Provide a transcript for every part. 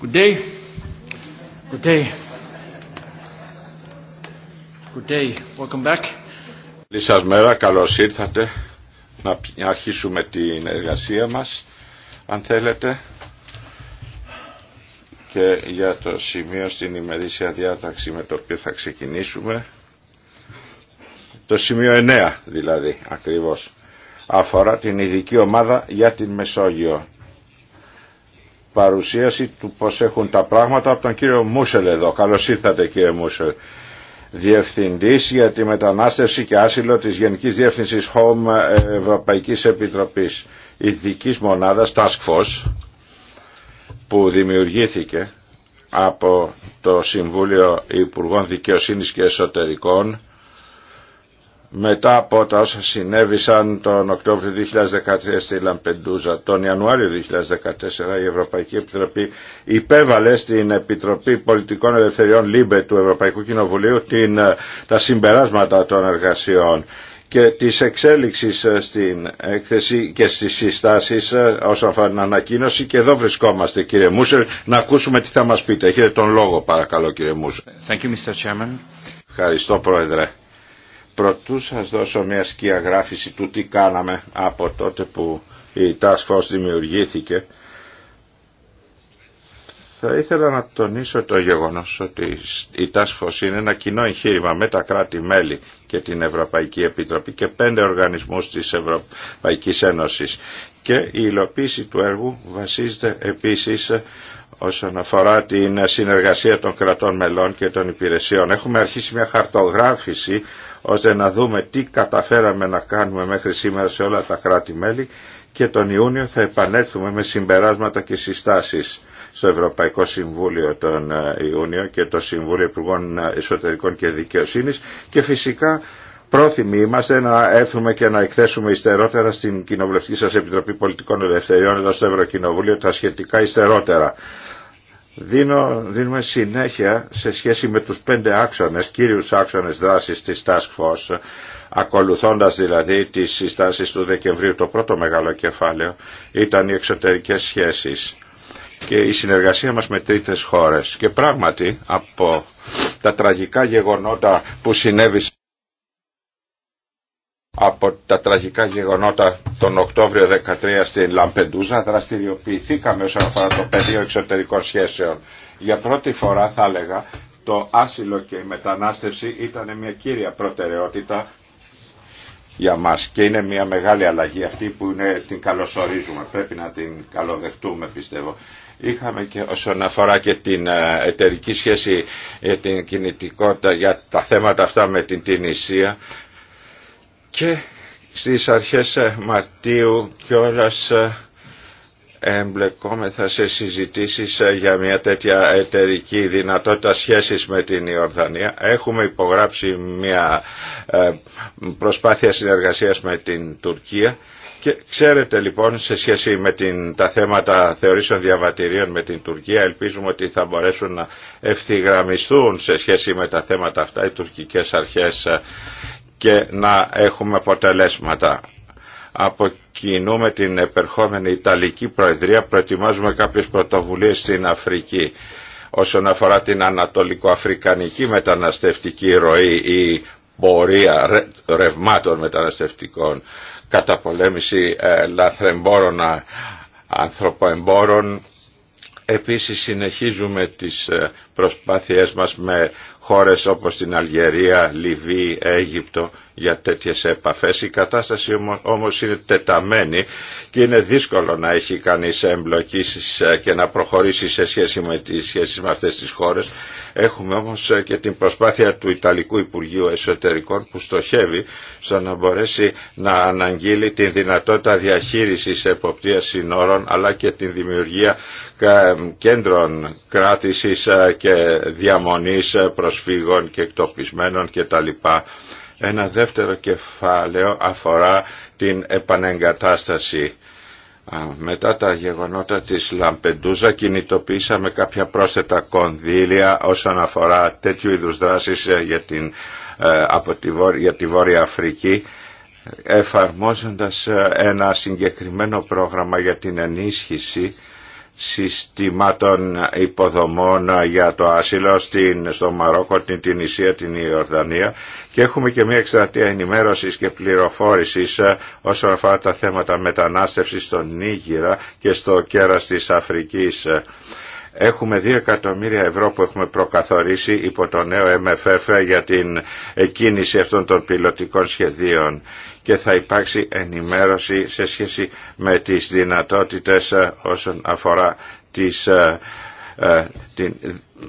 Good day. Good day. μέρα, καλώς ήρθατε να αρχίσουμε την εργασία μας αν θέλετε και για το σημείο στην ημερήσια διάταξη με το οποίο θα ξεκινήσουμε το σημείο 9 δηλαδή ακριβώς αφορά την ειδική ομάδα για την Μεσόγειο παρουσίαση του πώς έχουν τα πράγματα από τον κύριο Μούσελ εδώ. Καλώς ήρθατε κύριε Μούσελ. Διευθυντής για τη μετανάστευση και άσυλο της Γενικής Διεύθυνσης Home Ευρωπαϊκής Επιτροπής ειδική μονάδας Task Force που δημιουργήθηκε από το Συμβούλιο Υπουργών Δικαιοσύνης και Εσωτερικών μετά από τα όσα συνέβησαν τον Οκτώβριο 2013 στη Λαμπεντούζα. Τον Ιανουάριο 2014 η Ευρωπαϊκή Επιτροπή υπέβαλε στην Επιτροπή Πολιτικών Ελευθεριών ΛΥΜΠΕ του Ευρωπαϊκού Κοινοβουλίου την, ε, τα συμπεράσματα των εργασιών και της εξέλιξης ε, στην έκθεση και στις συστάσεις ε, όσον αφορά την ανακοίνωση και εδώ βρισκόμαστε κύριε Μούσερ να ακούσουμε τι θα μας πείτε. Έχετε τον λόγο παρακαλώ κύριε Μούσερ. Ευχαριστώ Πρόεδρε. Προτού σας δώσω μια σκιαγράφηση του τι κάναμε από τότε που η Task Force δημιουργήθηκε, θα ήθελα να τονίσω το γεγονός ότι η Task Force είναι ένα κοινό εγχείρημα με τα κράτη-μέλη και την Ευρωπαϊκή Επιτροπή και πέντε οργανισμούς της Ευρωπαϊκής Ένωσης. Και η υλοποίηση του έργου βασίζεται επίσης όσον αφορά την συνεργασία των κρατών μελών και των υπηρεσιών. Έχουμε αρχίσει μια χαρτογράφηση ώστε να δούμε τι καταφέραμε να κάνουμε μέχρι σήμερα σε όλα τα κράτη-μέλη και τον Ιούνιο θα επανέλθουμε με συμπεράσματα και συστάσεις στο Ευρωπαϊκό Συμβούλιο τον ε, Ιούνιο και το Συμβούλιο Υπουργών ε, Εσωτερικών και Δικαιοσύνης και φυσικά πρόθυμοι είμαστε να έρθουμε και να εκθέσουμε υστερότερα στην Κοινοβουλευτική σας Επιτροπή Πολιτικών Ελευθεριών εδώ στο Ευρωκοινοβούλιο τα σχετικά υστερότερα δίνω, δίνουμε συνέχεια σε σχέση με τους πέντε άξονες, κύριους άξονες δράσης της Task Force, ακολουθώντας δηλαδή τις συστάσεις του Δεκεμβρίου. Το πρώτο μεγάλο κεφάλαιο ήταν οι εξωτερικές σχέσεις και η συνεργασία μας με τρίτες χώρες. Και πράγματι από τα τραγικά γεγονότα που συνέβησαν από τα τραγικά γεγονότα τον Οκτώβριο 13 στην Λαμπεντούζα δραστηριοποιηθήκαμε όσον αφορά το πεδίο εξωτερικών σχέσεων. Για πρώτη φορά θα έλεγα το άσυλο και η μετανάστευση ήταν μια κύρια προτεραιότητα για μας και είναι μια μεγάλη αλλαγή αυτή που είναι, την καλωσορίζουμε, πρέπει να την καλοδεχτούμε πιστεύω. Είχαμε και όσον αφορά και την ε, εταιρική σχέση, ε, την κινητικότητα για τα θέματα αυτά με την Τινησία και στις αρχές ε, Μαρτίου κιόλας ε, εμπλεκόμεθα σε συζητήσεις ε, για μια τέτοια εταιρική δυνατότητα σχέσης με την Ιορδανία. Έχουμε υπογράψει μια προσπάθεια συνεργασίας με την Τουρκία και ξέρετε λοιπόν σε σχέση με τα θέματα θεωρήσεων διαβατηρίων με την Τουρκία ελπίζουμε ότι θα μπορέσουν να ευθυγραμμιστούν σε σχέση με τα θέματα αυτά οι τουρκικές αρχές και να έχουμε αποτελέσματα. Αποκινούμε την επερχόμενη Ιταλική Προεδρία προετοιμάζουμε κάποιες πρωτοβουλίες στην Αφρική όσον αφορά την ανατολικοαφρικανική μεταναστευτική ροή ή πορεία ρευμάτων μεταναστευτικών καταπολέμηση ε, λαθρεμπόρων ανθρωποεμπόρων Επίσης συνεχίζουμε τις ε, προσπάθειές μας με χώρες όπως την Αλγερία, Λιβύη, Αίγυπτο για τέτοιες επαφές. Η κατάσταση όμως είναι τεταμένη και είναι δύσκολο να έχει κανείς εμπλοκή ε, και να προχωρήσει σε σχέση με τις σχέσεις με αυτές τις χώρες. Έχουμε όμως ε, και την προσπάθεια του Ιταλικού Υπουργείου Εσωτερικών που στοχεύει στο να μπορέσει να αναγγείλει την δυνατότητα διαχείρισης εποπτείας συνόρων αλλά και την δημιουργία ε, κέντρων κράτησης και διαμονής προσφύγων και εκτοπισμένων κτλ. Ένα δεύτερο κεφάλαιο αφορά την επανεγκατάσταση. Μετά τα γεγονότα της Λαμπεντούζα κινητοποιήσαμε κάποια πρόσθετα κονδύλια όσον αφορά τέτοιου είδους δράσεις ε, για, την, ε, από τη, για τη Βόρεια Αφρική εφαρμόζοντας ε, ένα συγκεκριμένο πρόγραμμα για την ενίσχυση συστημάτων υποδομών για το άσυλο στην, στο Μαρόκο, την Τινησία, την Ιορδανία και έχουμε και μια εκστρατεία ενημέρωσης και πληροφόρησης ε, όσον αφορά τα θέματα μετανάστευσης στον Νίγηρα και στο κέρα της Αφρικής. Ε, έχουμε 2 εκατομμύρια ευρώ που έχουμε προκαθορίσει υπό το νέο MFF για την εκκίνηση αυτών των πιλωτικών σχεδίων και θα υπάρξει ενημέρωση σε σχέση με τις δυνατότητες ε, όσον αφορά τις, ε, ε, την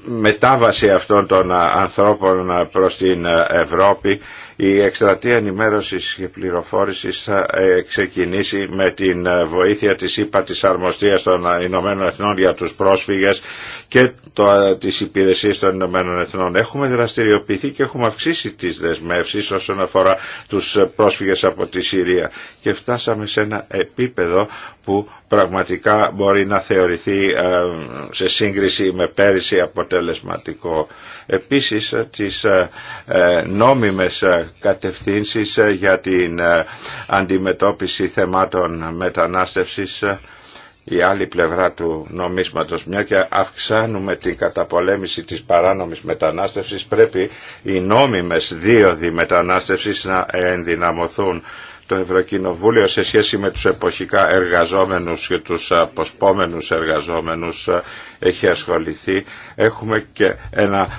μετάβαση αυτών των ανθρώπων προς την Ευρώπη η εκστρατεία ενημέρωσης και πληροφόρησης θα ε, ξεκινήσει με την βοήθεια της ΥΠΑ της Αρμοστίας των Ηνωμένων Εθνών για τους πρόσφυγες και το, της υπηρεσίας των Ηνωμένων Εθνών. Έχουμε δραστηριοποιηθεί και έχουμε αυξήσει τις δεσμεύσεις όσον αφορά τους πρόσφυγες από τη Συρία και φτάσαμε σε ένα επίπεδο που πραγματικά μπορεί να θεωρηθεί σε σύγκριση με πέρυσι αποτελεσματικό. Επίσης τις ε, ε, νόμιμες ε, κατευθύνσεις για την αντιμετώπιση θεμάτων μετανάστευσης η άλλη πλευρά του νομίσματος. Μια και αυξάνουμε την καταπολέμηση της παράνομης μετανάστευσης πρέπει οι νόμιμες δίωδοι μετανάστευσης να ενδυναμωθούν το Ευρωκοινοβούλιο σε σχέση με τους εποχικά εργαζόμενους και τους αποσπόμενους εργαζόμενους ε, έχει ασχοληθεί. Έχουμε και ένα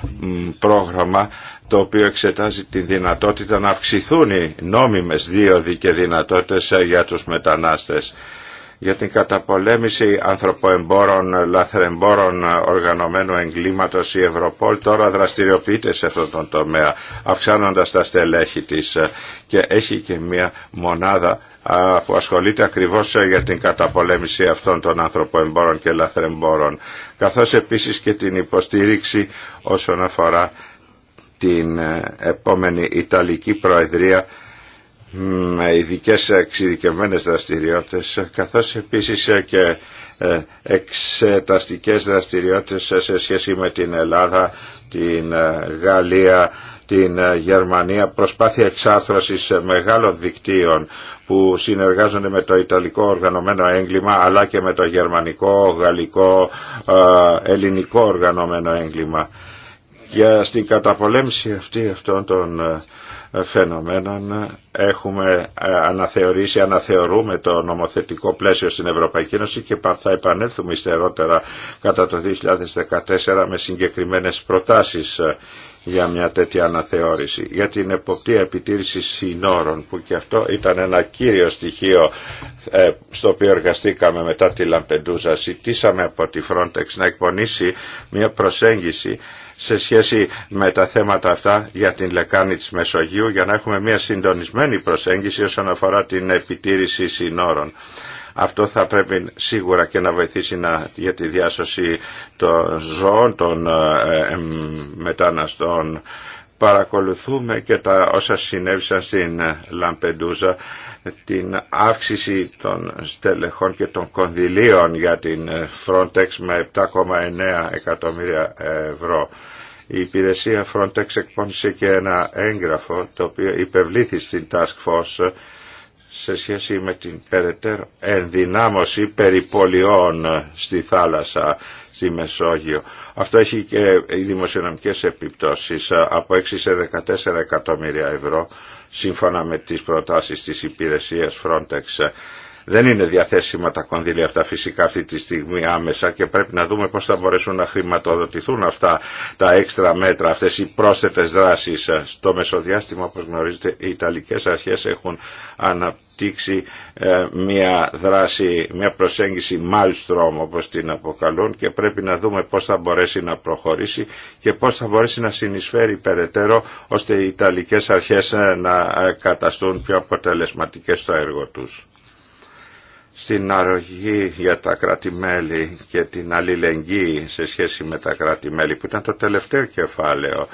πρόγραμμα το οποίο εξετάζει τη δυνατότητα να αυξηθούν οι νόμιμες δύο και δυνατότητες ε, για τους μετανάστες για την καταπολέμηση ανθρωποεμπόρων, λαθρεμπόρων οργανωμένου εγκλήματος η Ευρωπόλ τώρα δραστηριοποιείται σε αυτόν τον τομέα αυξάνοντας τα στελέχη της και έχει και μια μονάδα που ασχολείται ακριβώς για την καταπολέμηση αυτών των ανθρωποεμπόρων και λαθρεμπόρων καθώς επίσης και την υποστήριξη όσον αφορά την ε, επόμενη Ιταλική Προεδρία με ειδικές εξειδικευμένες δραστηριότητε, καθώς επίσης και ε, εξεταστικές δραστηριότητε σε σχέση με την Ελλάδα, την ε, Γαλλία, την ε, Γερμανία, προσπάθεια εξάρθρωσης μεγάλων δικτύων που συνεργάζονται με το Ιταλικό οργανωμένο έγκλημα αλλά και με το Γερμανικό, Γαλλικό, Ελληνικό οργανωμένο έγκλημα. Για στην καταπολέμηση αυτή αυτών των φαινομένων έχουμε ε, αναθεωρήσει, αναθεωρούμε το νομοθετικό πλαίσιο στην Ευρωπαϊκή Ένωση και θα επανέλθουμε υστερότερα κατά το 2014 με συγκεκριμένες προτάσεις ε, για μια τέτοια αναθεώρηση. Για την εποπτεία επιτήρηση συνόρων που και αυτό ήταν ένα κύριο στοιχείο ε, στο οποίο εργαστήκαμε μετά τη Λαμπεντούζα. Ζητήσαμε από τη Frontex να εκπονήσει μια προσέγγιση σε σχέση με τα θέματα αυτά για την λεκάνη της Μεσογείου για να έχουμε μια συντονισμένη προσέγγιση όσον αφορά την επιτήρηση συνόρων. Αυτό θα πρέπει σίγουρα και να βοηθήσει να, για τη διάσωση των ζώων, των ε, ε, μεταναστών παρακολουθούμε και τα όσα συνέβησαν στην Λαμπεντούζα την αύξηση των στελεχών και των κονδυλίων για την Frontex με 7,9 εκατομμύρια ευρώ. Η υπηρεσία Frontex εκπώνησε και ένα έγγραφο το οποίο υπευλήθη στην Task Force σε σχέση με την περαιτέρω ενδυνάμωση περιπολιών στη θάλασσα στη Μεσόγειο. Αυτό έχει και οι δημοσιονομικές επιπτώσεις από 6 σε 14 εκατομμύρια ευρώ σύμφωνα με τις προτάσεις της υπηρεσίας Frontex δεν είναι διαθέσιμα τα κονδύλια αυτά φυσικά αυτή τη στιγμή άμεσα και πρέπει να δούμε πώς θα μπορέσουν να χρηματοδοτηθούν αυτά τα έξτρα μέτρα, αυτές οι πρόσθετες δράσεις. Στο μεσοδιάστημα, όπως γνωρίζετε, οι Ιταλικές αρχές έχουν αναπτύξει ε, μια δράση, μια προσέγγιση Malmstrom όπως την αποκαλούν και πρέπει να δούμε πώς θα μπορέσει να προχωρήσει και πώς θα μπορέσει να συνεισφέρει περαιτέρω ώστε οι Ιταλικές αρχές ε, να ε, καταστούν πιο αποτελεσματικές στο έργο τους στην αρρωγή για τα κράτη-μέλη και την αλληλεγγύη σε σχέση με τα κράτη-μέλη που ήταν το τελευταίο κεφάλαιο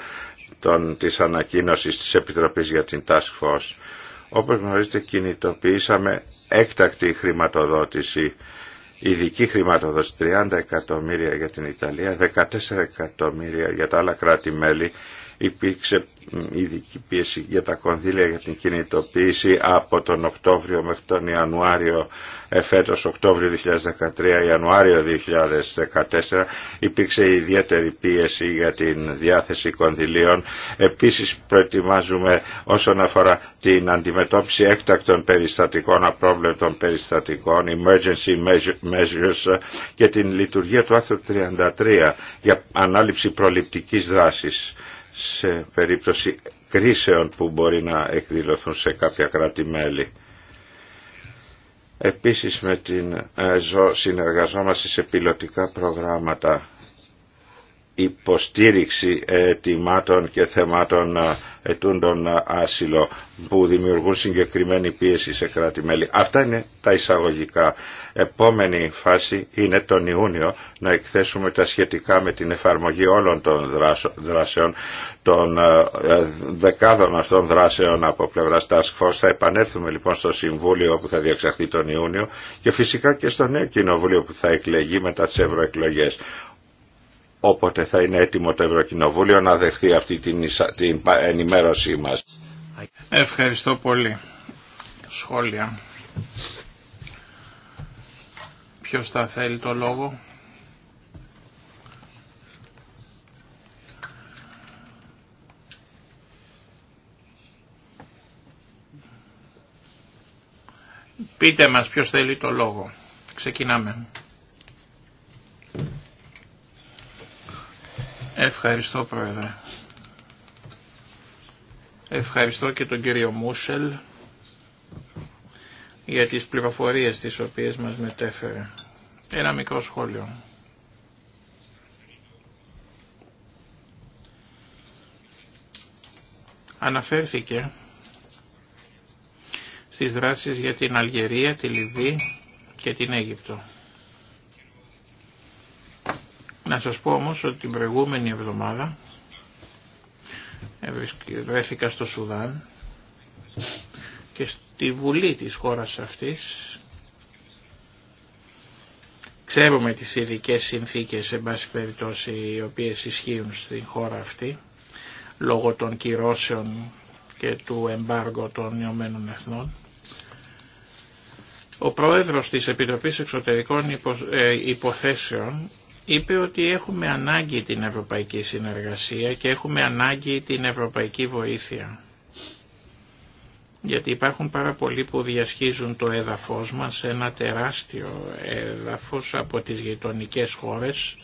των, της ανακοίνωσης της Επιτροπής για την Task Force. Όπως γνωρίζετε κινητοποιήσαμε έκτακτη χρηματοδότηση, ειδική χρηματοδότηση 30 εκατομμύρια για την Ιταλία, 14 εκατομμύρια για τα άλλα κράτη-μέλη υπήρξε ειδική πίεση για τα κονδύλια για την κινητοποίηση από τον Οκτώβριο μέχρι τον Ιανουάριο εφέτος Οκτώβριο 2013 Ιανουάριο 2014 υπήρξε ιδιαίτερη πίεση για την διάθεση κονδυλίων επίσης προετοιμάζουμε όσον αφορά την αντιμετώπιση έκτακτων περιστατικών απρόβλεπτων περιστατικών emergency measures και την λειτουργία του άρθρου 33 για ανάληψη προληπτικής δράσης σε περίπτωση κρίσεων που μπορεί να εκδηλωθούν σε κάποια κράτη-μέλη. Επίσης με την ΕΖΟ συνεργαζόμαστε σε πιλωτικά προγράμματα υποστήριξη ετοιμάτων και θεμάτων ε, ετούν τον άσυλο που δημιουργούν συγκεκριμένη πίεση σε κράτη-μέλη. Αυτά είναι τα εισαγωγικά. Επόμενη φάση είναι τον Ιούνιο να εκθέσουμε τα σχετικά με την εφαρμογή όλων των δράσεων, των ε, δεκάδων αυτών δράσεων από πλευρά Task Force. Θα επανέλθουμε λοιπόν στο Συμβούλιο που θα διεξαχθεί τον Ιούνιο και φυσικά και στο νέο Κοινοβούλιο που θα εκλεγεί μετά τι ευρωεκλογέ όποτε θα είναι έτοιμο το Ευρωκοινοβούλιο να δεχθεί αυτή την, την ενημέρωσή μας. Ευχαριστώ πολύ. Σχόλια. Ποιος θα θέλει το λόγο. Πείτε μας ποιος θέλει το λόγο. Ξεκινάμε. Ευχαριστώ Πρόεδρε. Ευχαριστώ και τον κύριο Μούσελ για τις πληροφορίες τις οποίες μας μετέφερε. Ένα μικρό σχόλιο. Αναφέρθηκε στις δράσεις για την Αλγερία, τη Λιβύη και την Αίγυπτο. Να σας πω όμως ότι την προηγούμενη εβδομάδα βρέθηκα στο Σουδάν και στη Βουλή της χώρας αυτής ξέρουμε τις ειδικέ συνθήκες σε πάση περιπτώσει οι οποίες ισχύουν στη χώρα αυτή λόγω των κυρώσεων και του εμπάργου των Ηνωμένων Εθνών. Ο πρόεδρος της Επιτροπής Εξωτερικών ε, Υποθέσεων είπε ότι έχουμε ανάγκη την ευρωπαϊκή συνεργασία και έχουμε ανάγκη την ευρωπαϊκή βοήθεια. Γιατί υπάρχουν πάρα πολλοί που διασχίζουν το έδαφος μας, ένα τεράστιο έδαφος από τις γειτονικέ χώρες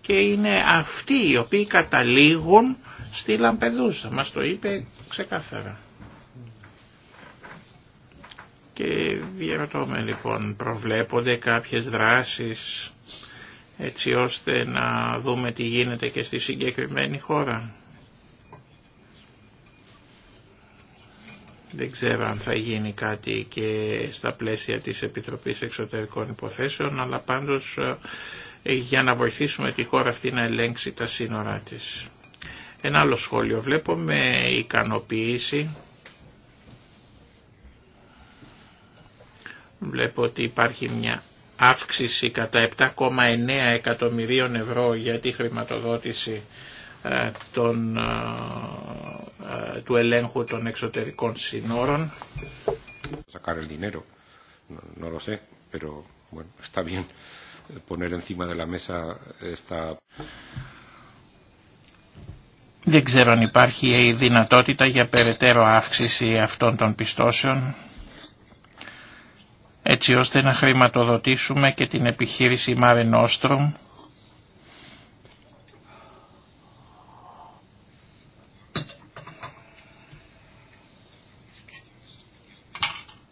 και είναι αυτοί οι οποίοι καταλήγουν στη Λαμπεδούσα. Μας το είπε ξεκάθαρα. Και διαρωτώ με λοιπόν, προβλέπονται κάποιες δράσεις έτσι ώστε να δούμε τι γίνεται και στη συγκεκριμένη χώρα. Δεν ξέρω αν θα γίνει κάτι και στα πλαίσια της Επιτροπής Εξωτερικών Υποθέσεων, αλλά πάντως ε, για να βοηθήσουμε τη χώρα αυτή να ελέγξει τα σύνορά της. Ένα άλλο σχόλιο βλέπω με ικανοποίηση. Βλέπω ότι υπάρχει μια αύξηση κατά 7,9 εκατομμυρίων ευρώ για τη χρηματοδότηση ε, των, ε, ε, του ελέγχου των εξωτερικών συνόρων. Sacar el dinero, no lo sé, pero bueno, está bien poner encima Δεν ξέρω αν υπάρχει η δυνατότητα για περαιτέρω αύξηση αυτών των πιστώσεων έτσι ώστε να χρηματοδοτήσουμε και την επιχείρηση Mare Nostrum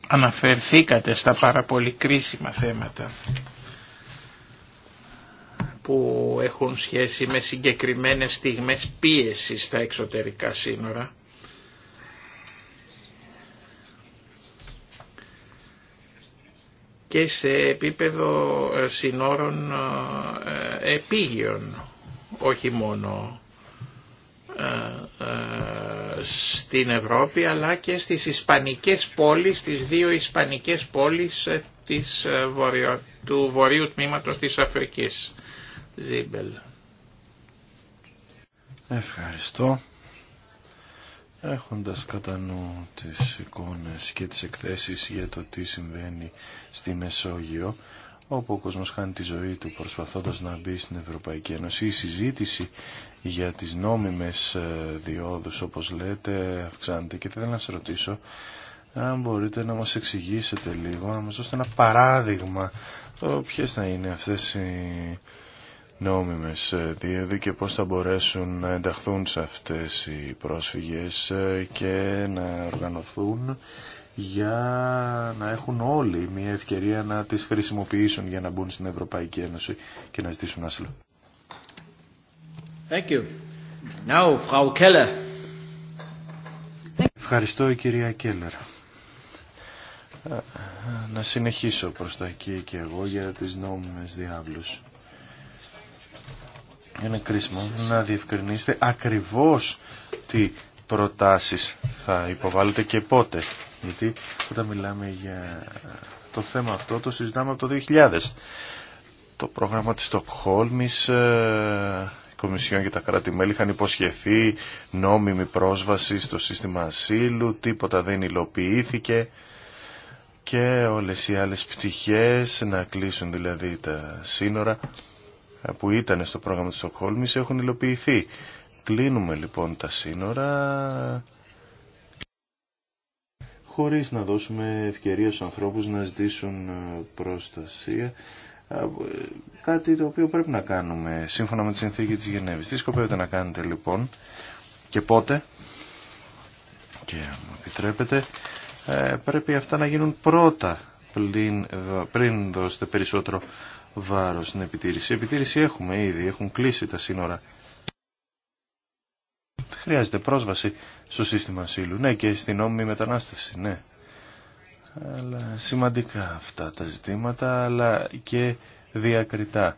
αναφερθήκατε στα πάρα πολύ κρίσιμα θέματα που έχουν σχέση με συγκεκριμένες στιγμές πίεσης στα εξωτερικά σύνορα και σε επίπεδο ε, συνόρων ε, ε, επίγειων, όχι μόνο στην Ευρώπη αλλά και στις ισπανικές πόλεις, στις δύο ισπανικές πόλεις του βορείου τμήματος της Αφρικής. Ζίμπελ. Ευχαριστώ έχοντας κατά νου τις εικόνες και τις εκθέσεις για το τι συμβαίνει στη Μεσόγειο, όπου ο κόσμος χάνει τη ζωή του προσπαθώντας να μπει στην Ευρωπαϊκή Ένωση. Η συζήτηση για τις νόμιμες ε, διόδους, όπως λέτε, αυξάνεται και θέλω να σας ρωτήσω αν μπορείτε να μας εξηγήσετε λίγο, να μας δώσετε ένα παράδειγμα ποιες θα είναι αυτές οι νόμιμες ε, διέδει και πώς θα μπορέσουν να ενταχθούν σε αυτές οι πρόσφυγες ε, και να οργανωθούν για να έχουν όλοι μια ευκαιρία να τις χρησιμοποιήσουν για να μπουν στην Ευρωπαϊκή Ένωση και να ζητήσουν άσυλο. Thank you. Now, Frau Keller. Ευχαριστώ η κυρία Κέλλερ. Να συνεχίσω προς τα εκεί και εγώ για τις νόμιμες διάβλους είναι κρίσιμο να διευκρινίσετε ακριβώς τι προτάσεις θα υποβάλλετε και πότε. Γιατί όταν μιλάμε για το θέμα αυτό το συζητάμε από το 2000. Το πρόγραμμα της Στοκχόλμης, ε, η Κομισιόν και τα κράτη-μέλη είχαν υποσχεθεί νόμιμη πρόσβαση στο σύστημα ασύλου, τίποτα δεν υλοποιήθηκε και όλες οι άλλες πτυχές να κλείσουν δηλαδή τα σύνορα που ήταν στο πρόγραμμα της Σοκχόλμης, έχουν υλοποιηθεί. Κλείνουμε λοιπόν τα σύνορα χωρίς να δώσουμε ευκαιρία στους ανθρώπους να ζητήσουν ε, προστασία. Ε, κάτι το οποίο πρέπει να κάνουμε σύμφωνα με τη συνθήκη της Γενέβης. Τι σκοπεύετε να κάνετε λοιπόν και πότε και αν μου επιτρέπετε ε, πρέπει αυτά να γίνουν πρώτα πριν δώσετε περισσότερο βάρος στην επιτήρηση. Επιτήρηση έχουμε ήδη, έχουν κλείσει τα σύνορα. Χρειάζεται πρόσβαση στο σύστημα ασύλου, ναι, και στην νόμιμη μετανάστευση, ναι. Αλλά σημαντικά αυτά τα ζητήματα, αλλά και διακριτά.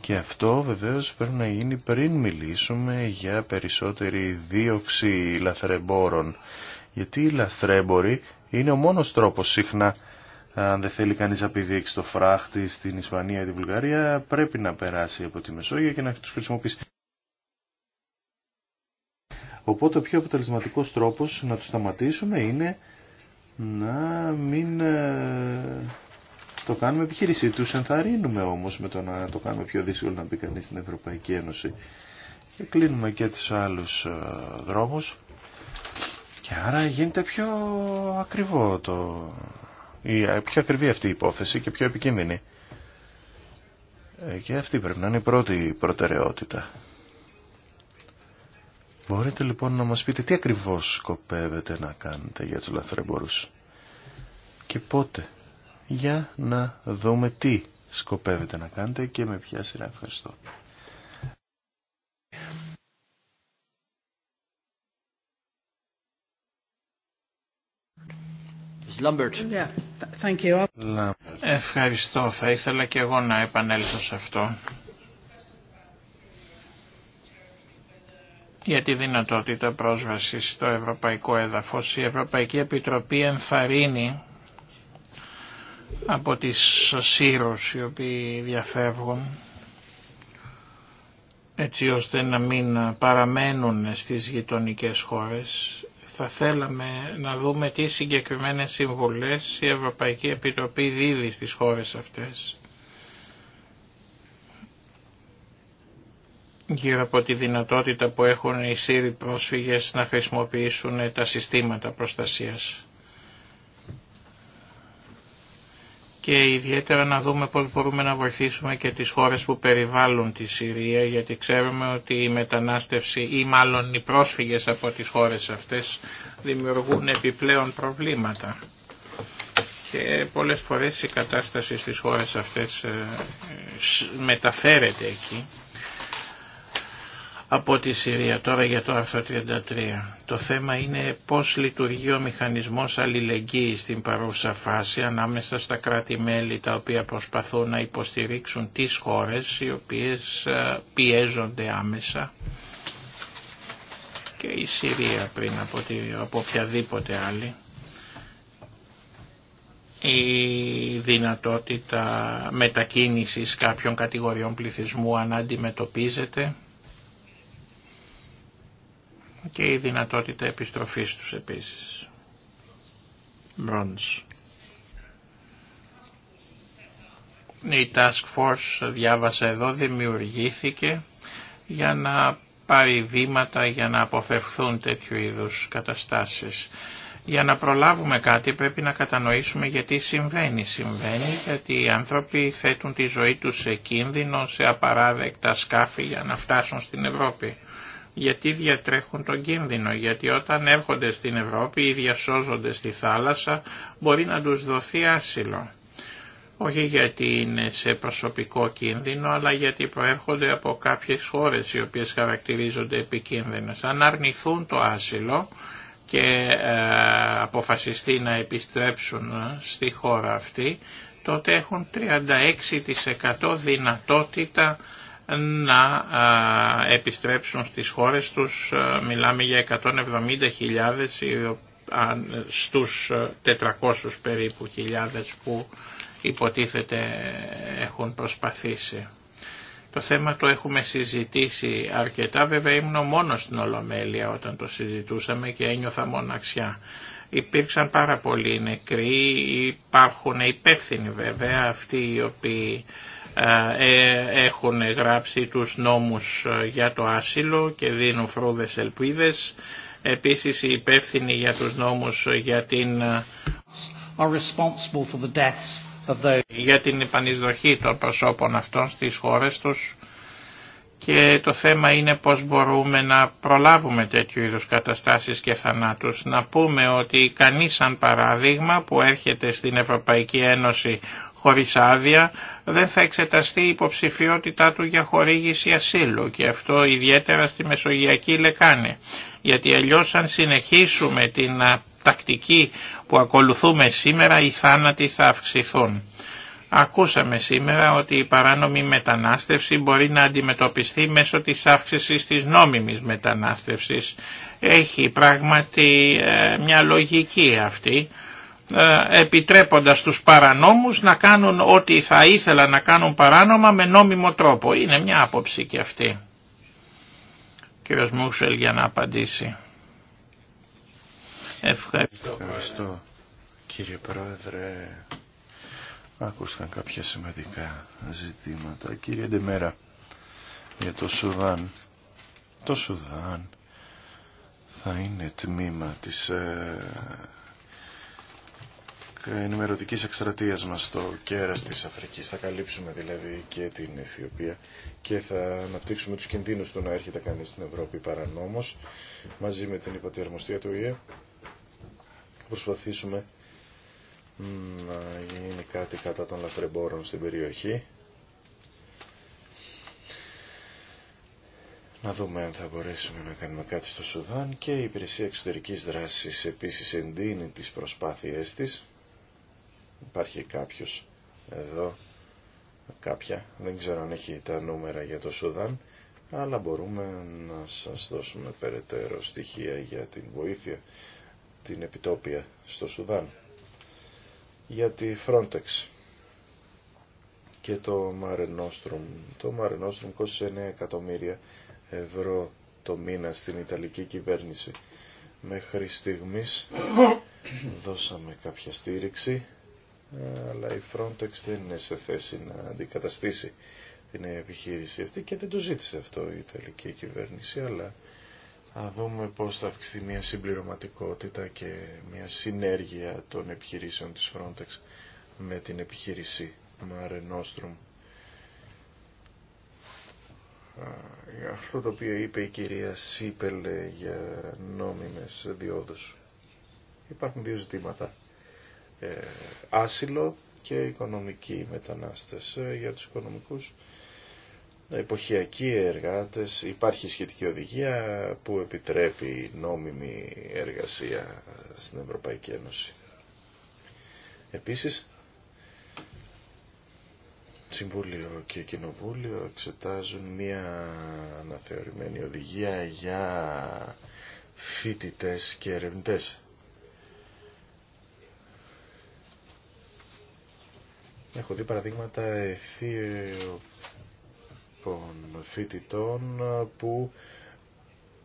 Και αυτό βεβαίως πρέπει να γίνει πριν μιλήσουμε για περισσότερη δίωξη λαθρεμπόρων. Γιατί οι λαθρέμποροι είναι ο μόνος τρόπος συχνά αν δεν θέλει κανείς να πηδήξει το φράχτη στην Ισπανία ή τη Βουλγαρία, πρέπει να περάσει από τη Μεσόγειο και να τους χρησιμοποιήσει. Οπότε ο πιο αποτελεσματικός τρόπος να τους σταματήσουμε είναι να μην ε, το κάνουμε επιχείρηση. Τους ενθαρρύνουμε όμως με το να το κάνουμε πιο δύσκολο να μπει κανεί στην Ευρωπαϊκή Ένωση. Και ε, κλείνουμε και τους άλλους ε, δρόμους. Και άρα γίνεται πιο ακριβό το ε, πιο ακριβή αυτή η υπόθεση και πιο επικίνδυνη. Ε, και αυτή πρέπει να είναι η πρώτη προτεραιότητα. Μπορείτε λοιπόν να μας πείτε τι ακριβώς σκοπεύετε να κάνετε για τους λαθρεμπορούς και πότε για να δούμε τι σκοπεύετε να κάνετε και με ποια σειρά ευχαριστώ. Ευχαριστώ. Θα ήθελα και εγώ να επανέλθω σε αυτό. Για τη δυνατότητα πρόσβασης στο ευρωπαϊκό έδαφος, η Ευρωπαϊκή Επιτροπή ενθαρρύνει από τις σύρους οι οποίοι διαφεύγουν έτσι ώστε να μην παραμένουν στις γειτονικές χώρες θα θέλαμε να δούμε τι συγκεκριμένες συμβουλές η Ευρωπαϊκή Επιτροπή δίδει στις χώρες αυτές γύρω από τη δυνατότητα που έχουν οι Σύριοι πρόσφυγες να χρησιμοποιήσουν τα συστήματα προστασίας. και ιδιαίτερα να δούμε πώς μπορούμε να βοηθήσουμε και τις χώρες που περιβάλλουν τη Συρία γιατί ξέρουμε ότι η μετανάστευση ή μάλλον οι πρόσφυγες από τις χώρες αυτές δημιουργούν επιπλέον προβλήματα και πολλές φορές η κατάσταση στις χώρες αυτές ε, ε, μεταφέρεται εκεί από τη Συρία τώρα για το άρθρο Το θέμα είναι πώς λειτουργεί ο μηχανισμός αλληλεγγύης στην παρούσα φάση ανάμεσα στα κράτη-μέλη τα οποία προσπαθούν να υποστηρίξουν τις χώρες οι οποίες ε, πιέζονται άμεσα και η Συρία πριν από, από οποιαδήποτε άλλη η δυνατότητα μετακίνησης κάποιων κατηγοριών πληθυσμού αν αντιμετωπίζεται και η δυνατότητα επιστροφής τους επίσης. Μπροντς. Η Task Force διάβασα εδώ δημιουργήθηκε για να πάρει βήματα για να αποφευχθούν τέτοιου είδους καταστάσεις. Για να προλάβουμε κάτι πρέπει να κατανοήσουμε γιατί συμβαίνει. Συμβαίνει γιατί οι άνθρωποι θέτουν τη ζωή τους σε κίνδυνο, σε απαράδεκτα σκάφη για να φτάσουν στην Ευρώπη γιατί διατρέχουν τον κίνδυνο, γιατί όταν έρχονται στην Ευρώπη ή διασώζονται στη θάλασσα μπορεί να τους δοθεί άσυλο. Όχι γιατί είναι σε προσωπικό κίνδυνο, αλλά γιατί προέρχονται από κάποιες χώρες οι οποίες χαρακτηρίζονται επικίνδυνες. Αν αρνηθούν το άσυλο και ε, αποφασιστεί να επιστρέψουν ε, στη χώρα αυτή, τότε έχουν 36% δυνατότητα να επιστρέψουν στις χώρες τους. Μιλάμε για 170.000 στους 400 περίπου χιλιάδες που υποτίθεται έχουν προσπαθήσει. Το θέμα το έχουμε συζητήσει αρκετά, βέβαια ήμουν μόνο στην Ολομέλεια όταν το συζητούσαμε και ένιωθα μοναξιά. Υπήρξαν πάρα πολλοί νεκροί, υπάρχουν υπεύθυνοι βέβαια αυτοί οι οποίοι ε, ε, έχουν γράψει τους νόμους ε, για το άσυλο και δίνουν φρούδες ελπίδες. Επίσης οι υπεύθυνοι για τους νόμους για την, για την επανεισδοχή των προσώπων αυτών στις χώρες τους και το θέμα είναι πώς μπορούμε να προλάβουμε τέτοιου είδους καταστάσεις και θανάτους. Να πούμε ότι κανείς σαν παράδειγμα που έρχεται στην Ευρωπαϊκή Ένωση χωρίς άδεια δεν θα εξεταστεί η υποψηφιότητά του για χορήγηση ασύλου και αυτό ιδιαίτερα στη Μεσογειακή Λεκάνη. Γιατί αλλιώς αν συνεχίσουμε την τακτική που ακολουθούμε σήμερα οι θάνατοι θα αυξηθούν. Ακούσαμε σήμερα ότι η παράνομη μετανάστευση μπορεί να αντιμετωπιστεί μέσω της αύξησης της νόμιμης μετανάστευσης. Έχει πράγματι ε, μια λογική αυτή ε, επιτρέποντας τους παρανόμους να κάνουν ό,τι θα ήθελα να κάνουν παράνομα με νόμιμο τρόπο. Είναι μια άποψη και αυτή. Κύριος Μούσελ για να απαντήσει. Ευχαριστώ. Ευχαριστώ κύριε Πρόεδρε. Άκουσαν κάποια σημαντικά ζητήματα. Κύριε Ντεμέρα για το Σουδάν. Το Σουδάν θα είναι τμήμα της ε, ενημερωτικής εκστρατείας μας στο κέρας της Αφρικής. Θα καλύψουμε δηλαδή και την Αιθιοπία και θα αναπτύξουμε τους κινδύνους του να έρχεται κανείς στην Ευρώπη παρανόμως μαζί με την υποτιερμοστία του ΙΕ. Προσπαθήσουμε να γίνει κάτι κατά των λαθρεμπόρων στην περιοχή. Να δούμε αν θα μπορέσουμε να κάνουμε κάτι στο Σουδάν και η Υπηρεσία Εξωτερικής Δράσης επίσης εντείνει τις προσπάθειές της Υπάρχει κάποιος εδώ, κάποια, δεν ξέρω αν έχει τα νούμερα για το Σουδάν, αλλά μπορούμε να σας δώσουμε περαιτέρω στοιχεία για την βοήθεια, την επιτόπια στο Σουδάν. Για τη Frontex και το Mare Nostrum. Το Mare Nostrum κόστησε 9 εκατομμύρια ευρώ το μήνα στην Ιταλική κυβέρνηση. Μέχρι στιγμής δώσαμε κάποια στήριξη ε, αλλά η Frontex δεν είναι σε θέση να αντικαταστήσει την επιχείρηση αυτή και δεν το ζήτησε αυτό η Ιταλική κυβέρνηση, αλλά θα δούμε πώς θα αυξηθεί μια συμπληρωματικότητα και μια συνέργεια των επιχειρήσεων της Frontex με την επιχείρηση Mare Nostrum. Ε, αυτό το οποίο είπε η κυρία Σίπελε για νόμιμες διόδους. Υπάρχουν δύο ζητήματα ε, άσυλο και οικονομικοί μετανάστες. Ε, για τους οικονομικούς εποχιακοί εργάτες υπάρχει σχετική οδηγία που επιτρέπει νόμιμη εργασία στην Ευρωπαϊκή Ένωση. Επίσης, Συμβούλιο και Κοινοβούλιο εξετάζουν μια αναθεωρημένη οδηγία για φοιτητές και ερευνητές. Έχω δει παραδείγματα ευθείων φοιτητών ε, που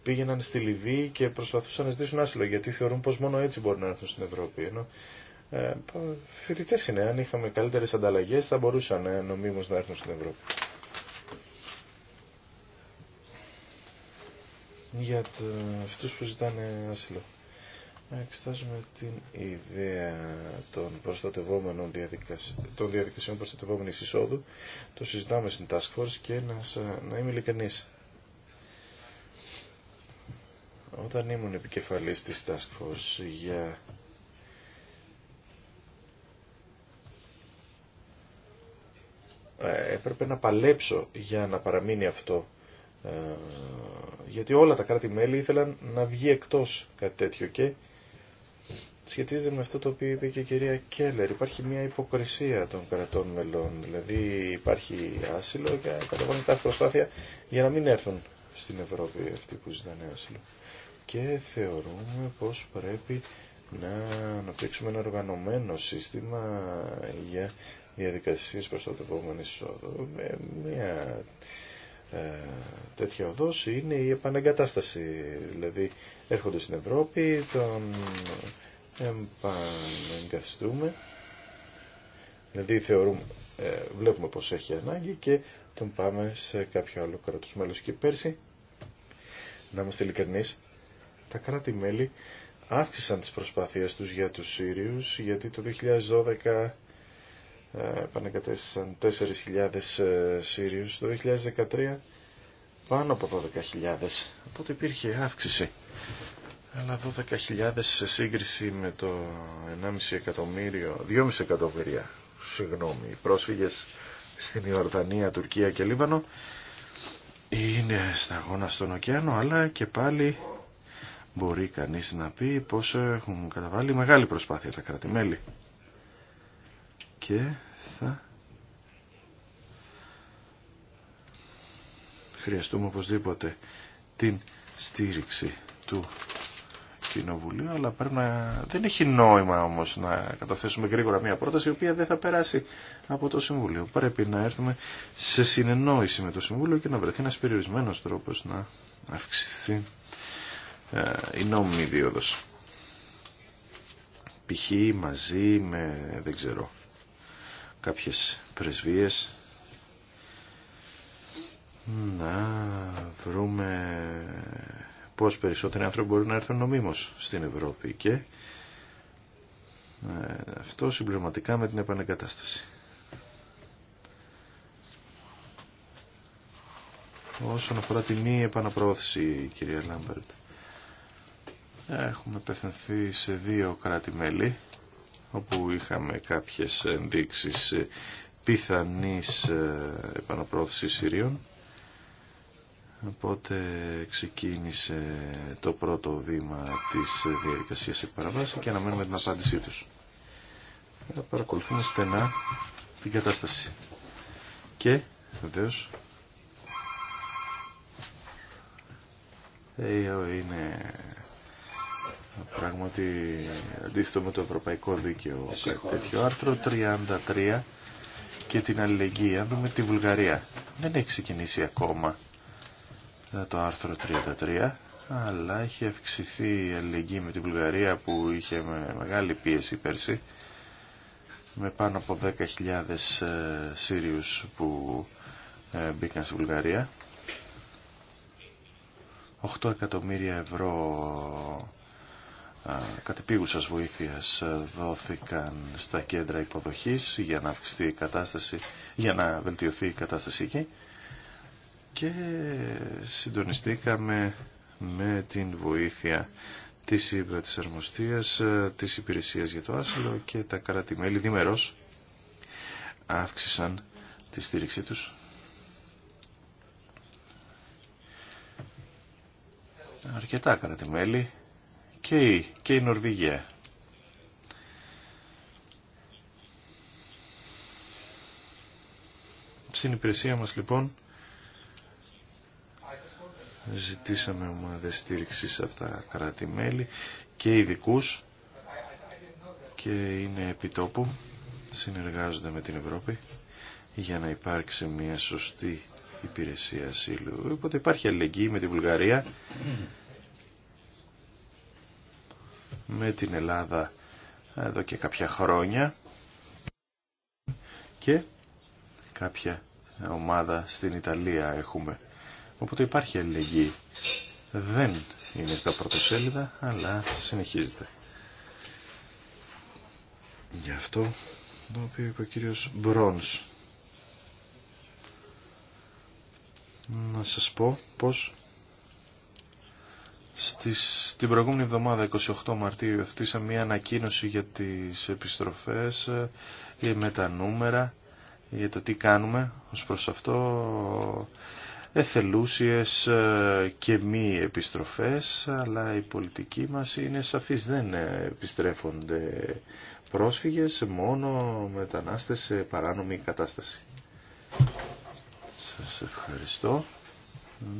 πήγαιναν στη Λιβύη και προσπαθούσαν να ζητήσουν άσυλο γιατί θεωρούν πως μόνο έτσι μπορούν να έρθουν στην Ευρώπη. Ενώ, ε, φοιτητέ είναι. Αν είχαμε καλύτερες ανταλλαγές θα μπορούσαν ε, νομίμως να έρθουν στην Ευρώπη. Για το, ε, αυτούς που ζητάνε άσυλο εξετάζουμε την ιδέα των, προστατευόμενων διαδικασ... των διαδικασιών προστατευόμενης εισόδου. Το συζητάμε στην Task Force και να, να είμαι ειλικρινής. Όταν ήμουν επικεφαλής της Task Force για ε, έπρεπε να παλέψω για να παραμείνει αυτό. Ε, γιατί όλα τα κράτη-μέλη ήθελαν να βγει εκτός κάτι τέτοιο και σχετίζεται με αυτό το οποίο είπε και η κυρία Κέλλερ. Υπάρχει μια υποκρισία των κρατών μελών. Δηλαδή υπάρχει άσυλο και καταβάλουν κάθε προσπάθεια για να μην έρθουν στην Ευρώπη αυτοί που ζητάνε άσυλο. Και θεωρούμε πως πρέπει να αναπτύξουμε ένα οργανωμένο σύστημα για διαδικασίες εισόδο. εισόδου. Μια ε, τέτοια οδός είναι η επανεγκατάσταση. Δηλαδή έρχονται στην Ευρώπη, τον εμπαναγκαστούμε, δηλαδή θεωρούμε, ε, βλέπουμε πως έχει ανάγκη και τον πάμε σε κάποιο άλλο κράτος μέλος και πέρσι να είμαστε ειλικρινείς τα κράτη-μέλη αύξησαν τις προσπάθειές τους για τους Σύριους γιατί το 2012 επανεγκατέστησαν 4.000 Σύριους το 2013 πάνω από 12.000 οπότε υπήρχε αύξηση αλλά 12.000 σε σύγκριση με το 1,5 εκατομμύριο, 2,5 εκατομμύρια, συγγνώμη, πρόσφυγες στην Ιορδανία, Τουρκία και Λίβανο είναι σταγόνα στον ωκεάνο, αλλά και πάλι μπορεί κανείς να πει πως έχουν καταβάλει μεγάλη προσπάθεια τα κρατημέλη. Και θα χρειαστούμε οπωσδήποτε την στήριξη του Κοινοβουλίου, αλλά πρέπει να... δεν έχει νόημα όμως να καταθέσουμε γρήγορα μια πρόταση η οποία δεν θα περάσει από το Συμβούλιο. Πρέπει να έρθουμε σε συνεννόηση με το Συμβούλιο και να βρεθεί ένας περιορισμένος τρόπος να αυξηθεί ε, η νόμιμη δίωδος. Π.χ. μαζί με, δεν ξέρω, κάποιες πρεσβείες να βρούμε πώς περισσότεροι άνθρωποι μπορούν να έρθουν νομίμως στην Ευρώπη και ε, αυτό συμπληρωματικά με την επανεγκατάσταση. Όσον αφορά τη μη επαναπρόθεση κυρία Λάμπερτ, έχουμε πεθανθεί σε δύο κράτη-μέλη, όπου είχαμε κάποιες ενδείξεις ε, πιθανής ε, επαναπρόθεσης Συρίων Οπότε ξεκίνησε το πρώτο βήμα της διαδικασίας επιπαραβάση και αναμένουμε την απάντησή τους. Θα παρακολουθούμε στενά την κατάσταση. Και βεβαίω. Ε, είναι πράγματι αντίθετο με το ευρωπαϊκό δίκαιο κάτι τέτοιο. Άρθρο 33 και την αλληλεγγύη. με δούμε τη Βουλγαρία. Δεν έχει ξεκινήσει ακόμα ε, το άρθρο 33 αλλά έχει αυξηθεί η αλληλεγγύη με τη Βουλγαρία που είχε μεγάλη πίεση πέρσι με πάνω από 10.000 ε, Σύριους που ε, μπήκαν στη Βουλγαρία 8 εκατομμύρια ευρώ κατεπίγουσας βοήθειας δόθηκαν στα κέντρα υποδοχής για να, αυξηθεί η κατάσταση, για να βελτιωθεί η κατάσταση εκεί και συντονιστήκαμε με την βοήθεια της υπρα της Αρμοστίας, της Υπηρεσίας για το Άσυλο και τα κράτη-μέλη αύξησαν τη στήριξή τους. Αρκετά κράτη-μέλη και η, και η Νορβηγία. Στην υπηρεσία μας λοιπόν ζητήσαμε ομάδες στήριξης σε αυτά τα κράτη-μέλη και ειδικού και είναι επιτόπου, συνεργάζονται με την Ευρώπη για να υπάρξει μια σωστή υπηρεσία ασύλου. Οπότε υπάρχει αλληλεγγύη με τη Βουλγαρία, με την Ελλάδα εδώ και κάποια χρόνια και κάποια ομάδα στην Ιταλία έχουμε Οπότε υπάρχει αλληλεγγύη. Δεν είναι στα πρωτοσέλιδα, αλλά συνεχίζεται. Γι' αυτό το οποίο είπε ο κύριος Μπρόνς. Να σας πω πως στις, την προηγούμενη εβδομάδα, 28 Μαρτίου, ευθύσα μια ανακοίνωση για τις επιστροφές ε, με τα νούμερα, για το τι κάνουμε ως προς αυτό εθελούσιες ε, και μη επιστροφές, αλλά η πολιτική μας είναι σαφής, δεν ε, επιστρέφονται πρόσφυγες, μόνο μετανάστες σε παράνομη κατάσταση. Σας ευχαριστώ.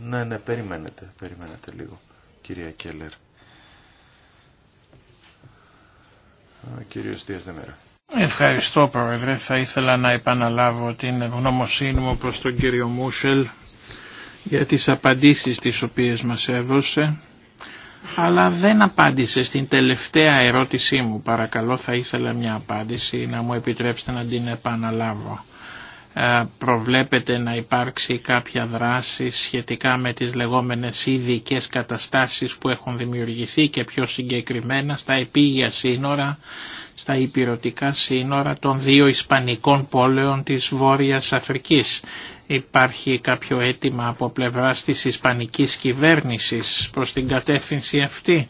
Ναι, ναι, περιμένετε, περιμένετε λίγο, κυρία Κέλλερ. Ο κύριος Δίας Δεμέρα. Ευχαριστώ Πρόεδρε. Θα ήθελα να επαναλάβω την ευγνωμοσύνη μου προς τον κύριο Μούσελ για τις απαντήσεις τις οποίες μας έδωσε, αλλά δεν απάντησε στην τελευταία ερώτησή μου. Παρακαλώ θα ήθελα μια απάντηση να μου επιτρέψετε να την επαναλάβω. Ε, προβλέπετε να υπάρξει κάποια δράση σχετικά με τις λεγόμενες ειδικέ καταστάσεις που έχουν δημιουργηθεί και πιο συγκεκριμένα στα επίγεια σύνορα στα υπηρετικά σύνορα των δύο ισπανικών πόλεων της Βόρειας Αφρικής. Υπάρχει κάποιο αίτημα από πλευράς της ισπανικής κυβέρνησης προς την κατεύθυνση αυτή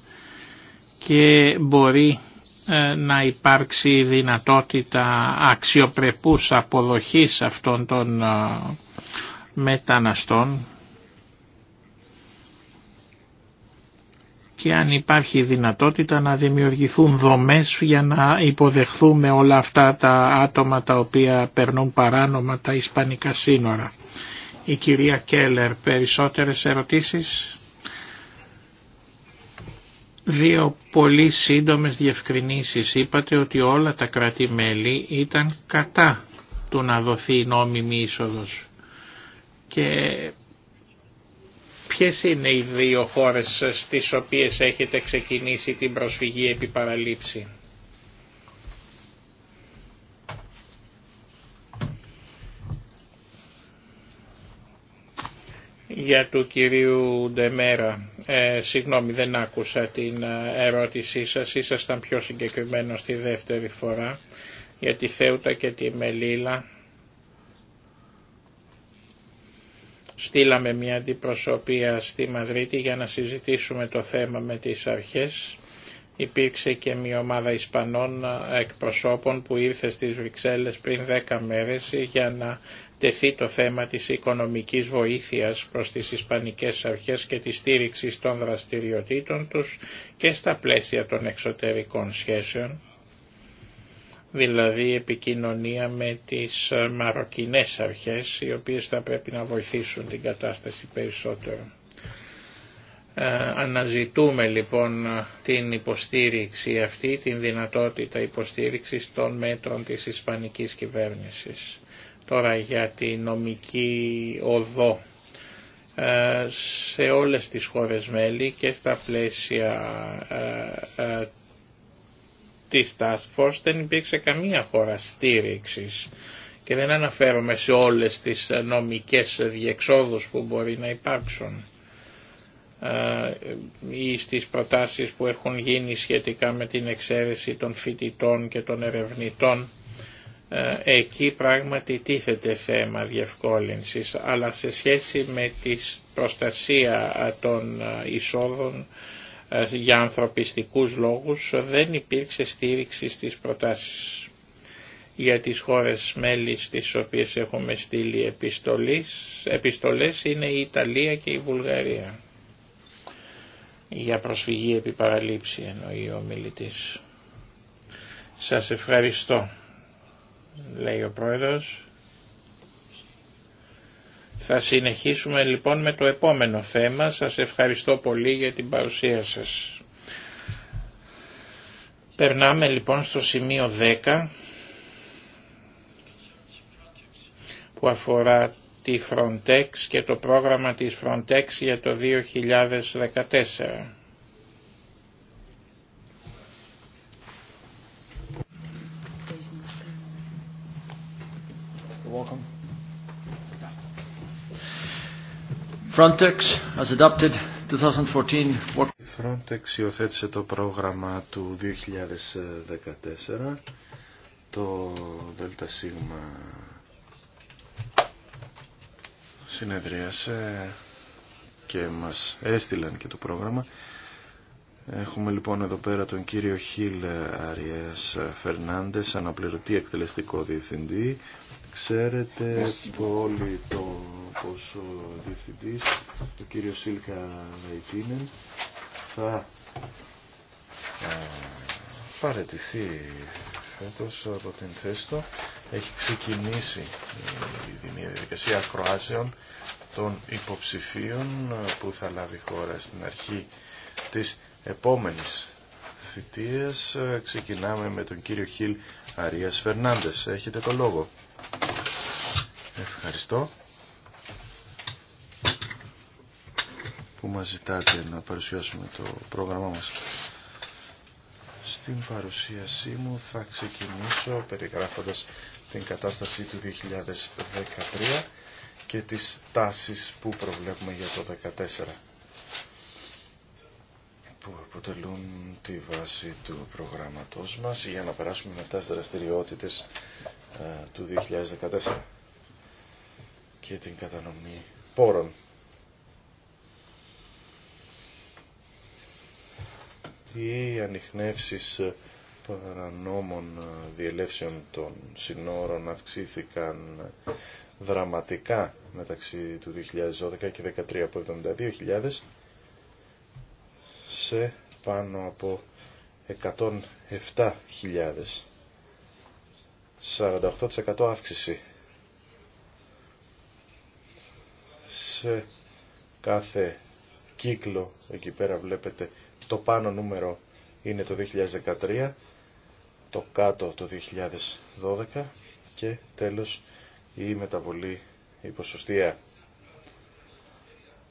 και μπορεί ε, να υπάρξει δυνατότητα αξιοπρεπούς αποδοχής αυτών των ε, μεταναστών και αν υπάρχει δυνατότητα να δημιουργηθούν δομές για να υποδεχθούμε όλα αυτά τα άτομα τα οποία περνούν παράνομα τα ισπανικά σύνορα. Η κυρία Κέλλερ, περισσότερες ερωτήσεις. Δύο πολύ σύντομες διευκρινήσεις. Είπατε ότι όλα τα κράτη-μέλη ήταν κατά του να δοθεί νόμιμη είσοδος. Και Ποιες είναι οι δύο χώρες στις οποίες έχετε ξεκινήσει την προσφυγή επί παραλήψη. Για του κυρίου Ντεμέρα, ε, συγγνώμη δεν άκουσα την ε, ερώτησή σας, ήσασταν πιο συγκεκριμένο στη δεύτερη φορά για τη Θέουτα και τη Μελίλα Στείλαμε μια αντιπροσωπεία στη Μαδρίτη για να συζητήσουμε το θέμα με τις αρχές. Υπήρξε και μια ομάδα Ισπανών εκπροσώπων που ήρθε στις Βρυξέλλες πριν 10 μέρες για να τεθεί το θέμα της οικονομικής βοήθειας προς τις Ισπανικές αρχές και τη στήριξη των δραστηριοτήτων τους και στα πλαίσια των εξωτερικών σχέσεων δηλαδή επικοινωνία με τις ε, μαροκινές αρχές οι οποίες θα πρέπει να βοηθήσουν την κατάσταση περισσότερο. Ε, αναζητούμε λοιπόν την υποστήριξη αυτή, την δυνατότητα υποστήριξης των μέτρων της Ισπανικής κυβέρνησης. Τώρα για τη νομική οδό ε, σε όλες τις χώρες μέλη και στα πλαίσια της Task Force δεν υπήρξε καμία χώρα στήριξης και δεν αναφέρομαι σε όλες τις νομικές διεξόδους που μπορεί να υπάρξουν ε, ή στις προτάσεις που έχουν γίνει σχετικά με την εξαίρεση των φοιτητών και των ερευνητών ε, εκεί πράγματι τίθεται θέμα διευκόλυνσης αλλά σε σχέση με τη προστασία των ε, εισόδων ε, για ανθρωπιστικούς λόγους δεν υπήρξε στήριξη στις προτάσεις για τις χώρες μέλη στις οποίες έχουμε στείλει επιστολές, επιστολές είναι η Ιταλία και η Βουλγαρία. Για προσφυγή επί παραλήψη εννοεί ο μιλητής. Σας ευχαριστώ, λέει ο πρόεδρος. Θα συνεχίσουμε λοιπόν με το επόμενο θέμα. Σας ευχαριστώ πολύ για την παρουσία σας. Περνάμε λοιπόν στο σημείο 10 που αφορά τη Frontex και το πρόγραμμα της Frontex για το 2014. Frontex has 2014 Η Frontex υιοθέτησε το πρόγραμμα του 2014 το ΔΣ συνεδρίασε και μας έστειλαν και το πρόγραμμα Έχουμε λοιπόν εδώ πέρα τον κύριο Χίλ Αριές Φερνάντες, αναπληρωτή εκτελεστικό διευθυντή. Ξέρετε όλοι το πόσο διευθυντής, ο κύριο Σίλκα Λαϊτίνεν, θα ε, παρετηθεί φέτος από την θέση του. Έχει ξεκινήσει η διαδικασία ακροάσεων των υποψηφίων ε, που θα λάβει χώρα στην αρχή της επόμενης θητείας. Ε, ξεκινάμε με τον κύριο Χιλ Αρίας Φερνάντες. Έχετε το λόγο. Ευχαριστώ που μας ζητάτε να παρουσιάσουμε το πρόγραμμά μας. Στην παρουσίασή μου θα ξεκινήσω περιγράφοντας την κατάσταση του 2013 και τις τάσεις που προβλέπουμε για το 2014 που αποτελούν τη βάση του προγράμματός μας για να περάσουμε μετά στις δραστηριότητες ε, του 2014 και την κατανομή πόρων. Οι ανοιχνεύσεις παρανόμων διελεύσεων των συνόρων αυξήθηκαν δραματικά μεταξύ του 2012 και 2013 από 72.000 σε πάνω από 107.000. 48% αύξηση. Σε κάθε κύκλο εκεί πέρα βλέπετε το πάνω νούμερο είναι το 2013, το κάτω το 2012 και τέλος η μεταβολή η ποσοστία.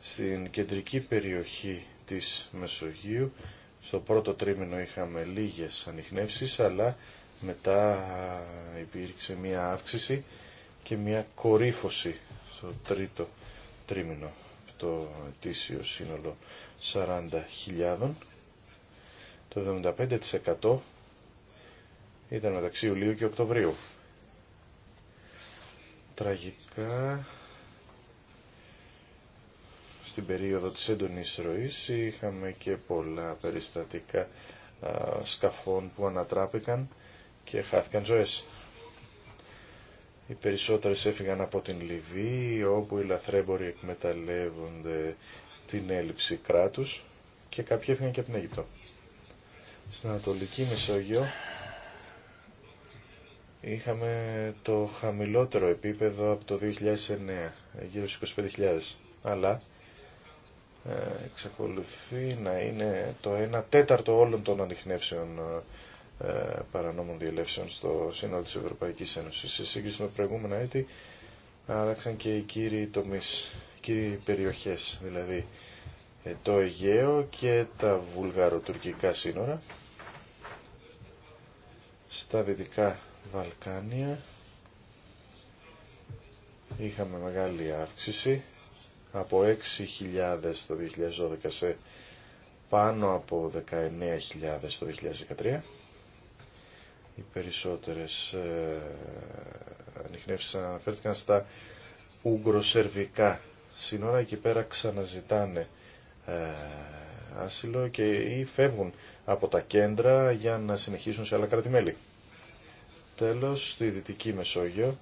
Στην κεντρική περιοχή της Μεσογείου. Στο πρώτο τρίμηνο είχαμε λίγες ανοιχνεύσεις, αλλά μετά υπήρξε μία αύξηση και μία κορύφωση στο τρίτο τρίμηνο. Το ετήσιο σύνολο 40.000. Το 75% ήταν μεταξύ Ιουλίου και Οκτωβρίου. Τραγικά στην περίοδο της έντονης ροής είχαμε και πολλά περιστατικά σκαφών που ανατράπηκαν και χάθηκαν ζωές. Οι περισσότερες έφυγαν από την Λιβύη όπου οι λαθρέμποροι εκμεταλλεύονται την έλλειψη κράτους και κάποιοι έφυγαν και από την Αίγυπτο. Στην Ανατολική Μεσόγειο είχαμε το χαμηλότερο επίπεδο από το 2009, γύρω στους 25.000. Αλλά ε, εξακολουθεί να είναι το 1 τέταρτο όλων των ανοιχνεύσεων ε, ε, παρανόμων διελεύσεων στο σύνολο της Ευρωπαϊκής Ένωσης. Σε σύγκριση με προηγούμενα έτη άλλαξαν και οι κύριοι τομείς, οι κύριοι περιοχές, δηλαδή το Αιγαίο και τα βουλγαροτουρκικά σύνορα στα Δυτικά Βαλκάνια είχαμε μεγάλη αύξηση από 6.000 το 2012 σε πάνω από 19.000 το 2013. Οι περισσότερες ε, ανοιχνεύσεις αναφέρθηκαν στα ουγγροσερβικά σύνορα. Εκεί πέρα ξαναζητάνε ε, άσυλο και ή φεύγουν από τα κέντρα για να συνεχίσουν σε άλλα κράτη-μέλη. Τέλος, στη Δυτική Μεσόγειο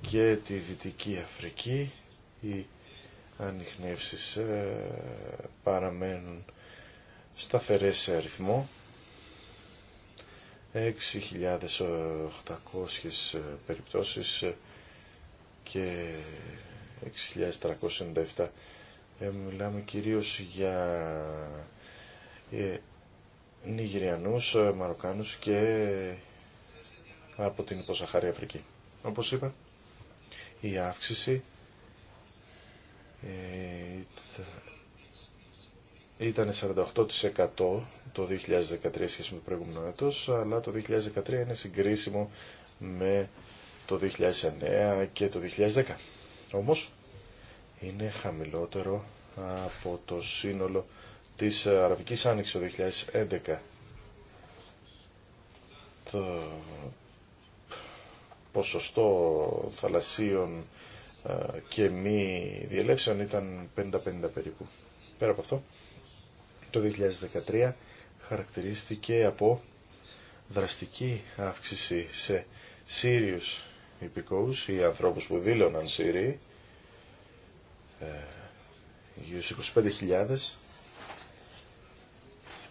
και τη Δυτική Αφρική ανιχνεύσεις ε, παραμένουν σταθερές σε αριθμό. 6.800 ε, περιπτώσεις ε, και 6.397. μιλάμε κυρίως για ε, Νιγηριανούς, Μαροκάνους και από την υποσαχάρη Αφρική. Όπως είπα, η αύξηση ε, ήταν 48% το 2013 σχέση με το προηγούμενο έτος, αλλά το 2013 είναι συγκρίσιμο με το 2009 και το 2010. Όμως είναι χαμηλότερο από το σύνολο της Αραβικής Άνοιξης το 2011. Το ποσοστό θαλασσίων ε, και μη διελεύσεων ήταν 50-50 περίπου. Πέρα από αυτό, το 2013 χαρακτηρίστηκε από δραστική αύξηση σε Σύριους υπηκόους ή ανθρώπους που δήλωναν Σύριοι ε, γύρω στους 25.000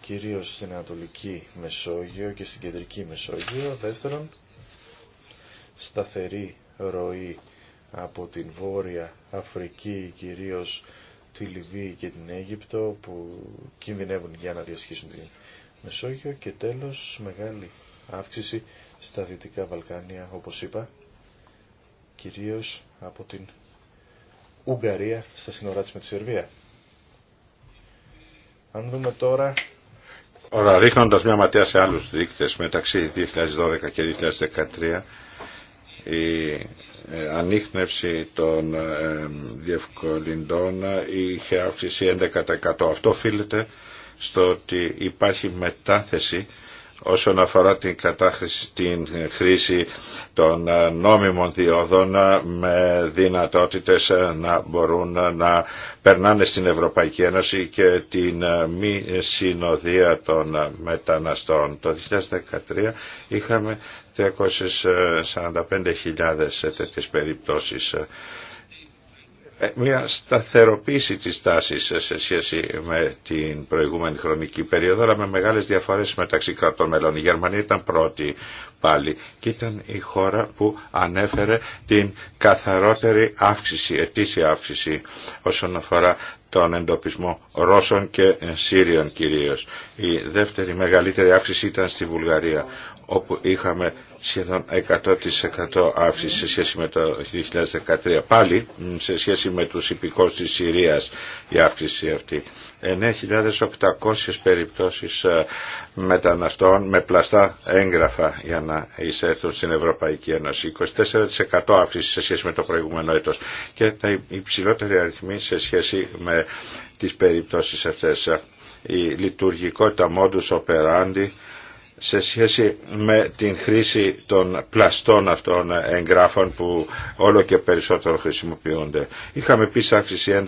κυρίως στην Ανατολική Μεσόγειο και στην Κεντρική Μεσόγειο δεύτερον σταθερή ροή από την Βόρεια Αφρική, κυρίως τη Λιβύη και την Αίγυπτο που κινδυνεύουν για να διασχίσουν τη Μεσόγειο και τέλος μεγάλη αύξηση στα Δυτικά Βαλκάνια όπως είπα κυρίως από την Ουγγαρία στα σύνορά της με τη Σερβία. Αν δούμε τώρα... Ωραία, ρίχνοντας μια ματιά σε άλλους δείκτες μεταξύ 2012 και 2013 η ε, ανείχνευση των ε, διευκολυντών είχε αύξηση 11%. Αυτό οφείλεται στο ότι υπάρχει μετάθεση όσον αφορά την κατάχρηση, την χρήση των ε, νόμιμων διόδων με δυνατότητες να μπορούν να περνάνε στην Ευρωπαϊκή Ένωση και την μη συνοδεία των μεταναστών. Το 2013 είχαμε 345.000 ε, σε τέτοιες περιπτώσεις. Ε, μια σταθεροποίηση της τάσης σε σχέση με την προηγούμενη χρονική περίοδο, αλλά με μεγάλες διαφορές μεταξύ κρατών μελών. Η Γερμανία ήταν πρώτη πάλι και ήταν η χώρα που ανέφερε την καθαρότερη αύξηση, ετήσια αύξηση όσον αφορά τον εντοπισμό Ρώσων και Σύριων κυρίως. Η δεύτερη μεγαλύτερη αύξηση ήταν στη Βουλγαρία όπου είχαμε σχεδόν 100% αύξηση σε σχέση με το 2013. Πάλι σε σχέση με τους υπηκόους της Συρίας η αύξηση αυτή. 9.800 περιπτώσεις ε, μεταναστών με πλαστά έγγραφα για να εισέλθουν στην Ευρωπαϊκή Ένωση. 24% αύξηση σε σχέση με το προηγούμενο έτος και τα υψηλότερη αριθμή σε σχέση με τις περιπτώσεις αυτές. Η λειτουργικότητα modus operandi σε σχέση με την χρήση των πλαστών αυτών εγγράφων που όλο και περισσότερο χρησιμοποιούνται. Είχαμε επίση αύξηση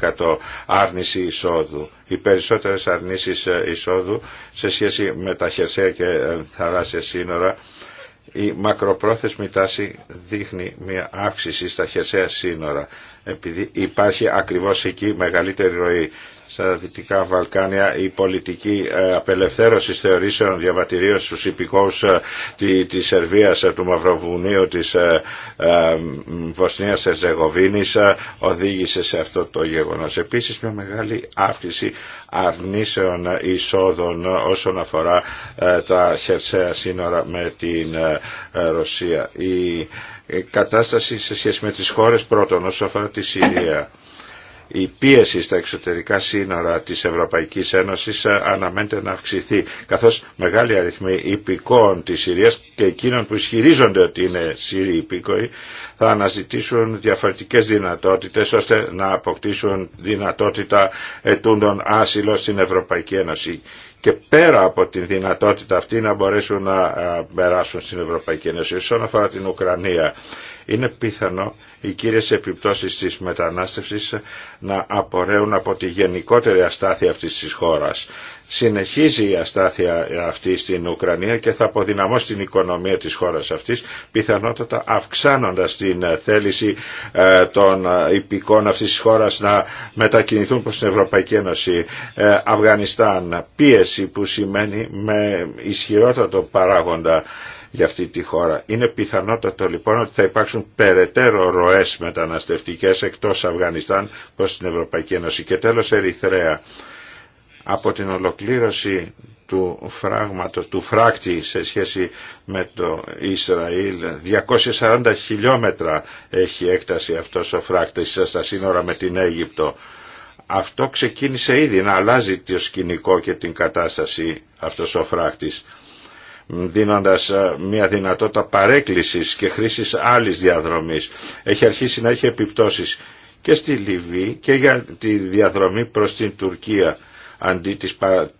11% άρνηση εισόδου. Οι περισσότερες αρνήσεις ε, εισόδου σε σχέση με τα χερσαία και ε, θαλάσσια σύνορα η μακροπρόθεσμη τάση δείχνει μια αύξηση στα χερσαία σύνορα επειδή υπάρχει ακριβώς εκεί μεγαλύτερη ροή. Στα Δυτικά Βαλκάνια η πολιτική ε, απελευθέρωση θεωρήσεων διαβατηρίων στους υπηκόους ε, της Σερβίας, ε, του Μαυροβουνίου, της Βοσνίας Ερζεγοβίνης οδήγησε σε αυτό το γεγονός. Επίσης μια μεγάλη αύξηση αρνήσεων εισόδων όσον αφορά τα χερσαία σύνορα με την Ρωσία. Ε, κατάσταση σε σχέση με τις χώρες πρώτον όσο αφορά τη Συρία. Η πίεση στα εξωτερικά σύνορα της Ευρωπαϊκής Ένωσης ε, αναμένεται να αυξηθεί, καθώς μεγάλοι αριθμοί υπηκόων της Συρίας και εκείνων που ισχυρίζονται ότι είναι Σύριοι υπήκοοι θα αναζητήσουν διαφορετικές δυνατότητες ώστε να αποκτήσουν δυνατότητα ετούντων άσυλο στην Ευρωπαϊκή Ένωση και πέρα από τη δυνατότητα αυτή να μπορέσουν να περάσουν στην Ευρωπαϊκή Ένωση. Όσον αφορά την Ουκρανία, είναι πιθανό οι κύριες επιπτώσεις της μετανάστευσης να απορρέουν από τη γενικότερη αστάθεια αυτής της χώρας. Συνεχίζει η αστάθεια αυτή στην Ουκρανία και θα αποδυναμώσει την οικονομία της χώρας αυτής, πιθανότατα αυξάνοντας την θέληση ε, των υπηκών αυτής της χώρας να μετακινηθούν προς την Ευρωπαϊκή Ένωση. Ε, Αφγανιστάν, πίεση που σημαίνει με ισχυρότατο παράγοντα για αυτή τη χώρα. Είναι πιθανότατο λοιπόν ότι θα υπάρξουν περαιτέρω ροές μεταναστευτικές εκτός Αφγανιστάν προς την Ευρωπαϊκή Ένωση. Και τέλος Ερυθρέα. Από την ολοκλήρωση του, φράγματος, του φράκτη σε σχέση με το Ισραήλ. 240 χιλιόμετρα έχει έκταση αυτός ο φράκτης στα σύνορα με την Αίγυπτο. Αυτό ξεκίνησε ήδη να αλλάζει το σκηνικό και την κατάσταση αυτός ο φράκτης δίνοντας ε, μια δυνατότητα παρέκκλησης και χρήσης άλλης διαδρομής. Έχει αρχίσει να έχει επιπτώσεις και στη Λιβύη και για τη διαδρομή προς την Τουρκία αντί της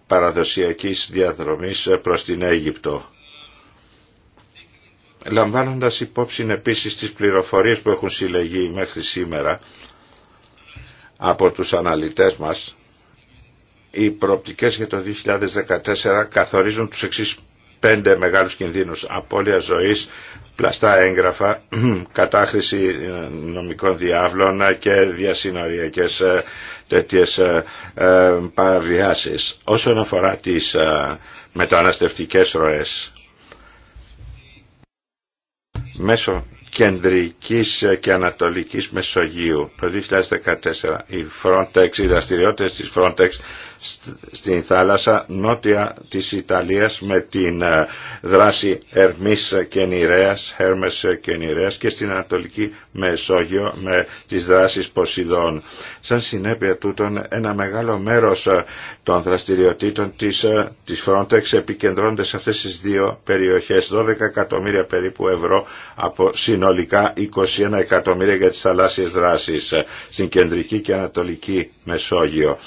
παραδοσιακής διαδρομής ε, προς την Αίγυπτο. Λαμβάνοντας υπόψη επίσης τις πληροφορίες που έχουν συλλεγεί μέχρι σήμερα από τους αναλυτές μας, οι προοπτικές για το 2014 καθορίζουν τους εξής πέντε μεγάλους κινδύνους. Απώλεια ζωής, πλαστά έγγραφα, κατάχρηση ε, νομικών διάβλων και διασυνοριακές ε, τέτοιες ε, παραβιάσεις. Όσον αφορά τις μεταναστευτικές ροές, μέσω κεντρικής και ανατολικής Μεσογείου το 2014 οι Frontex, οι δραστηριότητες της Frontex στην θάλασσα νότια της Ιταλίας με την ε, δράση Ερμής και Νηρέας, Hermes και και στην Ανατολική Μεσόγειο με τις δράσεις Ποσειδών. Σαν συνέπεια τούτων ένα μεγάλο μέρος ε, των δραστηριοτήτων της, ε, της Frontex επικεντρώνεται σε αυτές τις δύο περιοχές 12 εκατομμύρια περίπου ευρώ από συνολικά 21 εκατομμύρια για τις θαλάσσιες δράσεις στην Κεντρική και Ανατολική Μεσόγειο.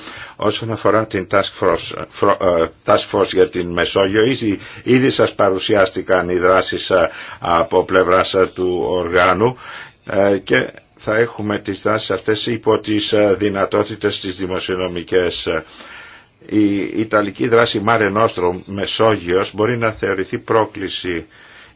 Όσον αφορά την ε, ε, Task Force, για την Μεσόγειο, ήδη, ήδη σας παρουσιάστηκαν οι δράσεις ε, από πλευράς του οργάνου και θα έχουμε τις δράσεις αυτές υπό τις δυνατότητες της δημοσιονομικές. Η Ιταλική δράση Mare Nostrum Μεσόγειος μπορεί να θεωρηθεί πρόκληση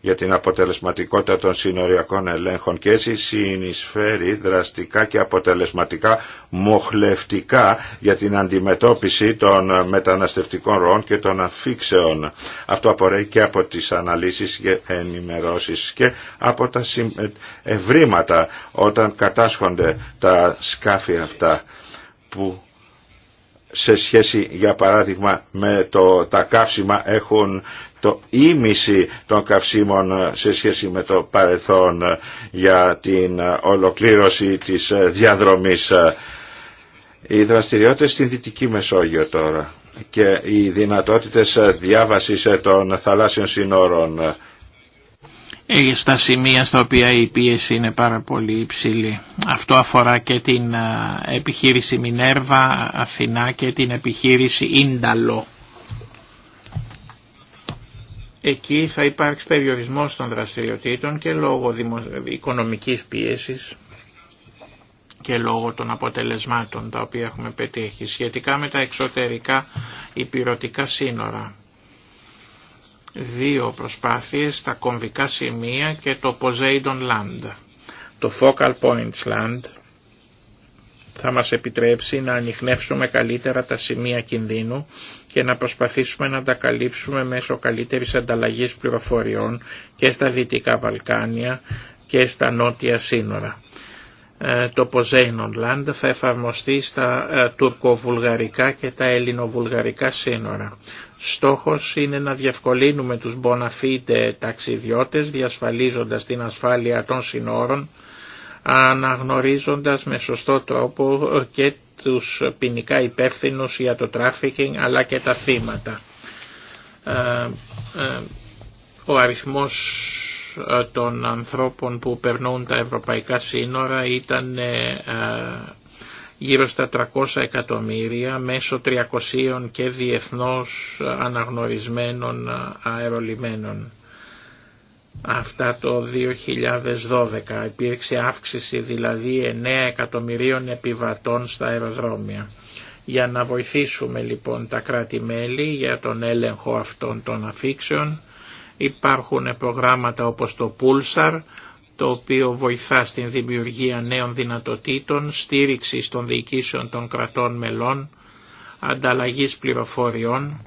για την αποτελεσματικότητα των συνοριακών ελέγχων και έτσι συνεισφέρει δραστικά και αποτελεσματικά μοχλευτικά για την αντιμετώπιση των μεταναστευτικών ροών και των αφήξεων. Αυτό απορρέει και από τις αναλύσεις και ενημερώσεις και από τα ευρήματα όταν κατάσχονται τα σκάφη αυτά που σε σχέση για παράδειγμα με το, τα καύσιμα έχουν το ίμιση των καυσίμων σε σχέση με το παρελθόν για την ολοκλήρωση της διαδρομής. Οι δραστηριότητες στην Δυτική Μεσόγειο τώρα και οι δυνατότητες διάβασης των θαλάσσιων συνόρων. Ε, στα σημεία στα οποία η πίεση είναι πάρα πολύ υψηλή. Αυτό αφορά και την ε, επιχείρηση Μινέρβα Αθηνά και την επιχείρηση Ίνταλο. Εκεί θα υπάρξει περιορισμός των δραστηριοτήτων και λόγω οικονομικής πίεσης και λόγω των αποτελεσμάτων τα οποία έχουμε πετύχει σχετικά με τα εξωτερικά υπηρετικά σύνορα. Δύο προσπάθειες, τα κομβικά σημεία και το Poseidon Land. Το Focal Points Land θα μας επιτρέψει να ανοιχνεύσουμε καλύτερα τα σημεία κινδύνου και να προσπαθήσουμε να τα καλύψουμε μέσω καλύτερης ανταλλαγής πληροφοριών και στα Δυτικά Βαλκάνια και στα νότια σύνορα. Ε, το Ποζέινον Λάντ θα εφαρμοστεί στα ε, τουρκοβουλγαρικά και τα ελληνοβουλγαρικά σύνορα. Στόχος είναι να διευκολύνουμε τους μποναφίτε ταξιδιώτες διασφαλίζοντας την ασφάλεια των σύνορων αναγνωρίζοντας με σωστό τρόπο και τους ποινικά υπεύθυνου για το τράφικινγκ αλλά και τα θύματα. Ε, ε, ο αριθμός ε, των ανθρώπων που περνούν τα ευρωπαϊκά σύνορα ήταν γύρω στα 300 εκατομμύρια μέσω 300 και διεθνώς αναγνωρισμένων αερολιμένων αυτά το 2012. Υπήρξε αύξηση δηλαδή 9 εκατομμυρίων επιβατών στα αεροδρόμια. Για να βοηθήσουμε λοιπόν τα κράτη-μέλη για τον έλεγχο αυτών των αφήξεων υπάρχουν προγράμματα όπως το Pulsar το οποίο βοηθά στην δημιουργία νέων δυνατοτήτων, στήριξη των διοικήσεων των κρατών μελών, ανταλλαγής πληροφοριών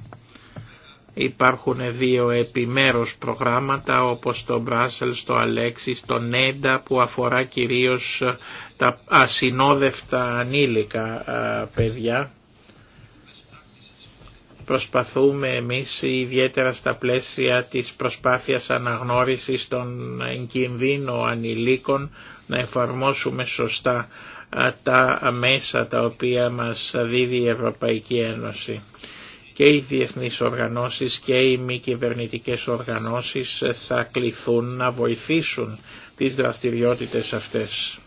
Υπάρχουν δύο επιμέρους προγράμματα όπως το Μπράσελ, το Αλέξη, το Νέντα που αφορά κυρίως ε, τα ασυνόδευτα ανήλικα ε, παιδιά. Προσπαθούμε εμείς ιδιαίτερα στα πλαίσια της προσπάθειας αναγνώρισης των κινδύνων ανηλίκων να εφαρμόσουμε σωστά ε, τα μέσα τα οποία μας δίδει η Ευρωπαϊκή Ένωση και οι διεθνείς οργανώσεις και οι μη κυβερνητικέ οργανώσεις θα κληθούν να βοηθήσουν τις δραστηριότητες αυτές.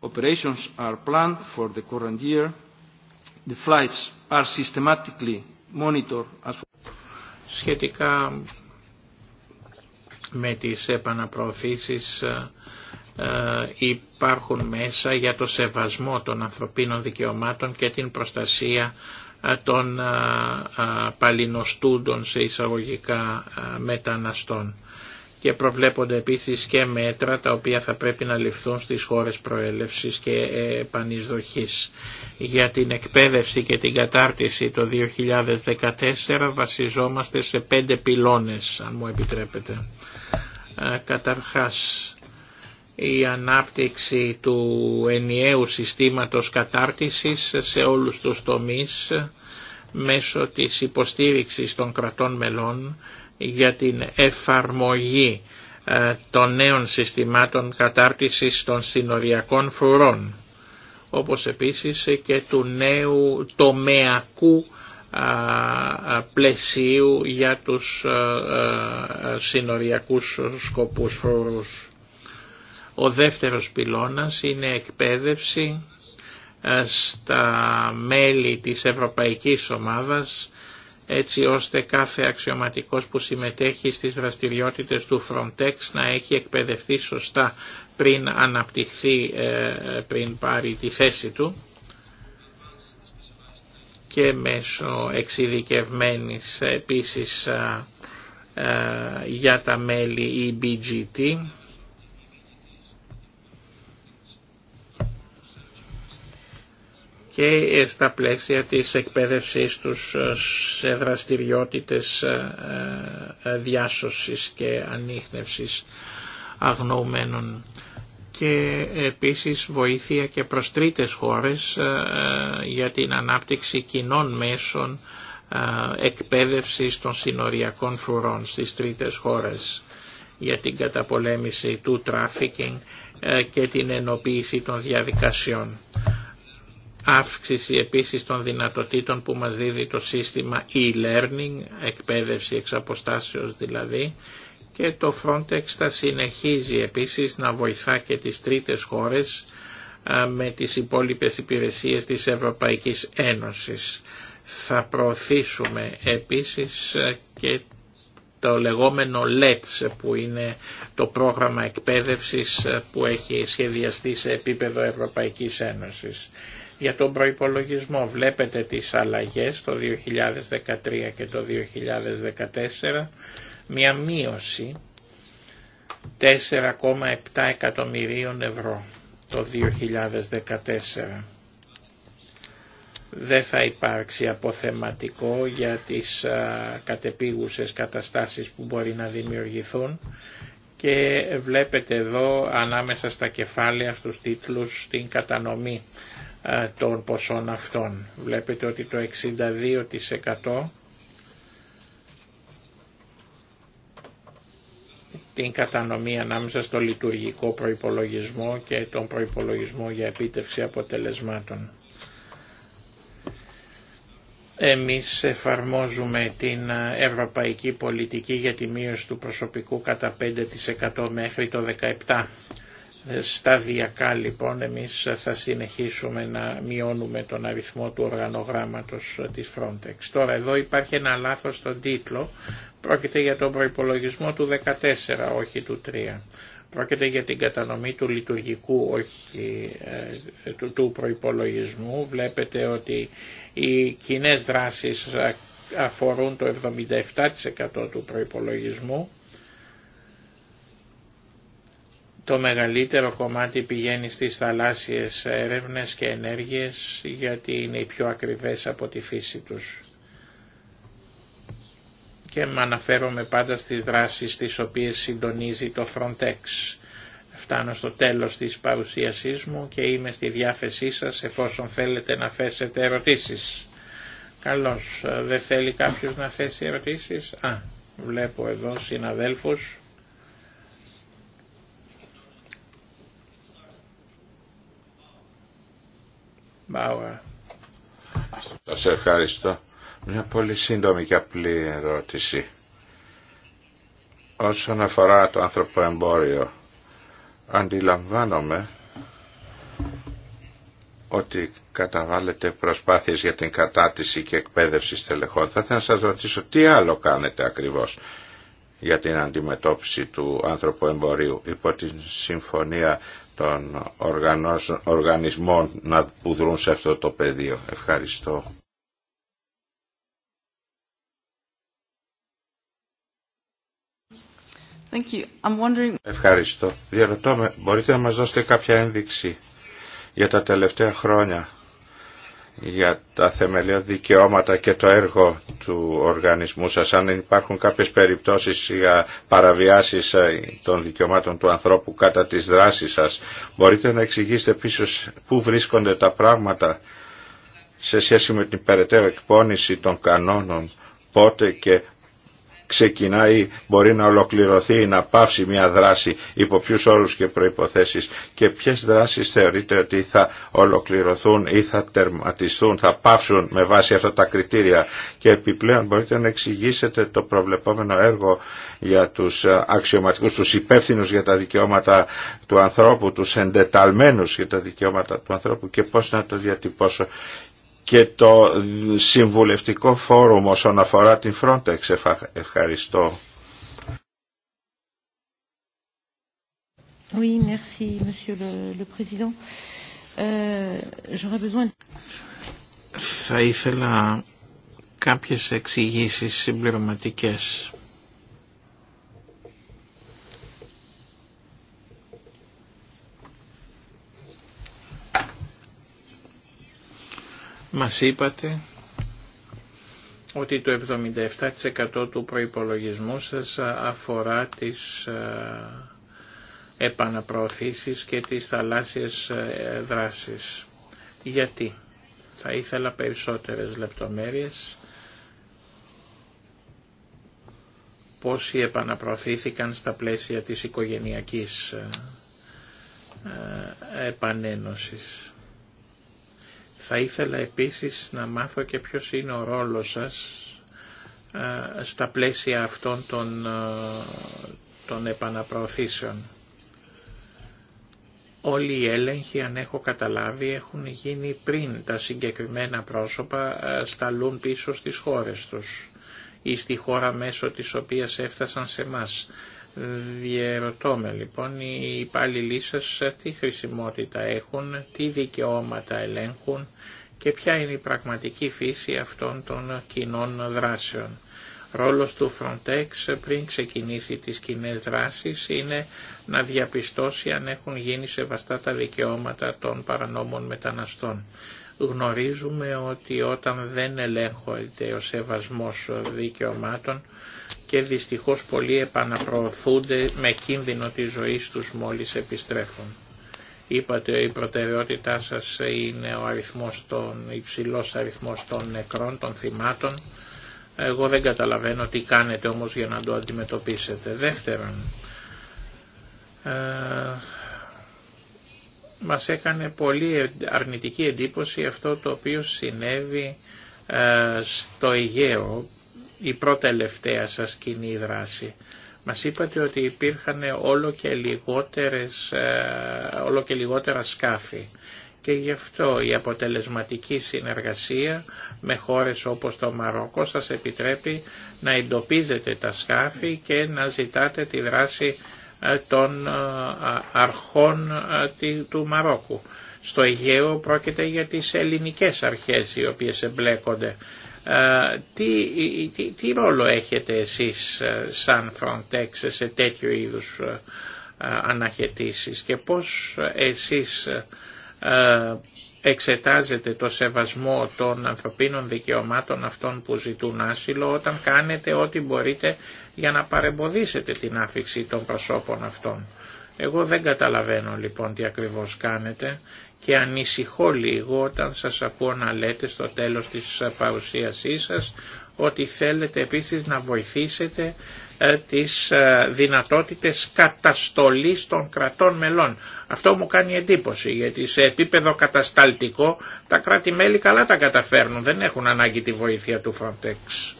Operations are planned for the current year. The flights are systematically monitored as Σχετικά με τις επαναπροωθήσεις ε, υπάρχουν μέσα για το σεβασμό των ανθρωπίνων δικαιωμάτων και την προστασία ε, των ε, παλινοστούντων σε εισαγωγικά μεταναστών. Και προβλέπονται επίσης και μέτρα τα οποία θα πρέπει να ληφθούν στις χώρες προέλευσης και επανεισδοχής. Για την εκπαίδευση και την κατάρτιση το 2014 βασιζόμαστε σε πέντε πυλώνες, αν μου επιτρέπετε. Καταρχάς, η ανάπτυξη του ενιαίου συστήματος κατάρτισης σε όλους τους τομείς μέσω της υποστήριξης των κρατών μελών για την εφαρμογή ε, των νέων συστημάτων κατάρτισης των συνοριακών φορών όπως επίσης και του νέου τομεακού ε, ε, πλαισίου για τους συνοριακούς σκοπούς φορούς. Ο δεύτερος πυλώνας είναι εκπαίδευση ε, στα μέλη της Ευρωπαϊκής Ομάδας έτσι ώστε κάθε αξιωματικός που συμμετέχει στις δραστηριότητες του Frontex να έχει εκπαιδευτεί σωστά πριν αναπτυχθεί, ε, πριν πάρει τη θέση του και μέσω εξειδικευμένης επίσης ε, για τα μέλη EBGT και ε, στα πλαίσια της εκπαίδευσής τους ε, σε δραστηριότητες ε, διάσωσης και ανείχνευσης αγνοωμένων και επίσης βοήθεια και προς τρίτες χώρες για την ανάπτυξη κοινών μέσων εκπαίδευσης των συνοριακών φρουρών στις τρίτες χώρες για την καταπολέμηση του τράφικινγκ και την ενοποίηση των διαδικασιών αύξηση επίσης των δυνατοτήτων που μας δίδει το σύστημα e-learning, εκπαίδευση εξ αποστάσεως δηλαδή, και το Frontex θα συνεχίζει επίσης να βοηθά και τις τρίτες χώρες με τις υπόλοιπες υπηρεσίες της Ευρωπαϊκής Ένωσης. Θα προωθήσουμε επίσης και το λεγόμενο LETS που είναι το πρόγραμμα εκπαίδευσης που έχει σχεδιαστεί σε επίπεδο Ευρωπαϊκής Ένωσης. Για τον προϋπολογισμό βλέπετε τις αλλαγές το 2013 και το 2014, μια μείωση 4,7 εκατομμυρίων ευρώ το 2014. Δεν θα υπάρξει αποθεματικό για τις κατεπίγουσες καταστάσεις που μπορεί να δημιουργηθούν και βλέπετε εδώ ανάμεσα στα κεφάλαια στους τίτλους την κατανομή ε, των ποσών αυτών. Βλέπετε ότι το 62% την κατανομή ανάμεσα στο λειτουργικό προϋπολογισμό και τον προϋπολογισμό για επίτευξη αποτελεσμάτων. Εμείς εφαρμόζουμε την ευρωπαϊκή πολιτική για τη μείωση του προσωπικού κατά 5% μέχρι το 17%. Σταδιακά λοιπόν εμείς θα συνεχίσουμε να μειώνουμε τον αριθμό του οργανογράμματος της Frontex. Τώρα εδώ υπάρχει ένα λάθος στον τίτλο. Πρόκειται για τον προϋπολογισμό του 14, όχι του 3. Πρόκειται για την κατανομή του λειτουργικού όχι, ε, του, του προϋπολογισμού. Βλέπετε ότι οι κοινέ δράσεις ε, αφορούν το 77% του προϋπολογισμού το μεγαλύτερο κομμάτι πηγαίνει στις θαλάσσιες έρευνες και ενέργειες γιατί είναι οι πιο ακριβές από τη φύση τους. Και με αναφέρομαι πάντα στις δράσεις τις οποίες συντονίζει το Frontex. Φτάνω στο τέλος της παρουσίασής μου και είμαι στη διάθεσή σας εφόσον θέλετε να θέσετε ερωτήσεις. Καλώς, ε, δεν θέλει κάποιος να θέσει ερωτήσεις. Α, βλέπω εδώ συναδέλφους. Σα Σας ευχαριστώ. Μια πολύ σύντομη και απλή ερώτηση. Όσον αφορά το άνθρωπο εμπόριο, αντιλαμβάνομαι ότι καταβάλλετε προσπάθειες για την κατάτηση και εκπαίδευση στελεχών. Θα ήθελα να σας ρωτήσω τι άλλο κάνετε ακριβώς για την αντιμετώπιση του ανθρωποεμπορίου υπό την Συμφωνία των οργανισμών που δρούν σε αυτό το πεδίο. Ευχαριστώ. Thank you. I'm wondering... Ευχαριστώ. Διαρωτώ με, μπορείτε να μας δώσετε κάποια ένδειξη για τα τελευταία χρόνια για τα θεμελιώδη δικαιώματα και το έργο του οργανισμού σας. Αν υπάρχουν κάποιες περιπτώσεις για παραβιάσεις ε, των δικαιωμάτων του ανθρώπου κατά τις δράσεις σας, μπορείτε να εξηγήσετε πίσω πού βρίσκονται τα πράγματα σε σχέση με την περαιτέρω εκπόνηση των κανόνων, πότε και ξεκινάει, μπορεί να ολοκληρωθεί ή να πάυσει μια δράση, υπό ποιους όρους και προϋποθέσεις και ποιες δράσεις θεωρείτε ότι θα ολοκληρωθούν ή θα τερματιστούν, θα πάυσουν με βάση αυτά τα κριτήρια και επιπλέον μπορείτε να εξηγήσετε το προβλεπόμενο έργο για τους αξιωματικούς, τους υπεύθυνους για τα δικαιώματα του ανθρώπου, τους εντεταλμένους για τα δικαιώματα του ανθρώπου και πώς να το διατυπώσω και το συμβουλευτικό φόρουμ όσον αφορά την Frontex. Ευχαριστώ. Oui, merci, Monsieur le, euh, Θα ήθελα κάποιες εξηγήσεις συμπληρωματικές. Μας είπατε ότι το 77% του προϋπολογισμού σας αφορά τις ε, επαναπροωθήσεις και τις θαλάσσιες ε, δράσεις. Γιατί. Θα ήθελα περισσότερες λεπτομέρειες πόσοι επαναπροωθήθηκαν στα πλαίσια της οικογενειακής ε, επανένωσης. Θα ήθελα επίσης να μάθω και ποιος είναι ο ρόλος σας ε, στα πλαίσια αυτών των, ε, των επαναπροωθήσεων. Όλοι οι έλεγχοι, αν έχω καταλάβει, έχουν γίνει πριν τα συγκεκριμένα πρόσωπα ε, σταλούν πίσω στις χώρες τους ή στη χώρα μέσω της οποίας έφτασαν σε μας. Διερωτώμε λοιπόν οι υπάλληλοι σα τι χρησιμότητα έχουν, τι δικαιώματα ελέγχουν και ποια είναι η πραγματική φύση αυτών των κοινών δράσεων. Ρόλος του Frontex πριν ξεκινήσει τις κοινέ δράσεις είναι να διαπιστώσει αν έχουν γίνει σεβαστά τα δικαιώματα των παρανόμων μεταναστών. Γνωρίζουμε ότι όταν δεν ελέγχονται ο σεβασμός δικαιωμάτων και δυστυχώς πολλοί επαναπροωθούνται με κίνδυνο της ζωής τους μόλις επιστρέφουν. Είπατε η προτεραιότητά σας είναι ο αριθμός των, υψηλός αριθμός των νεκρών, των θυμάτων. Εγώ δεν καταλαβαίνω τι κάνετε όμως για να το αντιμετωπίσετε. Δεύτερον, ε, μας έκανε πολύ αρνητική εντύπωση αυτό το οποίο συνέβη ε, στο Αιγαίο η πρώτα τελευταία σας κοινή δράση. Μας είπατε ότι υπήρχαν όλο και, λιγότερες, ε, όλο και λιγότερα σκάφη και γι' αυτό η αποτελεσματική συνεργασία με χώρες όπως το Μαρόκο σας επιτρέπει να εντοπίζετε τα σκάφη και να ζητάτε τη δράση ε, των ε, αρχών του Μαρόκου. Στο Αιγαίο πρόκειται για τις ελληνικές αρχές οι οποίες εμπλέκονται ε, τι, τι, τι ρόλο έχετε εσείς ε, σαν Frontex σε τέτοιου είδους ε, αναχαιτήσεις και πώς εσείς εξετάζετε το σεβασμό των ανθρωπίνων δικαιωμάτων αυτών που ζητούν άσυλο όταν κάνετε ό,τι μπορείτε για να παρεμποδίσετε την άφηξη των προσώπων αυτών. Εγώ δεν καταλαβαίνω λοιπόν τι ακριβώς κάνετε και ανησυχώ λίγο όταν σας ακούω να λέτε στο τέλος της παρουσίασής σας ότι θέλετε επίσης να βοηθήσετε ε, τις ε, δυνατότητες καταστολής των κρατών μελών. Αυτό μου κάνει εντύπωση γιατί σε επίπεδο κατασταλτικό τα κράτη-μέλη καλά τα καταφέρνουν, δεν έχουν ανάγκη τη βοήθεια του Frontex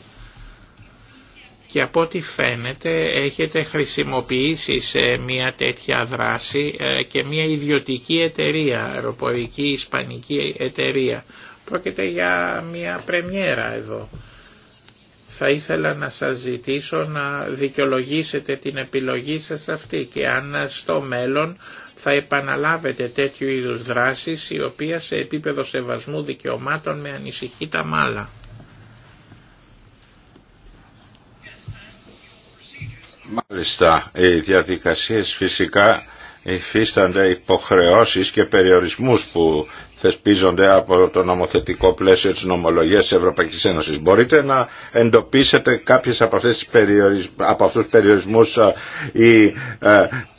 και από ό,τι φαίνεται έχετε χρησιμοποιήσει σε μια τέτοια δράση ε, και μια ιδιωτική εταιρεία, αεροπορική ισπανική εταιρεία. Πρόκειται για μια πρεμιέρα εδώ. Θα ήθελα να σας ζητήσω να δικαιολογήσετε την επιλογή σας αυτή και αν στο μέλλον θα επαναλάβετε τέτοιου είδους δράσεις η οποία σε επίπεδο σεβασμού δικαιωμάτων με ανησυχεί τα μάλα. Μάλιστα, οι διαδικασίες φυσικά υφίστανται υποχρεώσεις και περιορισμούς που θεσπίζονται από το νομοθετικό πλαίσιο της νομολογίας της Ευρωπαϊκής Ένωσης. Μπορείτε να εντοπίσετε κάποιες από, αυτές τις περιορισ... από αυτούς περιορισμούς ή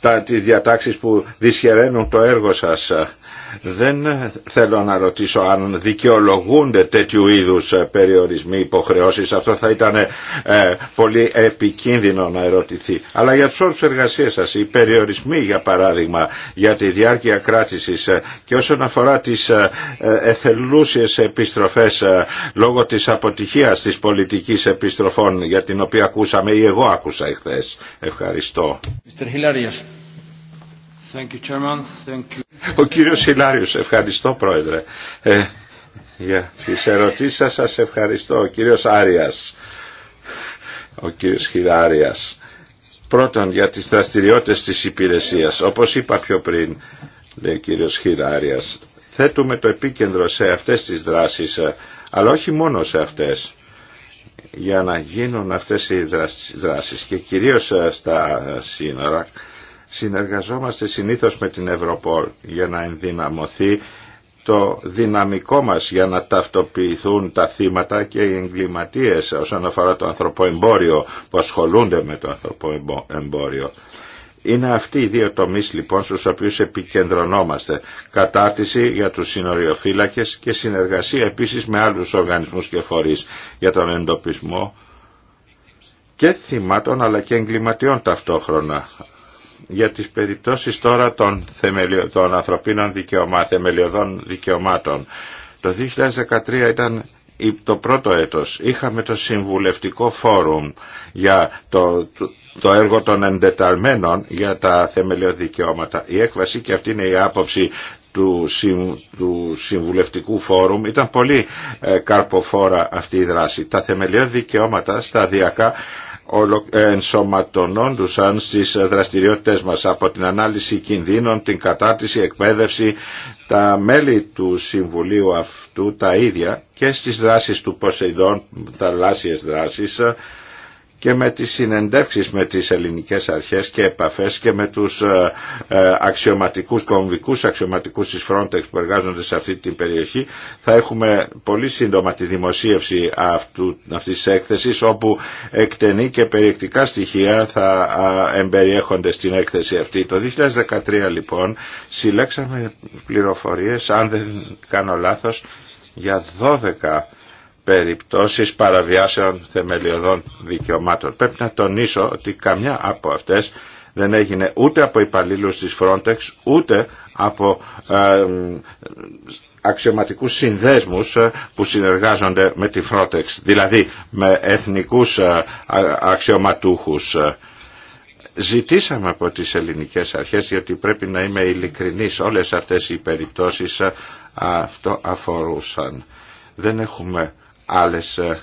τα... τις διατάξεις που δυσχεραίνουν το έργο σας. Δεν θέλω να ρωτήσω αν δικαιολογούνται τέτοιου είδους περιορισμοί, υποχρεώσεις. Αυτό θα ήταν ε, πολύ επικίνδυνο να ερωτηθεί. Αλλά για τους όρους εργασίας σας, οι περιορισμοί για παράδειγμα για τη διάρκεια κράτησης ε, και όσον αφορά τις ε, ε, εθελούσιες επιστροφές ε, λόγω της αποτυχίας της πολιτικής επιστροφών για την οποία ακούσαμε ή εγώ άκουσα εχθές. Ευχαριστώ. Ο κύριος Χιλάριος, ευχαριστώ πρόεδρε. Ε, για τις ερωτήσεις σας, σας ευχαριστώ. Ο κύριος Άριας. Ο κύριος Χιλάριας. Πρώτον για τις δραστηριότητες της υπηρεσίας. Όπως είπα πιο πριν, λέει ο κύριος Χιλάριας, θέτουμε το επίκεντρο σε αυτές τις δράσεις, ε, αλλά όχι μόνο σε αυτές για να γίνουν αυτές οι δράσεις και κυρίως ε, στα σύνορα συνεργαζόμαστε συνήθως με την Ευρωπόλ για να ενδυναμωθεί το δυναμικό μας για να ταυτοποιηθούν τα θύματα και οι εγκληματίες όσον αφορά το ανθρωποεμπόριο που ασχολούνται με το ανθρωποεμπόριο. Είναι αυτοί οι δύο τομείς λοιπόν στους οποίους επικεντρωνόμαστε. Κατάρτιση για τους συνοριοφύλακες και συνεργασία επίσης με άλλους οργανισμούς και φορείς για τον εντοπισμό και θυμάτων αλλά και εγκληματιών ταυτόχρονα. Για τις περιπτώσεις τώρα των, θεμελιο... ανθρωπίνων δικαιωμάτων, θεμελιωδών δικαιωμάτων. Το 2013 ήταν το πρώτο έτος είχαμε το συμβουλευτικό φόρουμ για το, το έργο των εντεταλμένων για τα θεμελιώδη δικαιώματα. Η έκβαση και αυτή είναι η άποψη του Συμβουλευτικού Φόρουμ ήταν πολύ ε, καρποφόρα αυτή η δράση. Τα θεμελιώδη δικαιώματα σταδιακά ε, ενσωματωνόντουσαν στις δραστηριότητες μας από την ανάλυση κινδύνων, την κατάρτιση, εκπαίδευση, τα μέλη του Συμβουλίου αυτού τα ίδια και στις δράσεις του Ποσεϊδών, θαλάσσιες δράσεις, και με τις συνεντεύξεις με τις ελληνικές αρχές και επαφές και με τους ε, ε, αξιωματικούς, κομβικούς αξιωματικούς της Frontex που εργάζονται σε αυτή την περιοχή θα έχουμε πολύ σύντομα τη δημοσίευση αυτού, αυτής της έκθεσης όπου εκτενή και περιεκτικά στοιχεία θα εμπεριέχονται στην έκθεση αυτή. Το 2013 λοιπόν συλλέξαμε πληροφορίες, αν δεν κάνω λάθος, για 12 περιπτώσεις παραβιάσεων θεμελιωδών δικαιωμάτων. Πρέπει να τονίσω ότι καμιά από αυτές δεν έγινε ούτε από υπαλλήλους της Frontex, ούτε από ε, αξιωματικούς συνδέσμους ε, που συνεργάζονται με τη Frontex, δηλαδή με εθνικούς ε, αξιωματούχους. Ζητήσαμε από τις ελληνικές αρχές, γιατί πρέπει να είμαι ειλικρινής, όλες αυτές οι περιπτώσεις ε, αυτό αφορούσαν. Δεν έχουμε άλλες ε,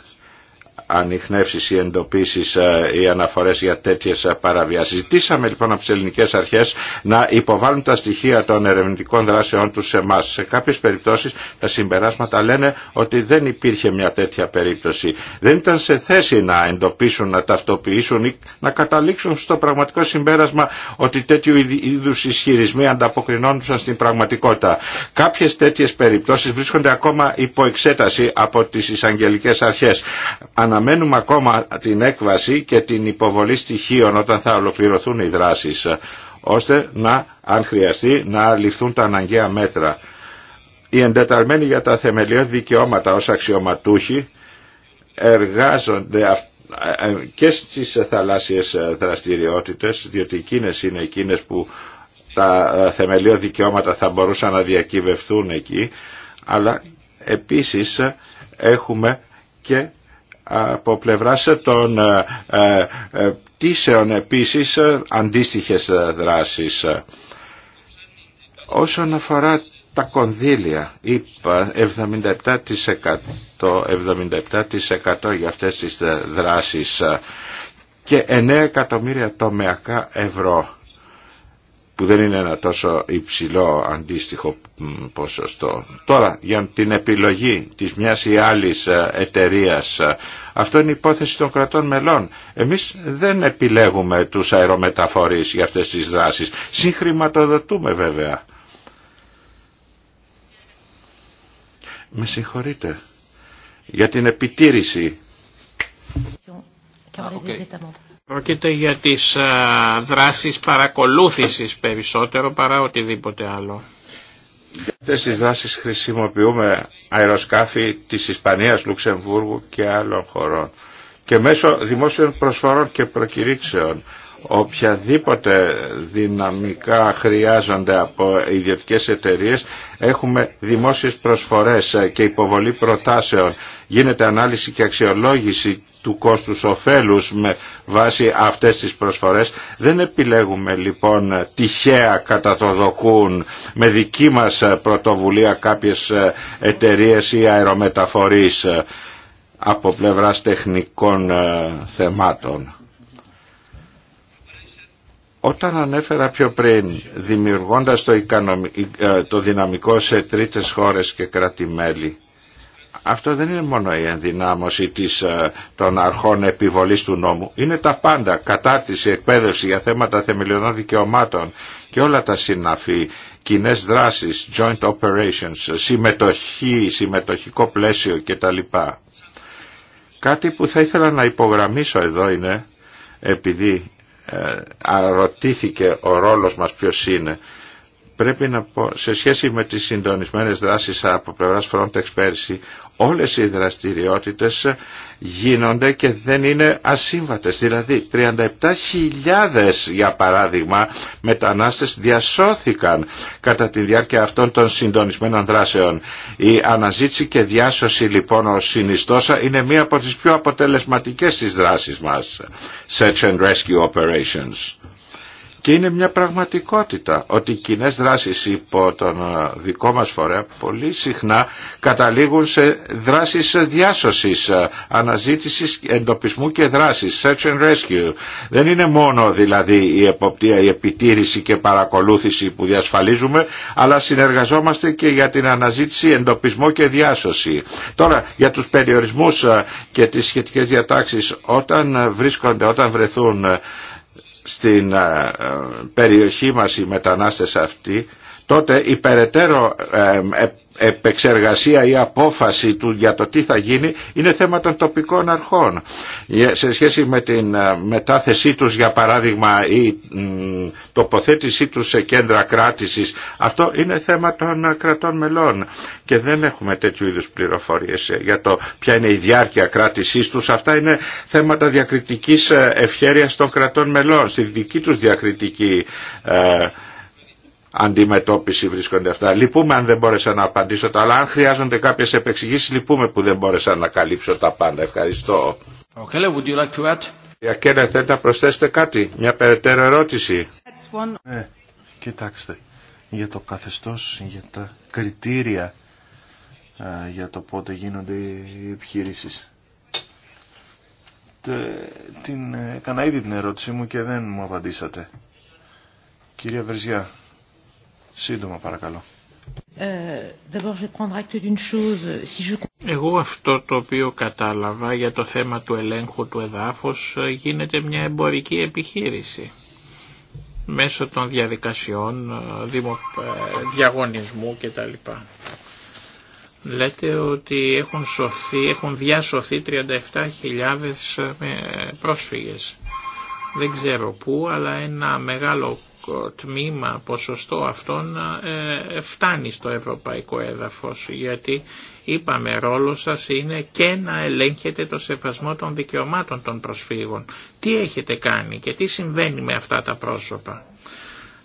ανοιχνεύσεις ή εντοπίσεις ε, ή αναφορές για τέτοιες ε, παραβιάσεις. Ζητήσαμε λοιπόν από τις ελληνικές αρχές να υποβάλουν τα στοιχεία των ερευνητικών δράσεών τους σε εμάς. Σε κάποιες περιπτώσεις τα συμπεράσματα λένε ότι δεν υπήρχε μια τέτοια περίπτωση. Δεν ήταν σε θέση να εντοπίσουν, να ταυτοποιήσουν ή να καταλήξουν στο πραγματικό συμπέρασμα ότι τέτοιου είδους ισχυρισμοί ανταποκρινόντουσαν στην πραγματικότητα. Κάποιες τέτοιες περιπτώσεις βρίσκονται ακόμα υπό εξέταση από τις εισαγγελικές αρχές αναμένουμε ακόμα την έκβαση και την υποβολή στοιχείων όταν θα ολοκληρωθούν οι δράσεις, ώστε να, αν χρειαστεί, να ληφθούν τα αναγκαία μέτρα. Οι εντεταλμένοι για τα θεμελιώδη δικαιώματα ως αξιωματούχοι εργάζονται ε, ε, και στις θαλάσσιες ε, δραστηριότητες, διότι εκείνες είναι εκείνες που τα θεμελιώδη δικαιώματα θα μπορούσαν να διακυβευθούν εκεί, αλλά επίσης έχουμε και από πλευράς των ε, ε, ε, πτήσεων επίσης αντίστοιχες δράσεις. Όσον αφορά τα κονδύλια, είπα 77%, 77 για αυτές τις δράσεις και 9 εκατομμύρια τομεακά ευρώ που δεν είναι ένα τόσο υψηλό αντίστοιχο ποσοστό. Τώρα για την επιλογή της μιας ή άλλης ε, εταιρείας ε, αυτό είναι η υπόθεση των κρατών μελών. Εμείς δεν επιλέγουμε τους αερομεταφορείς για αυτές τις δράσεις. Συγχρηματοδοτούμε βέβαια. Με συγχωρείτε για την επιτήρηση. Ah, okay. Πρόκειται για τις δράσεις παρακολούθησης περισσότερο παρά οτιδήποτε άλλο. Για αυτές τις δράσεις χρησιμοποιούμε αεροσκάφη της Ισπανίας, Λουξεμβούργου και άλλων χωρών και μέσω δημόσιων προσφορών και προκηρύξεων οποιαδήποτε δυναμικά χρειάζονται από ιδιωτικές εταιρείες έχουμε δημόσιες προσφορές και υποβολή προτάσεων γίνεται ανάλυση και αξιολόγηση του κόστους ωφέλους με βάση αυτές τις προσφορές. Δεν επιλέγουμε λοιπόν τυχαία κατά το δοκούν με δική μας πρωτοβουλία κάποιες εταιρείες ή αερομεταφορείς από πλευράς τεχνικών ε, θεμάτων. Όταν ανέφερα πιο πριν, δημιουργώντας το, ε, το δυναμικό σε τρίτες χώρες και κράτη-μέλη, αυτό δεν είναι μόνο η ενδυνάμωση της, ε, των αρχών επιβολής του νόμου. Είναι τα πάντα. Κατάρτιση, εκπαίδευση για θέματα θεμελιωδών δικαιωμάτων και όλα τα συναφή κοινέ δράσεις, joint operations, συμμετοχή, συμμετοχικό πλαίσιο κτλ. Κάτι που θα ήθελα να υπογραμμίσω εδώ είναι, επειδή ε, αρωτήθηκε ο ρόλος μας ποιος είναι, πρέπει να πω, σε σχέση με τις συντονισμένες δράσεις από πλευράς Frontex πέρσι, όλες οι δραστηριότητες γίνονται και δεν είναι ασύμβατες. Δηλαδή 37.000 για παράδειγμα μετανάστες διασώθηκαν κατά τη διάρκεια αυτών των συντονισμένων δράσεων. Η αναζήτηση και διάσωση λοιπόν ο συνιστόσα είναι μία από τις πιο αποτελεσματικές της δράσεις μας. Search and Rescue Operations. Και είναι μια πραγματικότητα ότι οι κοινέ δράσεις υπό τον ε, δικό μας φορέα πολύ συχνά καταλήγουν σε δράσεις διάσωσης, ε, αναζήτησης εντοπισμού και δράσης, search and rescue. Δεν είναι μόνο δηλαδή η εποπτεία, η επιτήρηση και παρακολούθηση που διασφαλίζουμε, αλλά συνεργαζόμαστε και για την αναζήτηση, εντοπισμό και διάσωση. Τώρα για τους περιορισμούς ε, και τις σχετικές διατάξεις όταν βρίσκονται, όταν βρεθούν στην ε, ε, περιοχή μας οι μετανάστες αυτοί τότε η περαιτέρω ε, επεξεργασία ή απόφαση του για το τι θα γίνει είναι θέμα των τοπικών αρχών. Σε σχέση με την ε, μετάθεσή τους για παράδειγμα ή τοποθέτησή τους σε κέντρα κράτησης αυτό είναι θέμα των ε, κρατών μελών και δεν έχουμε τέτοιου είδους πληροφορίες για το ποια είναι η διάρκεια κράτησής τους. Αυτά είναι θέματα διακριτικής ε, ευχέρειας των κρατών μελών στη δική τους διακριτική αντιμετώπιση βρίσκονται αυτά. Λυπούμε αν δεν μπόρεσα να απαντήσω τα, αλλά αν χρειάζονται κάποιες επεξηγήσεις λυπούμε που δεν μπόρεσα να καλύψω τα πάντα. Ευχαριστώ. Okay, would you like to add? Για κένα θέλετε να προσθέσετε κάτι, μια περαιτέρω ερώτηση. Ε, κοιτάξτε, για το καθεστώς, για τα κριτήρια για το πότε γίνονται οι επιχειρήσεις. την, ε, έκανα ήδη την ερώτησή μου και δεν μου απαντήσατε. Κυρία Βερζιά, Σύντομα παρακαλώ. Ε, Εγώ αυτό το οποίο κατάλαβα για το θέμα του ελέγχου του εδάφους ε, γίνεται μια εμπορική επιχείρηση μέσω των διαδικασιών ε, διαγωνισμού κτλ. Λέτε ότι έχουν, σωθεί, έχουν διασωθεί 37.000 πρόσφυγες. Δεν ξέρω πού, αλλά ένα μεγάλο ευρωπαϊκό τμήμα, ποσοστό αυτών ε, ε, φτάνει στο ευρωπαϊκό έδαφος γιατί είπαμε ρόλο σας είναι και να ελέγχετε το σεβασμό των δικαιωμάτων των προσφύγων. Τι έχετε κάνει και τι συμβαίνει με αυτά τα πρόσωπα.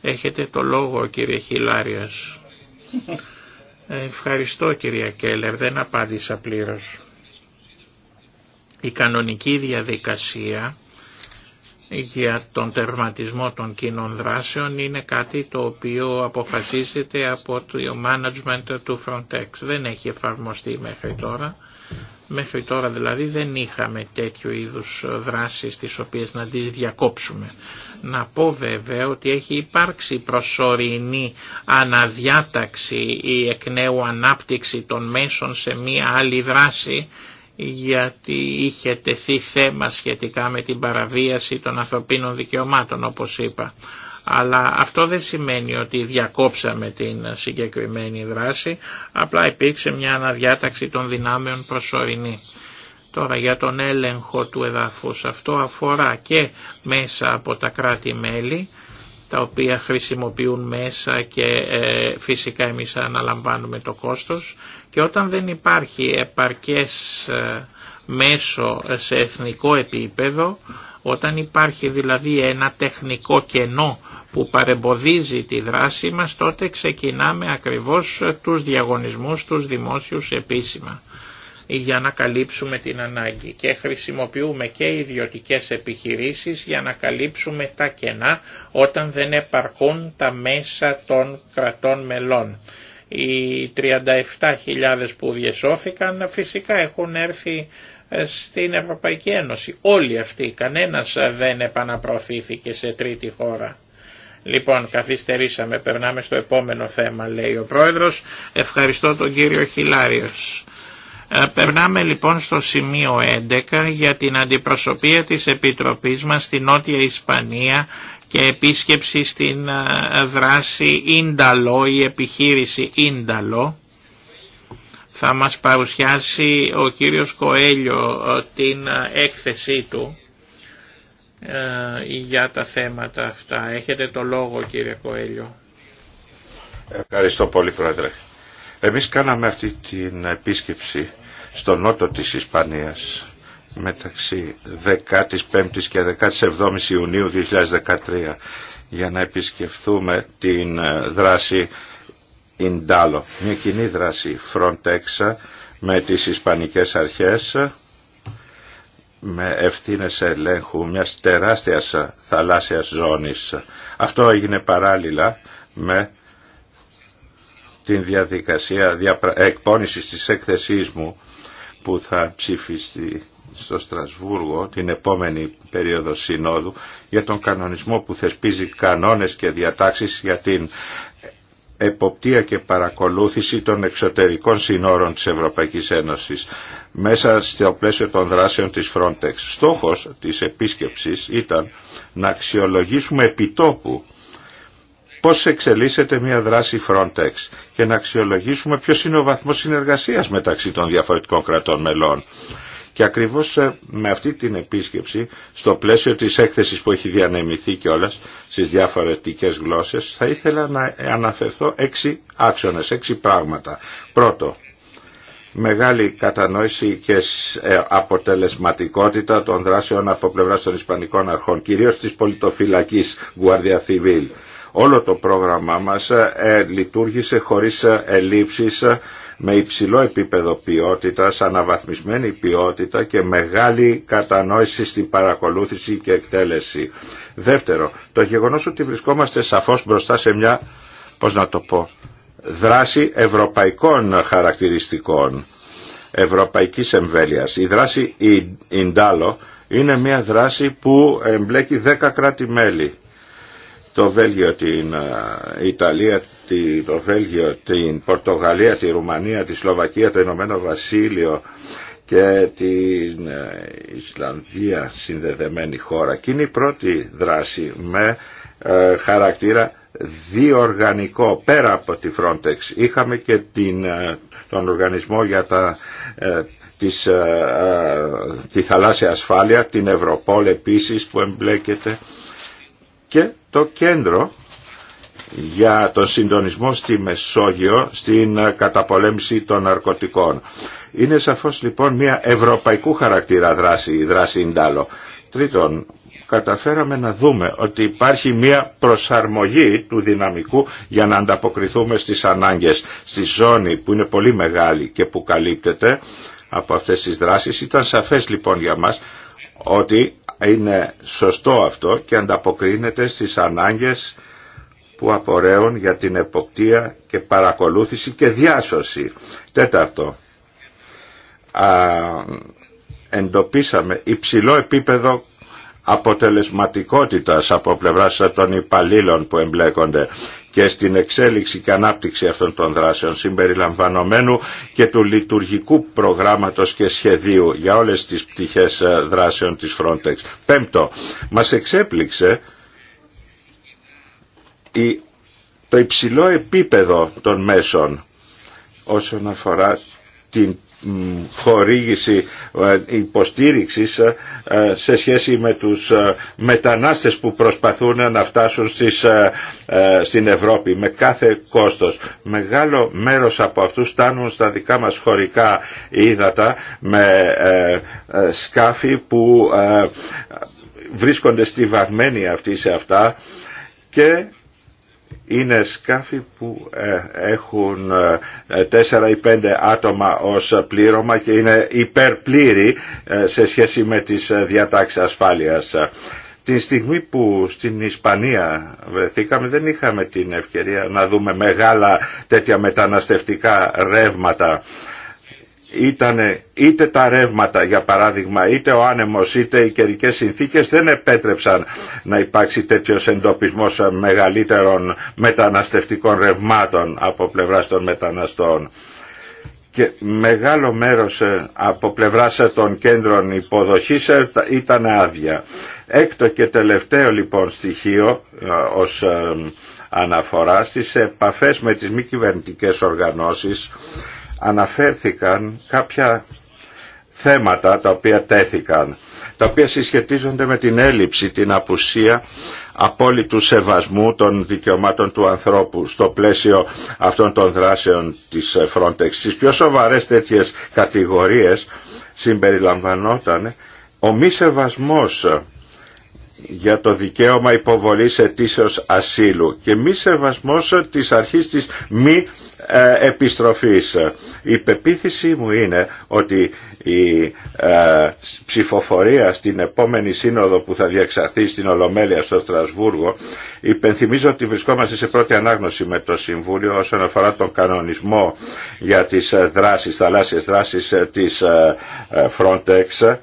Έχετε το λόγο κύριε Χιλάριας. Ευχαριστώ κύριε Κέλλερ, δεν απάντησα πλήρως. Η κανονική διαδικασία για τον τερματισμό των κοινών δράσεων είναι κάτι το οποίο αποφασίζεται από το management του Frontex. Δεν έχει εφαρμοστεί μέχρι τώρα. Μέχρι τώρα δηλαδή δεν είχαμε τέτοιου είδους δράσεις τις οποίες να τις διακόψουμε. Να πω βέβαια ότι έχει υπάρξει προσωρινή αναδιάταξη ή εκ νέου ανάπτυξη των μέσων σε μία άλλη δράση γιατί είχε τεθεί θέμα σχετικά με την παραβίαση των ανθρωπίνων δικαιωμάτων όπως είπα. Αλλά αυτό δεν σημαίνει ότι διακόψαμε την συγκεκριμένη δράση, απλά υπήρξε μια αναδιάταξη των δυνάμεων προσωρινή. Τώρα για τον έλεγχο του εδάφους αυτό αφορά και μέσα από τα κράτη-μέλη, τα οποία χρησιμοποιούν μέσα και ε, φυσικά εμείς αναλαμβάνουμε το κόστος και όταν δεν υπάρχει επαρκές ε, μέσο σε εθνικό επίπεδο, όταν υπάρχει δηλαδή ένα τεχνικό κενό που παρεμποδίζει τη δράση μας, τότε ξεκινάμε ακριβώς ε, τους διαγωνισμούς, τους δημόσιους επίσημα για να καλύψουμε την ανάγκη και χρησιμοποιούμε και ιδιωτικές επιχειρήσεις για να καλύψουμε τα κενά όταν δεν επαρκούν τα μέσα των κρατών μελών. Οι 37.000 που διεσώθηκαν φυσικά έχουν έρθει ε, στην Ευρωπαϊκή Ένωση. Όλοι αυτοί, κανένας δεν επαναπροωθήθηκε σε τρίτη χώρα. Λοιπόν, καθυστερήσαμε, περνάμε στο επόμενο θέμα, λέει ο Πρόεδρος. Ευχαριστώ τον κύριο Χιλάριος. Ε, περνάμε λοιπόν στο σημείο 11 για την αντιπροσωπεία της Επιτροπής μας στη Νότια Ισπανία και επίσκεψη στην ε, δράση Ίνταλο, η επιχείρηση Ίνταλο. Θα μας παρουσιάσει ο κύριος Κοέλιο ε, την έκθεσή του για τα θέματα αυτά. Έχετε το λόγο κύριε Κοέλιο. Ευχαριστώ πολύ πρόεδρε. Εμείς κάναμε αυτή την επίσκεψη στο νότο της Ισπανίας μεταξύ 15ης και 17ης Ιουνίου 2013 για να επισκεφθούμε την ε, δράση Ιντάλο. Μια κοινή δράση Frontex με τις Ισπανικές αρχές με ευθύνες ελέγχου μιας τεράστιας θαλάσσιας ζώνης. Αυτό έγινε παράλληλα με την διαδικασία εκπόνησης της έκθεσής μου που θα ψηφιστεί στο Στρασβούργο την επόμενη περίοδο συνόδου για τον κανονισμό που θεσπίζει κανόνες και διατάξεις για την εποπτεία και παρακολούθηση των εξωτερικών συνόρων της Ευρωπαϊκής Ένωσης μέσα στο πλαίσιο των δράσεων της Frontex. Στόχος της επίσκεψης ήταν να αξιολογήσουμε επιτόπου πώς εξελίσσεται μια δράση Frontex και να αξιολογήσουμε ποιος είναι ο βαθμός συνεργασίας μεταξύ των διαφορετικών κρατών μελών. Και ακριβώς ε, με αυτή την επίσκεψη, στο πλαίσιο της έκθεσης που έχει διανεμηθεί κιόλα στις διαφορετικές γλώσσες, θα ήθελα να αναφερθώ έξι άξονες, έξι πράγματα. Πρώτο, μεγάλη κατανόηση και ε, αποτελεσματικότητα των δράσεων από πλευρά των Ισπανικών αρχών, κυρίως της πολιτοφυλακής Guardia Civil. Όλο το πρόγραμμά μας ε, λειτουργήσε χωρίς ε, ελλείψεις ε, με υψηλό επίπεδο ποιότητας, αναβαθμισμένη ποιότητα και μεγάλη κατανόηση στην παρακολούθηση και εκτέλεση. Δεύτερο, το γεγονός ότι βρισκόμαστε σαφώς μπροστά σε μια, πώς να το πω, δράση ευρωπαϊκών χαρακτηριστικών, ευρωπαϊκής εμβέλειας. Η δράση Ιντάλο είναι μια δράση που εμπλέκει 10 κράτη-μέλη το Βέλγιο, την Ιταλία, το Βέλγιο, την Πορτογαλία, τη Ρουμανία, τη Σλοβακία, το Ηνωμένο Βασίλειο και την ε, Ισλανδία συνδεδεμένη χώρα. Και είναι η πρώτη δράση με ε, χαρακτήρα διοργανικό πέρα από τη Frontex. Είχαμε και την, ε, τον οργανισμό για τα της, τη θαλάσσια ασφάλεια, την Ευρωπόλ επίσης που εμπλέκεται και το κέντρο για τον συντονισμό στη Μεσόγειο στην ε, καταπολέμηση των ναρκωτικών. Είναι σαφώς λοιπόν μια ευρωπαϊκού χαρακτήρα δράση, η δράση Ιντάλο. Τρίτον, καταφέραμε να δούμε ότι υπάρχει μια προσαρμογή του δυναμικού για να ανταποκριθούμε στις ανάγκες. Στη ζώνη που είναι πολύ μεγάλη και που καλύπτεται από αυτές τις δράσεις ήταν σαφές λοιπόν για μας ότι είναι σωστό αυτό και ανταποκρίνεται στις ανάγκες που απορρέουν για την εποπτεία και παρακολούθηση και διάσωση. Τέταρτο, εντοπίσαμε υψηλό επίπεδο αποτελεσματικότητας από πλευράς των υπαλλήλων που εμπλέκονται και στην εξέλιξη και ανάπτυξη αυτών των δράσεων συμπεριλαμβανομένου και του λειτουργικού προγράμματος και σχεδίου για όλες τις πτυχές ε, δράσεων της Frontex. Πέμπτο, μας εξέπληξε το υψηλό επίπεδο των μέσων όσον αφορά την χορήγηση ε, υποστήριξης ε, σε σχέση με τους ε, μετανάστες που προσπαθούν να φτάσουν στις, στην Ευρώπη με κάθε κόστος. Μεγάλο μέρος από αυτούς φτάνουν στα δικά μας χωρικά ύδατα με σκάφη που βρίσκονται στη βαγμένη αυτή σε αυτά και είναι σκάφη που ε, έχουν ε, τέσσερα ή πέντε άτομα ως πλήρωμα και είναι υπερπλήρη ε, σε σχέση με τις διατάξεις ασφάλειας. Την στιγμή που στην Ισπανία βρεθήκαμε δεν είχαμε την ευκαιρία να δούμε μεγάλα τέτοια μεταναστευτικά ρεύματα ήταν είτε τα ρεύματα για παράδειγμα είτε ο άνεμος είτε οι καιρικέ συνθήκες δεν επέτρεψαν να υπάρξει τέτοιος εντοπισμός μεγαλύτερων μεταναστευτικών ρευμάτων από πλευράς των μεταναστών και μεγάλο μέρος ε, από πλευράς ε, των κέντρων υποδοχής ε, ήταν άδεια. Έκτο και τελευταίο λοιπόν στοιχείο ως αναφορά στις επαφές με τις μη κυβερνητικέ οργανώσεις αναφέρθηκαν κάποια θέματα τα οποία τέθηκαν, τα οποία συσχετίζονται με την έλλειψη, την απουσία απόλυτου σεβασμού των δικαιωμάτων του ανθρώπου στο πλαίσιο αυτών των δράσεων της Frontex. Στις πιο σοβαρές τέτοιες κατηγορίες συμπεριλαμβανόταν ο μη σεβασμός για το δικαίωμα υποβολής αιτήσεως ασύλου και μη σεβασμός της αρχής της μη ε, επιστροφής. Η πεποίθησή μου είναι ότι η ε, ψηφοφορία στην επόμενη σύνοδο που θα διεξαχθεί στην Ολομέλεια στο Στρασβούργο υπενθυμίζω ότι βρισκόμαστε σε πρώτη ανάγνωση με το Συμβούλιο όσον αφορά τον κανονισμό για τις ε, δράσεις, θαλάσσιες δράσεις ε, της Frontex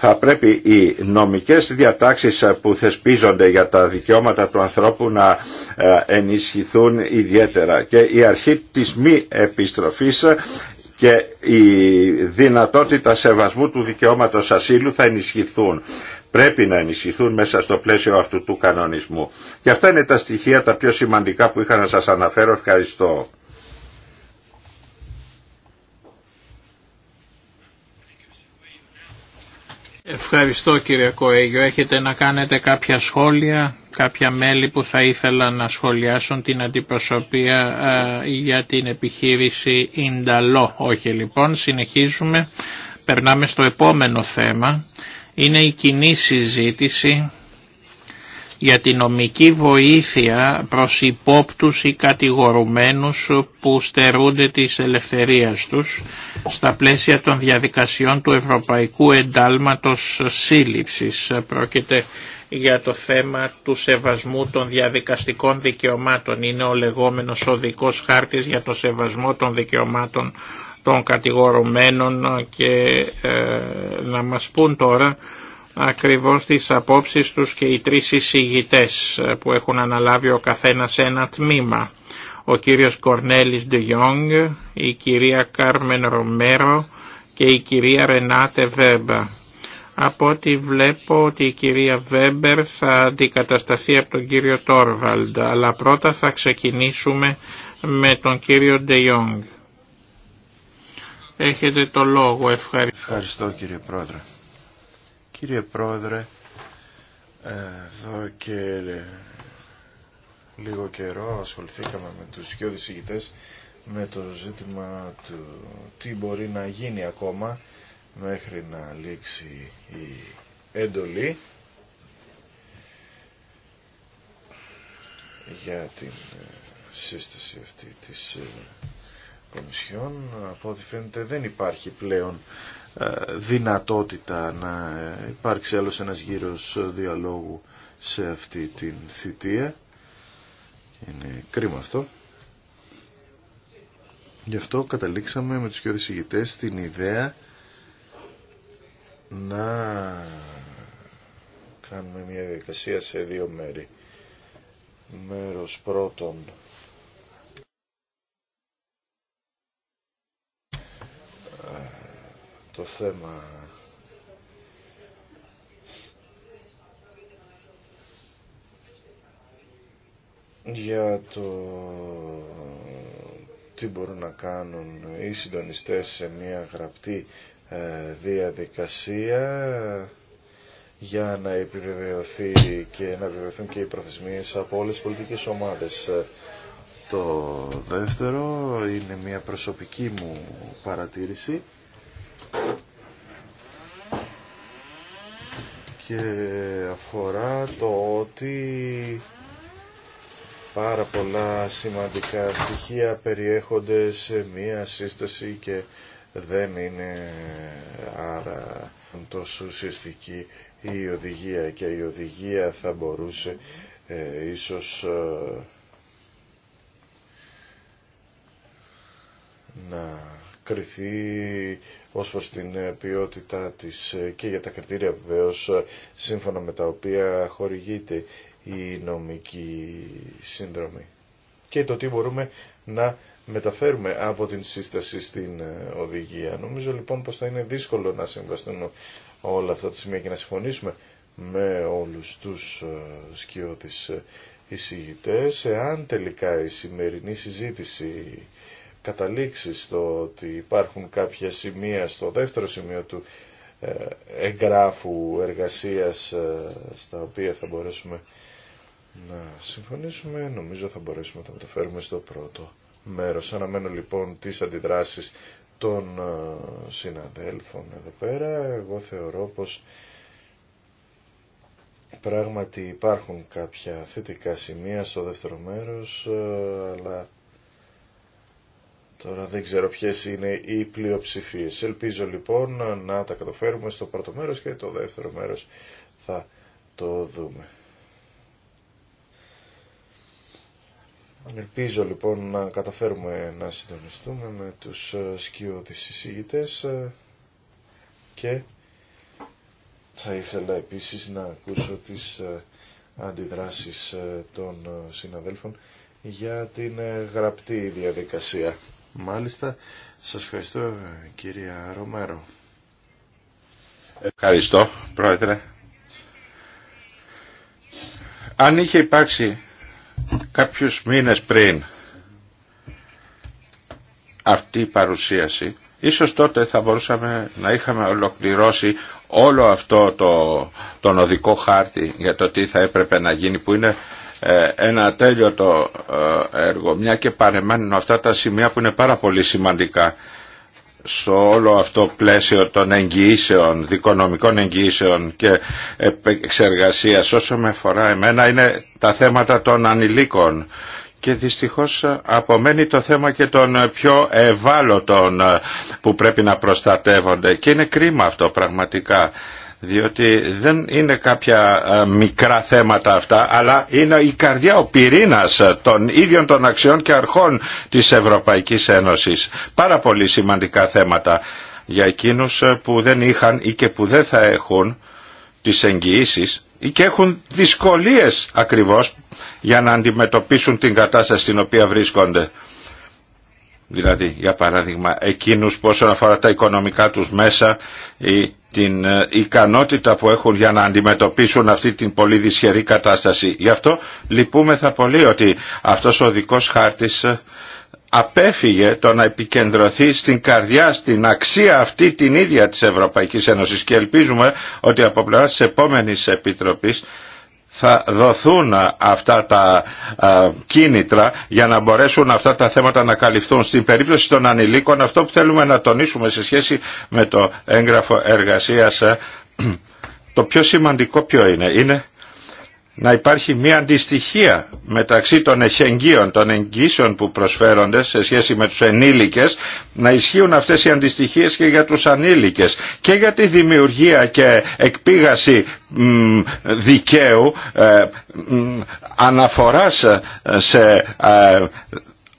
θα πρέπει οι νομικές διατάξεις που θεσπίζονται για τα δικαιώματα του ανθρώπου να ε, ενισχυθούν ιδιαίτερα και η αρχή της μη επιστροφής και η δυνατότητα σεβασμού του δικαιώματος ασύλου θα ενισχυθούν πρέπει να ενισχυθούν μέσα στο πλαίσιο αυτού του κανονισμού. Και αυτά είναι τα στοιχεία τα πιο σημαντικά που είχα να σας αναφέρω. Ευχαριστώ. Ευχαριστώ κύριε Κοέγιο. Έχετε να κάνετε κάποια σχόλια, κάποια μέλη που θα ήθελα να σχολιάσουν την αντιπροσωπεία ε, για την επιχείρηση Ινταλό. Όχι λοιπόν, συνεχίζουμε. Περνάμε στο επόμενο θέμα. Είναι η κοινή συζήτηση για την νομική βοήθεια προς υπόπτους ή κατηγορουμένους που στερούνται της ελευθερίας τους στα πλαίσια των διαδικασιών του Ευρωπαϊκού Εντάλματος Σύλληψης. Πρόκειται για το θέμα του σεβασμού των διαδικαστικών δικαιωμάτων. Είναι ο λεγόμενος οδικός χάρτης για το σεβασμό των δικαιωμάτων των κατηγορουμένων και ε, να μας πούν τώρα ακριβώς τις απόψεις τους και οι τρεις εισηγητές ε, που έχουν αναλάβει ο καθένας ένα τμήμα. Ο κύριος Κορνέλης Ντεγιόγκ, η κυρία Κάρμεν Ρομέρο και η κυρία Ρενάτε Βέμπα. Από ό,τι βλέπω ότι η κυρία Βέμπερ θα αντικατασταθεί από τον κύριο Τόρβαλντ, αλλά πρώτα θα ξεκινήσουμε με τον κύριο Ντεγιόγκ. Έχετε το λόγο, ευχαριστώ. Ευχαριστώ κύριε Πρόεδρε. Κύριε Πρόεδρε, ε, εδώ και ε, λίγο καιρό ασχοληθήκαμε με τους δυο ηγητές με το ζήτημα του τι μπορεί να γίνει ακόμα μέχρι να λήξει η έντολη για την ε, σύσταση αυτή της Κομισιόν. Από ό,τι φαίνεται δεν υπάρχει πλέον ε, δυνατότητα να υπάρξει άλλος ένας γύρος διαλόγου σε αυτή την θητεία. Είναι κρίμα αυτό. Γι' αυτό καταλήξαμε με τους κύριους συγητές την ιδέα να κάνουμε μια διαδικασία σε δύο μέρη. Μέρος πρώτον το θέμα για το τι μπορούν να κάνουν οι συντονιστές σε μια γραπτή ε, διαδικασία για να επιβεβαιωθεί και να επιβεβαιωθούν και οι προθεσμίες από όλες τις πολιτικές ομάδες. Το δεύτερο είναι μια προσωπική μου παρατήρηση. και αφορά το ότι πάρα πολλά σημαντικά στοιχεία περιέχονται σε μία σύσταση και δεν είναι άρα τόσο ουσιαστική η οδηγία και η οδηγία θα μπορούσε ε, ίσως ε, να κριθεί ως προς την ε, ποιότητα της ε, και για τα κριτήρια βεβαίω ε, σύμφωνα με τα οποία χορηγείται η νομική σύνδρομη. Και το τι μπορούμε να μεταφέρουμε από την σύσταση στην οδηγία. Νομίζω λοιπόν πως θα είναι δύσκολο να συμβαστούν όλα αυτά τα σημεία και να συμφωνήσουμε με όλους τους σκιώδεις εισηγητές, εάν τελικά η σημερινή συζήτηση καταλήξει στο ότι υπάρχουν κάποια σημεία στο δεύτερο σημείο του ε, εγγράφου εργασίας ε, στα οποία θα μπορέσουμε να συμφωνήσουμε. Νομίζω θα μπορέσουμε να τα μεταφέρουμε στο πρώτο μέρος. Αναμένω λοιπόν τις αντιδράσεις των ε, συναδέλφων εδώ πέρα. Εγώ θεωρώ πως πράγματι υπάρχουν κάποια θετικά σημεία στο δεύτερο μέρος, αλλά Τώρα δεν ξέρω ποιες είναι οι πλειοψηφίες. Ελπίζω λοιπόν να τα καταφέρουμε στο πρώτο μέρος και το δεύτερο μέρος θα το δούμε. Ελπίζω λοιπόν να καταφέρουμε να συντονιστούμε με τους σκιώδεις εισηγητές ε, και θα ήθελα επίσης να ακούσω τις ε, αντιδράσεις ε, των συναδέλφων για την γραπτή διαδικασία. Μάλιστα, σας ευχαριστώ κυρία Ρωμέρο. Ευχαριστώ, Πρόεδρε. Αν είχε υπάρξει κάποιους μήνες πριν αυτή η παρουσίαση, ίσως τότε θα μπορούσαμε να είχαμε ολοκληρώσει όλο αυτό το, τον οδικό χάρτη για το τι θα έπρεπε να γίνει, που είναι ε, ένα τέλειο το ε, έργο, μια και παρεμένουν αυτά τα σημεία που είναι πάρα πολύ σημαντικά σε όλο αυτό πλαίσιο των εγγυήσεων, δικονομικών εγγυήσεων και εξεργασίας όσο με αφορά εμένα είναι τα θέματα των ανηλίκων και δυστυχώς ε, απομένει το θέμα και των πιο ευάλωτων που πρέπει να προστατεύονται και είναι κρίμα αυτό πραγματικά διότι δεν είναι κάποια ε, μικρά θέματα αυτά, αλλά είναι η καρδιά, ο πυρήνας ε, των ίδιων των αξιών και αρχών της Ευρωπαϊκής Ένωσης. Πάρα πολύ σημαντικά θέματα για εκείνους ε, που δεν είχαν ή και που δεν θα έχουν τις εγγυήσεις ή και έχουν δυσκολίες ακριβώς για να αντιμετωπίσουν την κατάσταση στην οποία βρίσκονται. Δηλαδή, για παράδειγμα, εκείνους που όσον αφορά τα οικονομικά τους μέσα ή την ε, ικανότητα που έχουν για να αντιμετωπίσουν αυτή την πολύ δυσχερή κατάσταση. Γι' αυτό λυπούμεθα πολύ ότι αυτός ο δικός χάρτης ε, απέφυγε το να επικεντρωθεί στην καρδιά, στην αξία αυτή την ίδια της Ευρωπαϊκής Ένωσης και ελπίζουμε ότι από πλευρά της επόμενης Επιτροπής θα δοθούν αυτά τα κίνητρα για να μπορέσουν αυτά τα θέματα να καλυφθούν. Στην περίπτωση των ανηλίκων αυτό που θέλουμε να τονίσουμε σε σχέση με το έγγραφο εργασίας το πιο σημαντικό ποιο είναι. Είναι να υπάρχει μια αντιστοιχία μεταξύ των εχεγγύων, των εγγύσεων που προσφέρονται σε σχέση με τους ενήλικες, να ισχύουν αυτές οι αντιστοιχίες και για τους ανήλικες και για τη δημιουργία και εκπήγαση δικαίου ε, αναφοράς ε, σε ε,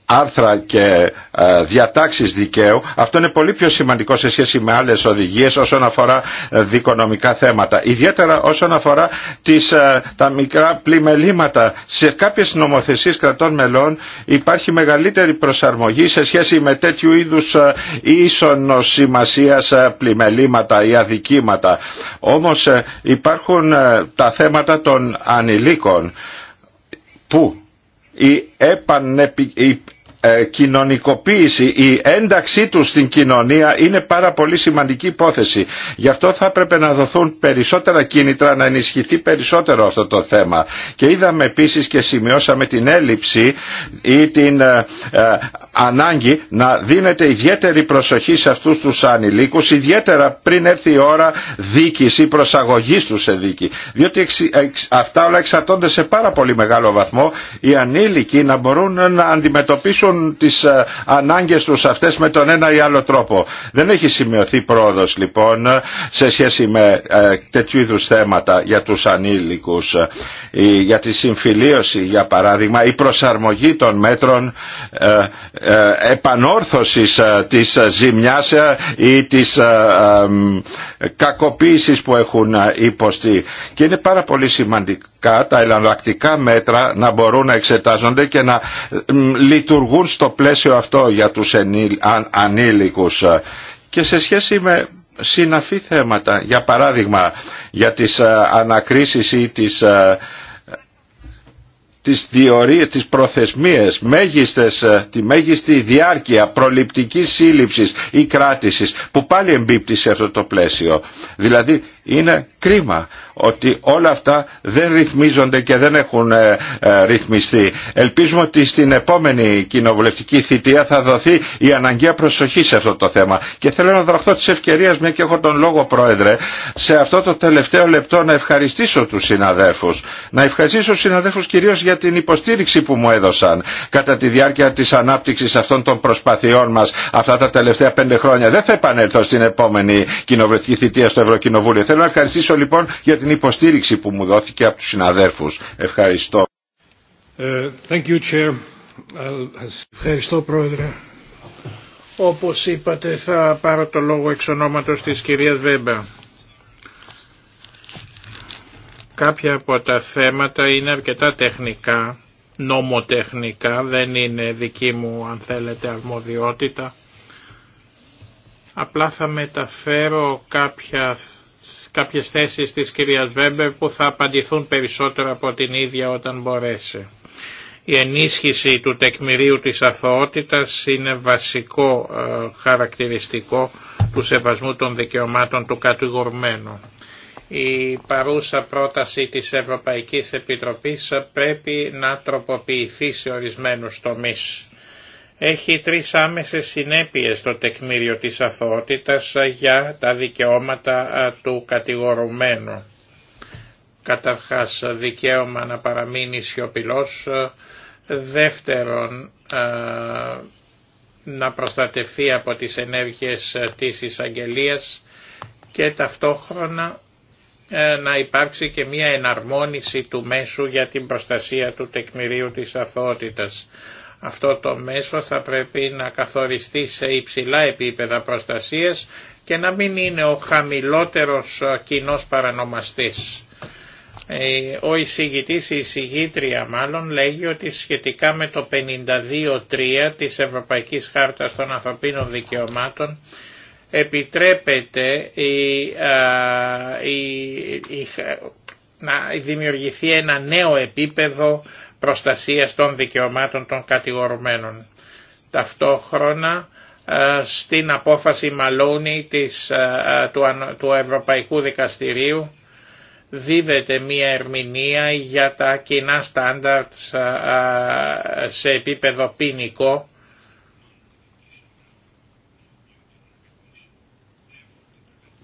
άρθρα και ε, διατάξεις δικαίου. Αυτό είναι πολύ πιο σημαντικό σε σχέση με άλλες οδηγίες όσον αφορά ε, δικονομικά θέματα. Ιδιαίτερα όσον αφορά τις, ε, τα μικρά πλημελήματα. Σε κάποιες νομοθεσίες κρατών μελών υπάρχει μεγαλύτερη προσαρμογή σε σχέση με τέτοιου είδους ίσονο σημασία πλημελήματα ή αδικήματα. Όμως υπάρχουν τα θέματα των ανηλίκων που η, επανεπι... Ε, κοινωνικοποίηση, η ένταξή τους στην κοινωνία είναι πάρα πολύ σημαντική υπόθεση. Γι' αυτό θα έπρεπε να δοθούν περισσότερα κίνητρα να ενισχυθεί περισσότερο αυτό το θέμα. Και είδαμε επίσης και σημειώσαμε την έλλειψη ή την ε, ε, ανάγκη να δίνεται ιδιαίτερη προσοχή σε αυτούς τους ανηλίκους, ιδιαίτερα πριν έρθει η ώρα δίκης ή προσαγωγής τους σε δίκη. Διότι αυτά όλα εξαρτώνται σε πάρα πολύ μεγάλο βαθμό οι ανήλικοι να μπορούν να αντιμετωπίσουν τι τις ε, ανάγκες τους αυτές με τον ένα ή άλλο τρόπο. Δεν έχει σημειωθεί πρόοδος λοιπόν σε σχέση με ε, τέτοιου είδου θέματα για τους ανήλικους, για τη συμφιλίωση για παράδειγμα, η προσαρμογή των μέτρων ε, επανόρθωσης της ζημιάς ή της ε, κακοποίησης που έχουν ε, υποστεί. Και είναι πάρα πολύ σημαντικά τα ελλανακτικά μέτρα να μπορούν να εξετάζονται και να λειτουργούν στο πλαίσιο αυτό για τους ανήλικους. Και σε σχέση με συναφή θέματα, για παράδειγμα για τις ε, ανακρίσεις ή τις τις διορίες, τις προθεσμίες, μέγιστες, ε, τη μέγιστη διάρκεια προληπτικής σύλληψης ή κράτησης που πάλι εμπίπτει σε αυτό το πλαίσιο. Δηλαδή είναι κρίμα ότι όλα αυτά δεν ρυθμίζονται και δεν έχουν ε, ε, ρυθμιστεί. Ελπίζουμε ότι στην επόμενη κοινοβουλευτική θητεία θα δοθεί η αναγκαία προσοχή σε αυτό το θέμα. Και θέλω να δραχτώ τη ευκαιρία, μια και έχω τον λόγο Πρόεδρε, σε αυτό το τελευταίο λεπτό να ευχαριστήσω τους συναδέλφους. Να ευχαριστήσω τους συναδέλφους κυρίως για την υποστήριξη που μου έδωσαν κατά τη διάρκεια της ανάπτυξης αυτών των προσπαθειών μας αυτά τα τελευταία πέντε χρόνια. Δεν θα επανέλθω στην επόμενη κοινοβουλευτική θητεία στο Ευρωκοινοβούλιο. Θέλω να ευχαριστήσω λοιπόν για την υποστήριξη που μου δόθηκε από τους συναδέρφους. Ευχαριστώ. Ε, thank you, Chair. Ευχαριστώ Πρόεδρε. Όπως είπατε θα πάρω το λόγο εξ ονόματος της κυρίας Βέμπα. Κάποια από τα θέματα είναι αρκετά τεχνικά, νομοτεχνικά, δεν είναι δική μου αν θέλετε αρμοδιότητα. Απλά θα μεταφέρω κάποια κάποιες θέσεις της κυρίας Βέμπερ που θα απαντηθούν περισσότερο από την ίδια όταν μπορέσει. Η ενίσχυση του τεκμηρίου της αθωότητας είναι βασικό ε, χαρακτηριστικό του σεβασμού των δικαιωμάτων του κατηγορμένου. Η παρούσα πρόταση της Ευρωπαϊκής Επιτροπής πρέπει να τροποποιηθεί σε ορισμένους τομείς έχει τρεις άμεσες συνέπειες το τεκμήριο της αθωότητας για τα δικαιώματα του κατηγορουμένου. Καταρχάς δικαίωμα να παραμείνει σιωπηλός, δεύτερον να προστατευθεί από τις ενέργειες της εισαγγελία και ταυτόχρονα ε, να υπάρξει και μια εναρμόνιση του μέσου για την προστασία του τεκμηρίου της αθωότητας. Αυτό το μέσο θα πρέπει να καθοριστεί σε υψηλά επίπεδα προστασίας και να μην είναι ο χαμηλότερος ε, κοινό παρανομαστής. Ε, ο εισηγητής, η εισηγήτρια μάλλον, λέγει ότι σχετικά με το 52.3 της Ευρωπαϊκής Χάρτας των Ανθρωπίνων Δικαιωμάτων επιτρέπεται η, η, να δημιουργηθεί ένα νέο επίπεδο προστασίας των δικαιωμάτων των κατηγορουμένων. Ταυτόχρονα ε, στην απόφαση Μαλόνι της, ε, του, του Ευρωπαϊκού Δικαστηρίου δίδεται μία ερμηνεία για τα κοινά στάνταρτ ε, σε επίπεδο ποινικό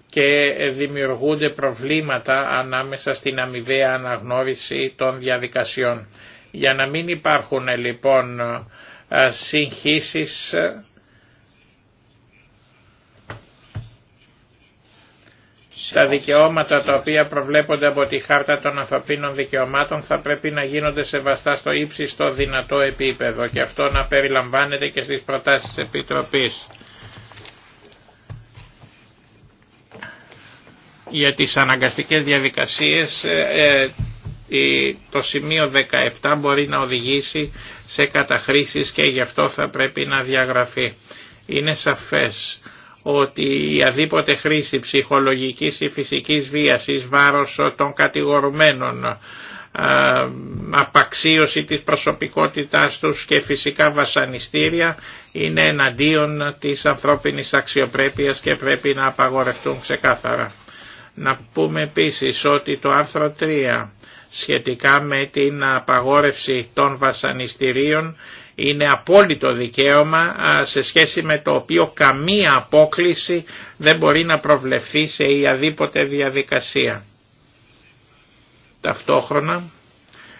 και δημιουργούνται προβλήματα ανάμεσα στην αμοιβαία αναγνώριση των διαδικασιών. Για να μην υπάρχουν λοιπόν ε, συγχύσεις ε, τα δικαιώματα τα οποία προβλέπονται από τη Χάρτα των Ανθρωπίνων Δικαιωμάτων θα πρέπει να γίνονται σεβαστά στο ύψιστο δυνατό επίπεδο και αυτό να περιλαμβάνεται και στις προτάσεις της Επιτροπής. Για τις αναγκαστικές διαδικασίες ε, ότι το σημείο 17 μπορεί να οδηγήσει σε καταχρήσεις και γι' αυτό θα πρέπει να διαγραφεί. Είναι σαφές ότι η αδίποτε χρήση ψυχολογικής ή φυσικής βίας εις βάρος των κατηγορουμένων απαξίωση της προσωπικότητάς τους και φυσικά βασανιστήρια είναι εναντίον της ανθρώπινης αξιοπρέπειας και πρέπει να απαγορευτούν ξεκάθαρα. Να πούμε επίσης ότι το άρθρο 3 σχετικά με την απαγόρευση των βασανιστήριων είναι απόλυτο δικαίωμα σε σχέση με το οποίο καμία απόκληση δεν μπορεί να προβλεφθεί σε οποιαδήποτε διαδικασία. Ταυτόχρονα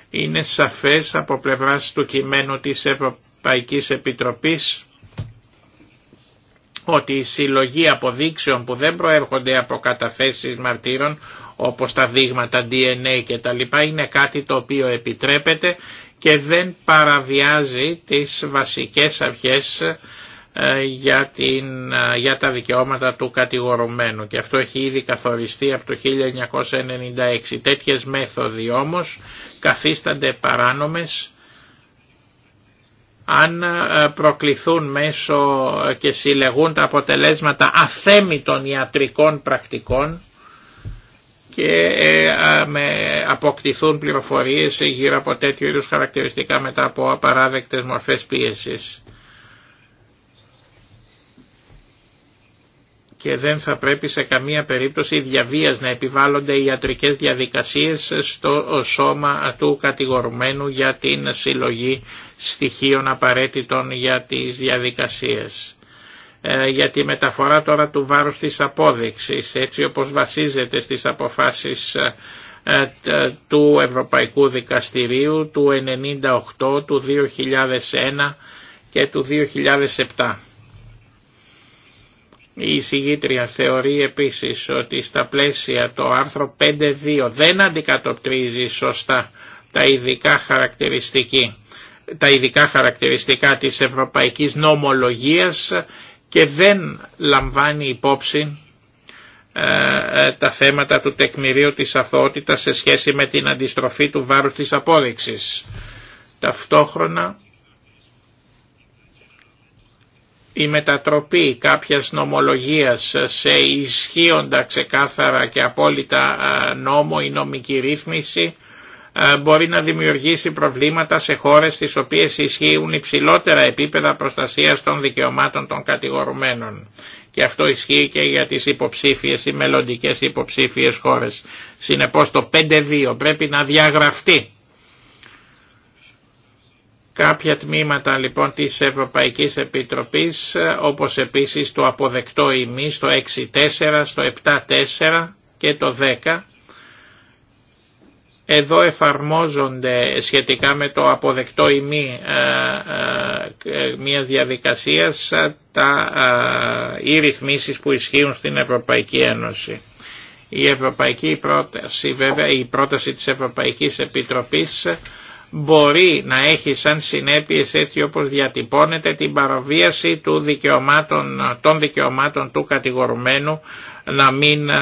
είναι σαφές από πλευράς του κειμένου της Ευρωπαϊκής Επιτροπής ότι η συλλογή αποδείξεων που δεν προέρχονται από καταθέσεις μαρτύρων όπως τα δείγματα DNA και τα λοιπά είναι κάτι το οποίο επιτρέπεται και δεν παραβιάζει τις βασικές αρχές ε, για, την, ε, για τα δικαιώματα του κατηγορουμένου και αυτό έχει ήδη καθοριστεί από το 1996. Τέτοιες μέθοδοι όμως καθίστανται παράνομες αν ε, προκληθούν μέσω και συλλεγούν τα αποτελέσματα αθέμητων ιατρικών πρακτικών και ε, με αποκτηθούν πληροφορίες γύρω από τέτοιου είδους χαρακτηριστικά μετά από απαράδεκτες μορφές πίεσης. και δεν θα πρέπει σε καμία περίπτωση διαβίας να επιβάλλονται οι ιατρικές διαδικασίες στο σώμα του κατηγορουμένου για την συλλογή στοιχείων απαραίτητων για τις διαδικασίες. Ε, για τη μεταφορά τώρα του βάρους της απόδειξης έτσι όπως βασίζεται στις αποφάσεις ε, ε, του Ευρωπαϊκού Δικαστηρίου του 98, του 2001 και του 2007. Η εισηγήτρια θεωρεί επίσης ότι στα πλαίσια το άρθρο 5.2 δεν αντικατοπτρίζει σωστά τα ειδικά τα ειδικά χαρακτηριστικά της ευρωπαϊκής νομολογίας και δεν λαμβάνει υπόψη ε, ε, τα θέματα του τεκμηρίου της αθωότητας σε σχέση με την αντιστροφή του βάρους της απόδειξης. Ταυτόχρονα η μετατροπή κάποιας νομολογίας σε ισχύοντα ξεκάθαρα και απόλυτα ε, νόμο ή νομική ρύθμιση ε, μπορεί να δημιουργήσει προβλήματα σε χώρες στις οποίες ισχύουν υψηλότερα επίπεδα προστασίας των δικαιωμάτων των κατηγορουμένων. Και αυτό ισχύει και για τις υποψήφιες ή μελλοντικέ υποψήφιες χώρες. Συνεπώς το 5-2 πρέπει να διαγραφτεί. Κάποια τμήματα λοιπόν της Ευρωπαϊκής Επιτροπής, ε, όπως επίσης το αποδεκτό ημί στο 6-4, στο 7-4 και το 10, εδώ εφαρμόζονται σχετικά με το αποδεκτό ή μη ε, ε, ε, μιας διαδικασίας τα, οι ρυθμίσεις που ισχύουν στην Ευρωπαϊκή Ένωση. Η Ευρωπαϊκή πρόταση, βέβαια, η πρόταση της Ευρωπαϊκής Επιτροπής μπορεί να έχει σαν συνέπειες έτσι όπως διατυπώνεται την παροβίαση του των δικαιωμάτων του κατηγορουμένου να μην ε,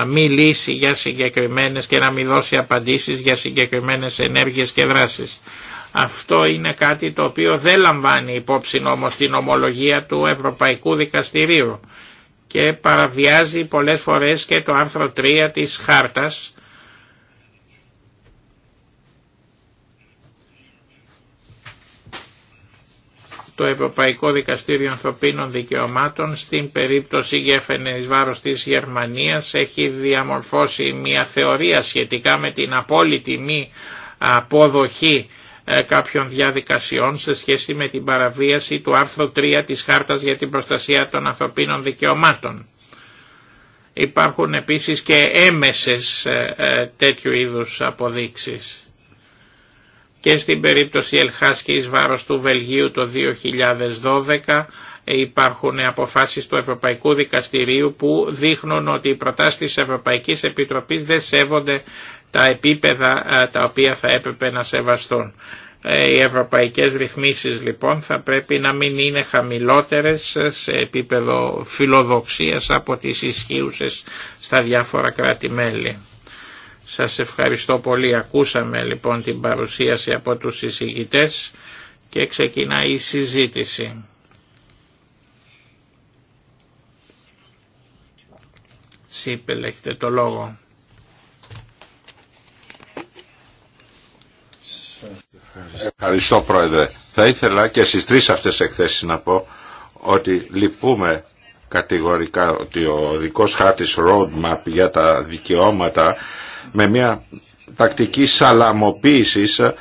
ε, μιλήσει για συγκεκριμένες και να μην δώσει απαντήσεις για συγκεκριμένες ενέργειες και δράσεις. Αυτό είναι κάτι το οποίο δεν λαμβάνει υπόψη όμως την ομολογία του Ευρωπαϊκού Δικαστηρίου και παραβιάζει πολλές φορές και το άρθρο 3 της χάρτας το Ευρωπαϊκό Δικαστήριο Ανθρωπίνων Δικαιωμάτων στην περίπτωση γέφενης βάρος της Γερμανίας έχει διαμορφώσει μια θεωρία σχετικά με την απόλυτη μη αποδοχή ε, κάποιων διαδικασιών σε σχέση με την παραβίαση του άρθρου 3 της Χάρτας για την Προστασία των Ανθρωπίνων Δικαιωμάτων. Υπάρχουν επίσης και έμεσες ε, ε, τέτοιου είδους αποδείξεις και στην περίπτωση Ελχάσκη βάρος του Βελγίου το 2012 υπάρχουν αποφάσεις του Ευρωπαϊκού Δικαστηρίου που δείχνουν ότι οι προτάσεις της Ευρωπαϊκής Επιτροπής δεν σέβονται τα επίπεδα ε, τα οποία θα έπρεπε να σεβαστούν. Ε, οι ευρωπαϊκές ρυθμίσεις λοιπόν θα πρέπει να μην είναι χαμηλότερες ε, σε επίπεδο φιλοδοξίας από τις ισχύουσες στα διάφορα κράτη-μέλη. Σας ευχαριστώ πολύ. Ακούσαμε λοιπόν την παρουσίαση από τους συζητητές και ξεκινάει η συζήτηση. Σίπελ, το λόγο. Ευχαριστώ Πρόεδρε. Θα ήθελα και στις τρεις αυτές εκθέσεις να πω ότι λυπούμε κατηγορικά ότι ο δικός χάρτης roadmap για τα δικαιώματα με μια τακτική σαλαμοποίησης ε,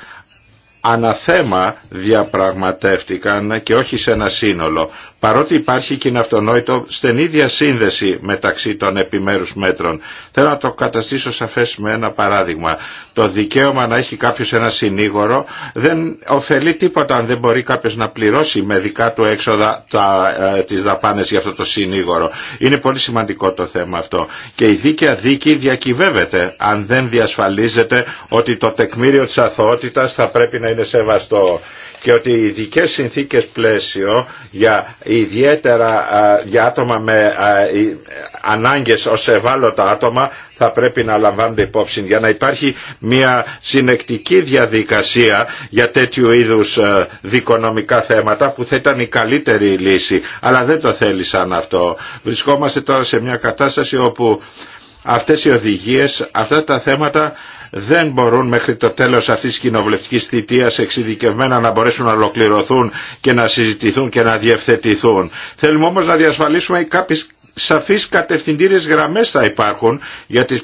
αναθέμα διαπραγματεύτηκαν και όχι σε ένα σύνολο παρότι υπάρχει και είναι αυτονόητο στενή διασύνδεση μεταξύ των επιμέρους μέτρων. Θέλω να το καταστήσω σαφές με ένα παράδειγμα. Το δικαίωμα να έχει κάποιος ένα συνήγορο δεν ωφελεί τίποτα αν δεν μπορεί κάποιος να πληρώσει με δικά του έξοδα τα, ε, τις δαπάνες για αυτό το συνήγορο. Είναι πολύ σημαντικό το θέμα αυτό. Και η δίκαια δίκη διακυβεύεται αν δεν διασφαλίζεται ότι το τεκμήριο της αθωότητας θα πρέπει να είναι σεβαστό και ότι οι ειδικέ συνθήκες πλαίσιο για ιδιαίτερα για άτομα με ανάγκες ως ευάλωτα άτομα θα πρέπει να λαμβάνονται υπόψη για να υπάρχει μια συνεκτική διαδικασία για τέτοιου είδους δικονομικά θέματα που θα ήταν η καλύτερη λύση αλλά δεν το θέλησαν αυτό. Βρισκόμαστε τώρα σε μια κατάσταση όπου αυτές οι οδηγίες, αυτά τα θέματα δεν μπορούν μέχρι το τέλος αυτής της κοινοβουλευτικής θητείας εξειδικευμένα να μπορέσουν να ολοκληρωθούν και να συζητηθούν και να διευθετηθούν. Θέλουμε όμως να διασφαλίσουμε κάποιες σαφείς κατευθυντήριες γραμμές θα υπάρχουν για τις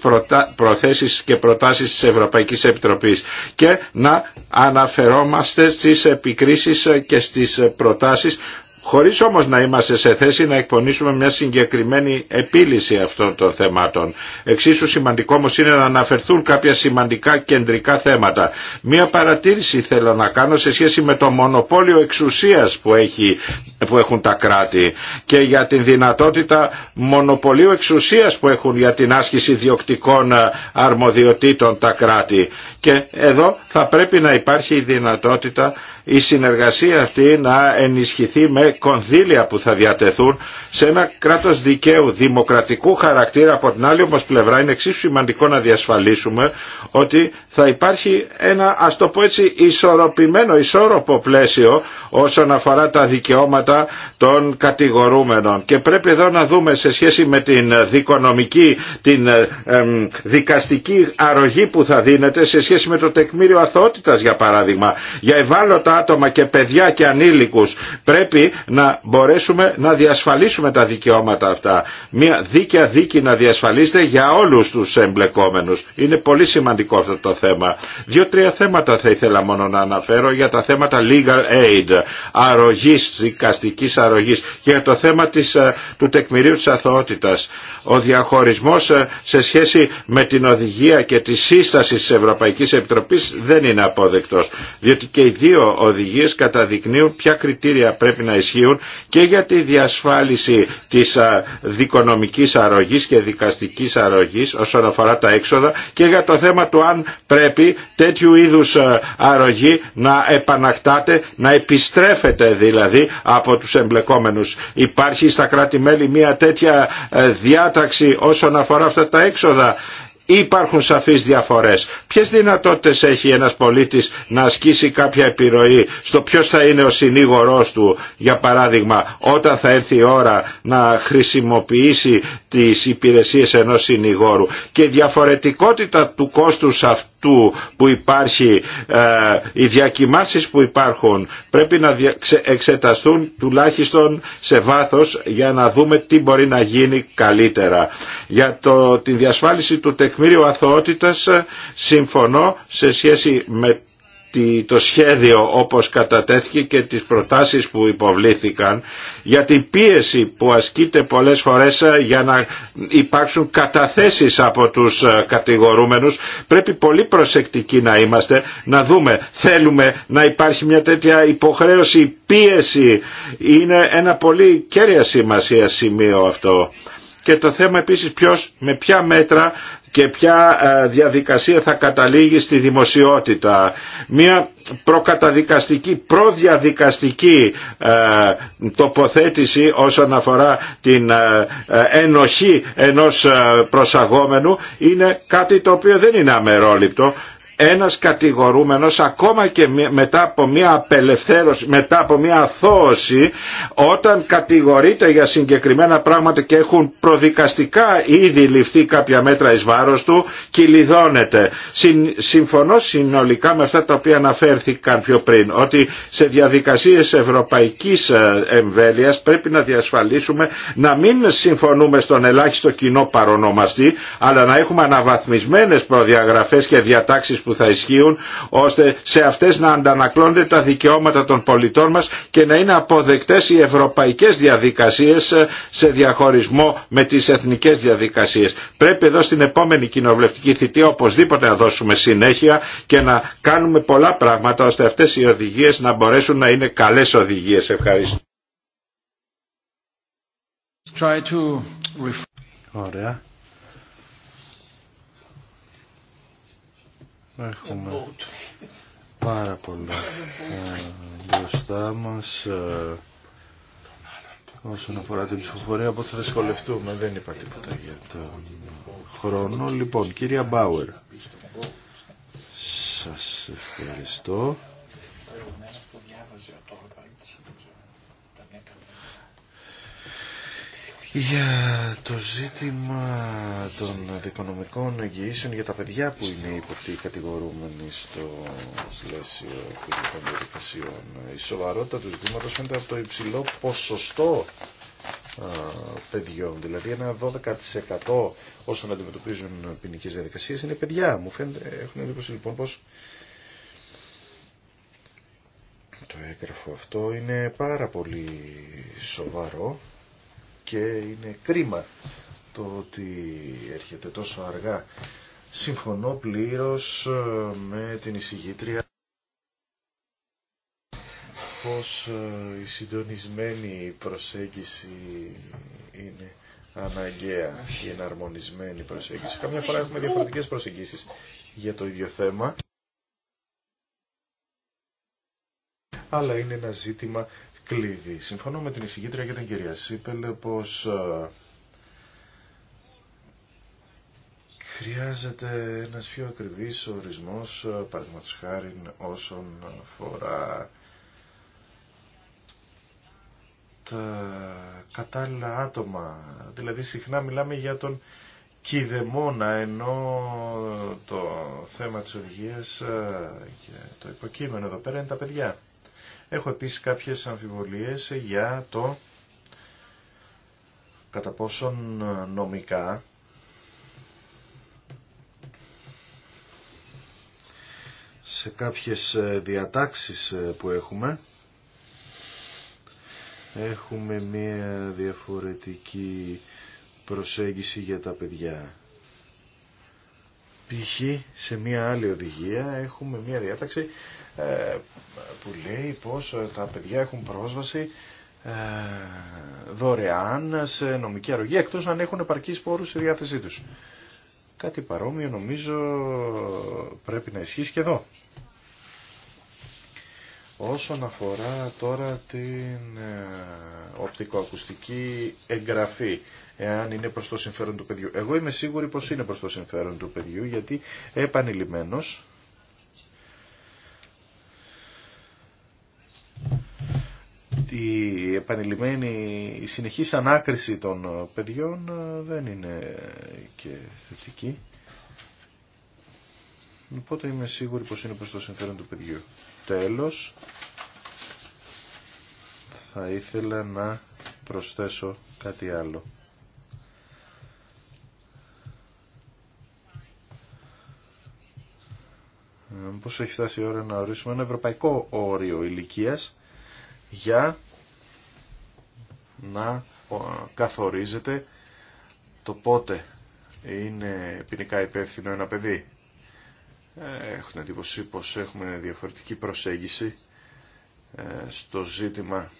προθέσεις και προτάσεις της Ευρωπαϊκής Επιτροπής και να αναφερόμαστε στις επικρίσεις και στις προτάσεις χωρίς όμως να είμαστε σε θέση να εκπονήσουμε μια συγκεκριμένη επίλυση αυτών των θεμάτων. Εξίσου σημαντικό όμως είναι να αναφερθούν κάποια σημαντικά κεντρικά θέματα. Μια παρατήρηση θέλω να κάνω σε σχέση με το μονοπόλιο εξουσίας που, έχει, που έχουν τα κράτη και για την δυνατότητα μονοπωλίου εξουσίας που έχουν για την άσκηση διοκτικών ε, αρμοδιοτήτων τα κράτη και εδώ θα πρέπει να υπάρχει η δυνατότητα η συνεργασία αυτή να ενισχυθεί με κονδύλια που θα διατεθούν σε ένα κράτος δικαίου δημοκρατικού χαρακτήρα. Από την άλλη όμως πλευρά είναι εξίσου σημαντικό να διασφαλίσουμε ότι θα υπάρχει ένα ας το πω έτσι ισορροπημένο, ισόρροπο πλαίσιο όσον αφορά τα δικαιώματα των κατηγορούμενων. Και πρέπει εδώ να δούμε σε σχέση με την δικονομική, την ε, δικαστική αρρωγή που θα δίνεται σε σχέση με το τεκμήριο αθότητας για παράδειγμα. Για ευάλωτα άτομα και παιδιά και ανήλικους πρέπει να μπορέσουμε να διασφαλίσουμε τα δικαιώματα αυτά. Μια δίκαια δίκη να διασφαλίζεται για όλους τους εμπλεκόμενους. Είναι πολύ σημαντικό αυτό το θέμα. Δύο-τρία θέματα θα ήθελα μόνο να αναφέρω για τα θέματα legal aid, αρρωγής δικαστικής αρρωγής και για το θέμα της, ε, του τεκμηρίου της αθωότητας, ο διαχωρισμός ε, σε σχέση με την οδηγία και τη σύσταση της Ευρωπαϊκής Επιτροπής δεν είναι αποδεκτός. Διότι και οι δύο οδηγίες καταδεικνύουν ποια κριτήρια πρέπει να ισχύουν και για τη διασφάλιση της ε, δικονομικής αρρωγής και δικαστικής αρρωγής όσον αφορά τα έξοδα και για το θέμα του αν πρέπει τέτοιου είδους αρρωγή να επανακτάται, να επιστρέφεται δηλαδή από τους εμπλεκόμενους εμπλεκόμενους. Υπάρχει στα κράτη-μέλη μια τέτοια ε, διάταξη όσον αφορά αυτά τα έξοδα υπάρχουν σαφείς διαφορές. Ποιες δυνατότητες έχει ένας πολίτης να ασκήσει κάποια επιρροή στο ποιος θα είναι ο συνήγορός του, για παράδειγμα, όταν θα έρθει η ώρα να χρησιμοποιήσει τις υπηρεσίες ενός συνηγόρου. Και η διαφορετικότητα του κόστους αυτού του που υπάρχει, ε, οι διακοιμάσεις που υπάρχουν πρέπει να εξεταστούν τουλάχιστον σε βάθος για να δούμε τι μπορεί να γίνει καλύτερα. Για το, την διασφάλιση του τεκμήριου αθωότητας συμφωνώ σε σχέση με το σχέδιο όπως κατατέθηκε και τις προτάσεις που υποβλήθηκαν για την πίεση που ασκείται πολλές φορές ε, για να υπάρξουν καταθέσεις από τους ε, κατηγορούμενους πρέπει πολύ προσεκτικοί να είμαστε να δούμε θέλουμε να υπάρχει μια τέτοια υποχρέωση πίεση είναι ένα πολύ κέρια σημασία σημείο αυτό και το θέμα επίσης ποιος με ποια μέτρα και ποια ε, διαδικασία θα καταλήγει στη δημοσιότητα. Μια προκαταδικαστική, προδιαδικαστική ε, τοποθέτηση όσον αφορά την ε, ενοχή ενός προσαγόμενου είναι κάτι το οποίο δεν είναι αμερόληπτο ένας κατηγορούμενος ακόμα και μετά από μια απελευθέρωση, μετά από μια αθώωση όταν κατηγορείται για συγκεκριμένα πράγματα και έχουν προδικαστικά ήδη ληφθεί κάποια μέτρα εις βάρος του κυλιδώνεται. συμφωνώ συνολικά με αυτά τα οποία αναφέρθηκαν πιο πριν ότι σε διαδικασίες ευρωπαϊκής ε, εμβέλειας πρέπει να διασφαλίσουμε να μην συμφωνούμε στον ελάχιστο κοινό παρονομαστή αλλά να έχουμε αναβαθμισμένες προδιαγραφές και διατάξεις που θα ισχύουν ώστε σε αυτές να αντανακλώνται τα δικαιώματα των πολιτών μας και να είναι αποδεκτές οι ευρωπαϊκές διαδικασίες ε, σε διαχωρισμό με τις εθνικές διαδικασίες. Πρέπει εδώ στην επόμενη κοινοβουλευτική θητεία οπωσδήποτε να δώσουμε συνέχεια και να κάνουμε πολλά πράγματα ώστε αυτές οι οδηγίες να μπορέσουν να είναι καλές οδηγίες. Ευχαριστώ. Ωραία. Έχουμε πάρα πολλά ε, μπροστά μα. Ε, όσον αφορά την ψηφοφορία, από θα δυσκολευτούμε. Δεν είπα τίποτα για τον χρόνο. Λοιπόν, κυρία Μπάουερ, σας ευχαριστώ. για το ζήτημα των δικονομικών εγγυήσεων για τα παιδιά που είναι υποπτή κατηγορούμενοι στο πλαίσιο των διαδικασιών. Η σοβαρότητα του ζητήματος φαίνεται από το υψηλό ποσοστό παιδιών. Δηλαδή ένα 12% όσων αντιμετωπίζουν ποινικέ διαδικασίες είναι παιδιά. Μου φαίνεται, έχουν εντύπωση λοιπόν πως το έγγραφο αυτό είναι πάρα πολύ σοβαρό και είναι κρίμα το ότι έρχεται τόσο αργά. Συμφωνώ πλήρως ε, με την εισηγήτρια πως ε, η συντονισμένη προσέγγιση είναι αναγκαία η εναρμονισμένη προσέγγιση. Καμιά φορά έχουμε διαφορετικές προσεγγίσεις για το ίδιο θέμα. Αλλά είναι ένα ζήτημα κλειδί. Συμφωνώ με την εισηγήτρια και την κυρία Σίπελ πως ε, χρειάζεται ένας πιο ακριβής ορισμός, ε, παραδείγματος χάρη όσον αφορά τα κατάλληλα άτομα. Δηλαδή συχνά μιλάμε για τον κηδεμόνα ενώ το θέμα της οργίας ε, και το υποκείμενο εδώ πέρα είναι τα παιδιά. Έχω επίσης κάποιες αμφιβολίες για το κατά πόσον ε, νομικά σε κάποιες ε, διατάξεις ε, που έχουμε έχουμε μία διαφορετική προσέγγιση για τα παιδιά. Π.χ. σε μία άλλη οδηγία έχουμε μία διάταξη ε, που λέει πως ε, τα παιδιά έχουν πρόσβαση ε, δωρεάν σε νομική αρρωγή εκτός αν έχουν επαρκείς πόρους στη διάθεσή τους. Κάτι παρόμοιο νομίζω πρέπει να ισχύσει και εδώ. Όσον αφορά τώρα την οπτικοακουστική εγγραφή, εάν είναι προς το συμφέρον του παιδιού. Εγώ είμαι σίγουρη πως είναι προς το συμφέρον του παιδιού, γιατί επανειλημμένος η επανειλημμένη, η συνεχής ανάκριση των ε, παιδιών ε, δεν είναι και θετική. Οπότε είμαι σίγουρη πως είναι προς το συμφέρον του παιδιού. Τέλος, θα ήθελα να προσθέσω κάτι άλλο. Ε, Πώς έχει φτάσει η ώρα να ορίσουμε ένα ευρωπαϊκό όριο ηλικίας για να καθορίζεται το πότε είναι ποινικά υπεύθυνο ένα παιδί. Ε, έχω την εντύπωση πως έχουμε διαφορετική προσέγγιση ε, στο ζήτημα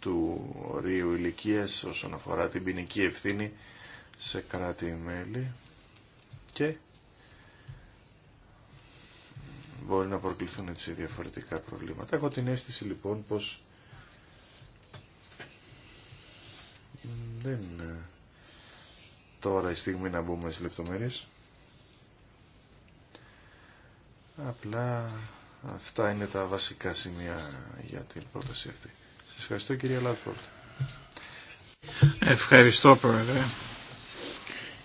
του ρίου ηλικίας όσον αφορά την ποινική ευθύνη σε κράτη-μέλη και μπορεί να προκληθούν έτσι διαφορετικά προβλήματα. Έχω την αίσθηση λοιπόν πως δεν ε, τώρα η στιγμή να μπούμε στις λεπτομέρειες. Απλά αυτά είναι τα βασικά σημεία για την πρόταση αυτή. Σας ευχαριστώ κυρία Λάτφορντ. Ευχαριστώ πρόεδρε.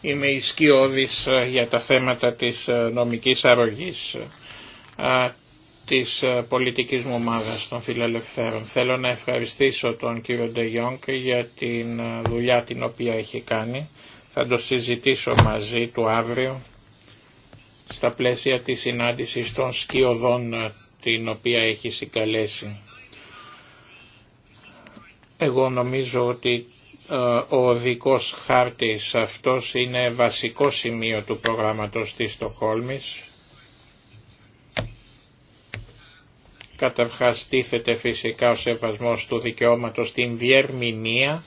Είμαι ισκιώδης ε, για τα θέματα της ε, νομικής αρρωγής της πολιτικής μου ομάδας των φιλελευθέρων. Θέλω να ευχαριστήσω τον κύριο Ντεγιόνκ για την δουλειά την οποία έχει κάνει. Θα το συζητήσω μαζί του αύριο στα πλαίσια της συνάντησης των σκιωδών την οποία έχει συγκαλέσει. Εγώ νομίζω ότι ο οδικός χάρτης αυτός είναι βασικό σημείο του προγράμματος της Στοχόλμης Καταρχάς τίθεται φυσικά ο σεβασμός του δικαιώματος στην διερμηνία.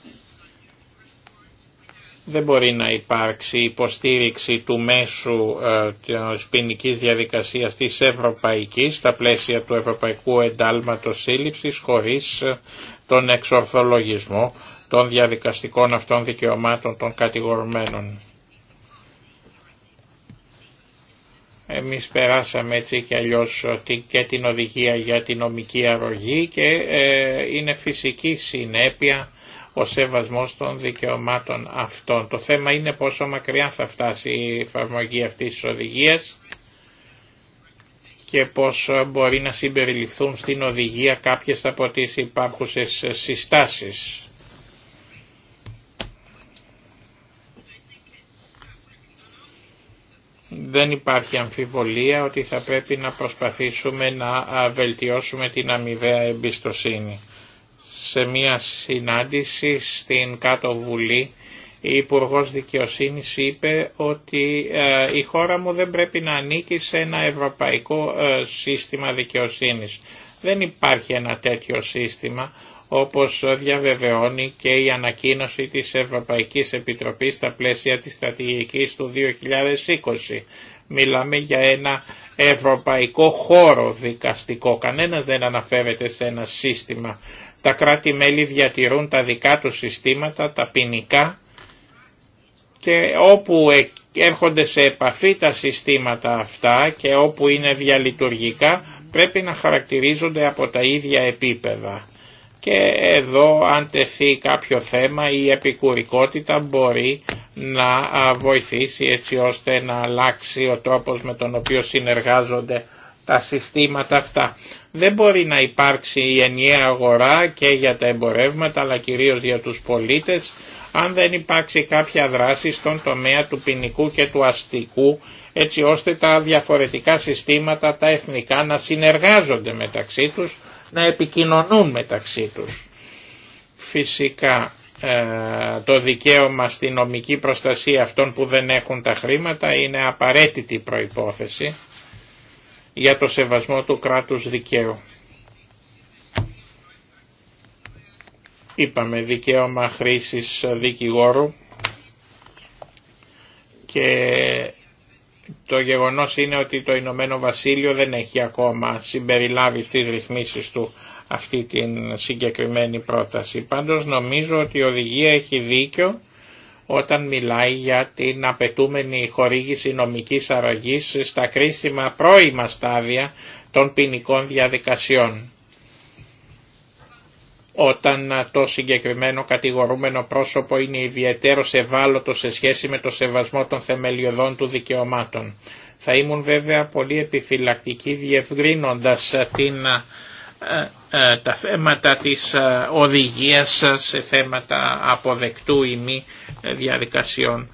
Δεν μπορεί να υπάρξει υποστήριξη του μέσου ε, της ποινική διαδικασίας της Ευρωπαϊκής στα πλαίσια του Ευρωπαϊκού Εντάλματος Σύλληψης χωρίς ε, τον εξορθολογισμό των διαδικαστικών αυτών δικαιωμάτων των κατηγορουμένων. Εμείς περάσαμε έτσι και αλλιώς και την οδηγία για την νομική αρρωγή και ε, είναι φυσική συνέπεια ο σεβασμός των δικαιωμάτων αυτών. Το θέμα είναι πόσο μακριά θα φτάσει η εφαρμογή αυτής της οδηγίας και πώς μπορεί να συμπεριληφθούν στην οδηγία κάποιες από τις υπάρχουσες συστάσεις. δεν υπάρχει αμφιβολία ότι θα πρέπει να προσπαθήσουμε να βελτιώσουμε την αμοιβαία εμπιστοσύνη. Σε μια συνάντηση στην Κάτω Βουλή η Υπουργό Δικαιοσύνη είπε ότι η χώρα μου δεν πρέπει να ανήκει σε ένα ευρωπαϊκό σύστημα δικαιοσύνης. Δεν υπάρχει ένα τέτοιο σύστημα όπως διαβεβαιώνει και η ανακοίνωση της Ευρωπαϊκής Επιτροπής στα πλαίσια της στρατηγικής του 2020. Μιλάμε για ένα ευρωπαϊκό χώρο δικαστικό. Κανένας δεν αναφέρεται σε ένα σύστημα. Τα κράτη-μέλη διατηρούν τα δικά του συστήματα, τα ποινικά και όπου ε, έρχονται σε επαφή τα συστήματα αυτά και όπου είναι διαλειτουργικά πρέπει να χαρακτηρίζονται από τα ίδια επίπεδα και εδώ αν τεθεί κάποιο θέμα η επικουρικότητα μπορεί να βοηθήσει έτσι ώστε να αλλάξει ο τρόπος με τον οποίο συνεργάζονται τα συστήματα αυτά. Δεν μπορεί να υπάρξει η ενιαία αγορά και για τα εμπορεύματα αλλά κυρίως για τους πολίτες αν δεν υπάρξει κάποια δράση στον τομέα του ποινικού και του αστικού έτσι ώστε τα διαφορετικά συστήματα τα εθνικά να συνεργάζονται μεταξύ τους να επικοινωνούν μεταξύ τους. Φυσικά ε, το δικαίωμα στη νομική προστασία αυτών που δεν έχουν τα χρήματα είναι απαραίτητη προϋπόθεση για το σεβασμό του κράτους δικαίου. Είπαμε δικαίωμα χρήσης δικηγόρου και το γεγονός είναι ότι το Ηνωμένο Βασίλειο δεν έχει ακόμα συμπεριλάβει στις ρυθμίσεις του αυτή την συγκεκριμένη πρόταση. Πάντως νομίζω ότι η οδηγία έχει δίκιο όταν μιλάει για την απαιτούμενη χορήγηση νομικής αραγής στα κρίσιμα πρώιμα στάδια των ποινικών διαδικασιών όταν το συγκεκριμένο κατηγορούμενο πρόσωπο είναι ιδιαίτερο ευάλωτο σε σχέση με το σεβασμό των θεμελιωδών του δικαιωμάτων. Θα ήμουν βέβαια πολύ επιφυλακτική διευγρύνοντας την, ε, ε, τα θέματα της ε, οδηγίας σε θέματα αποδεκτού ή μη διαδικασιών.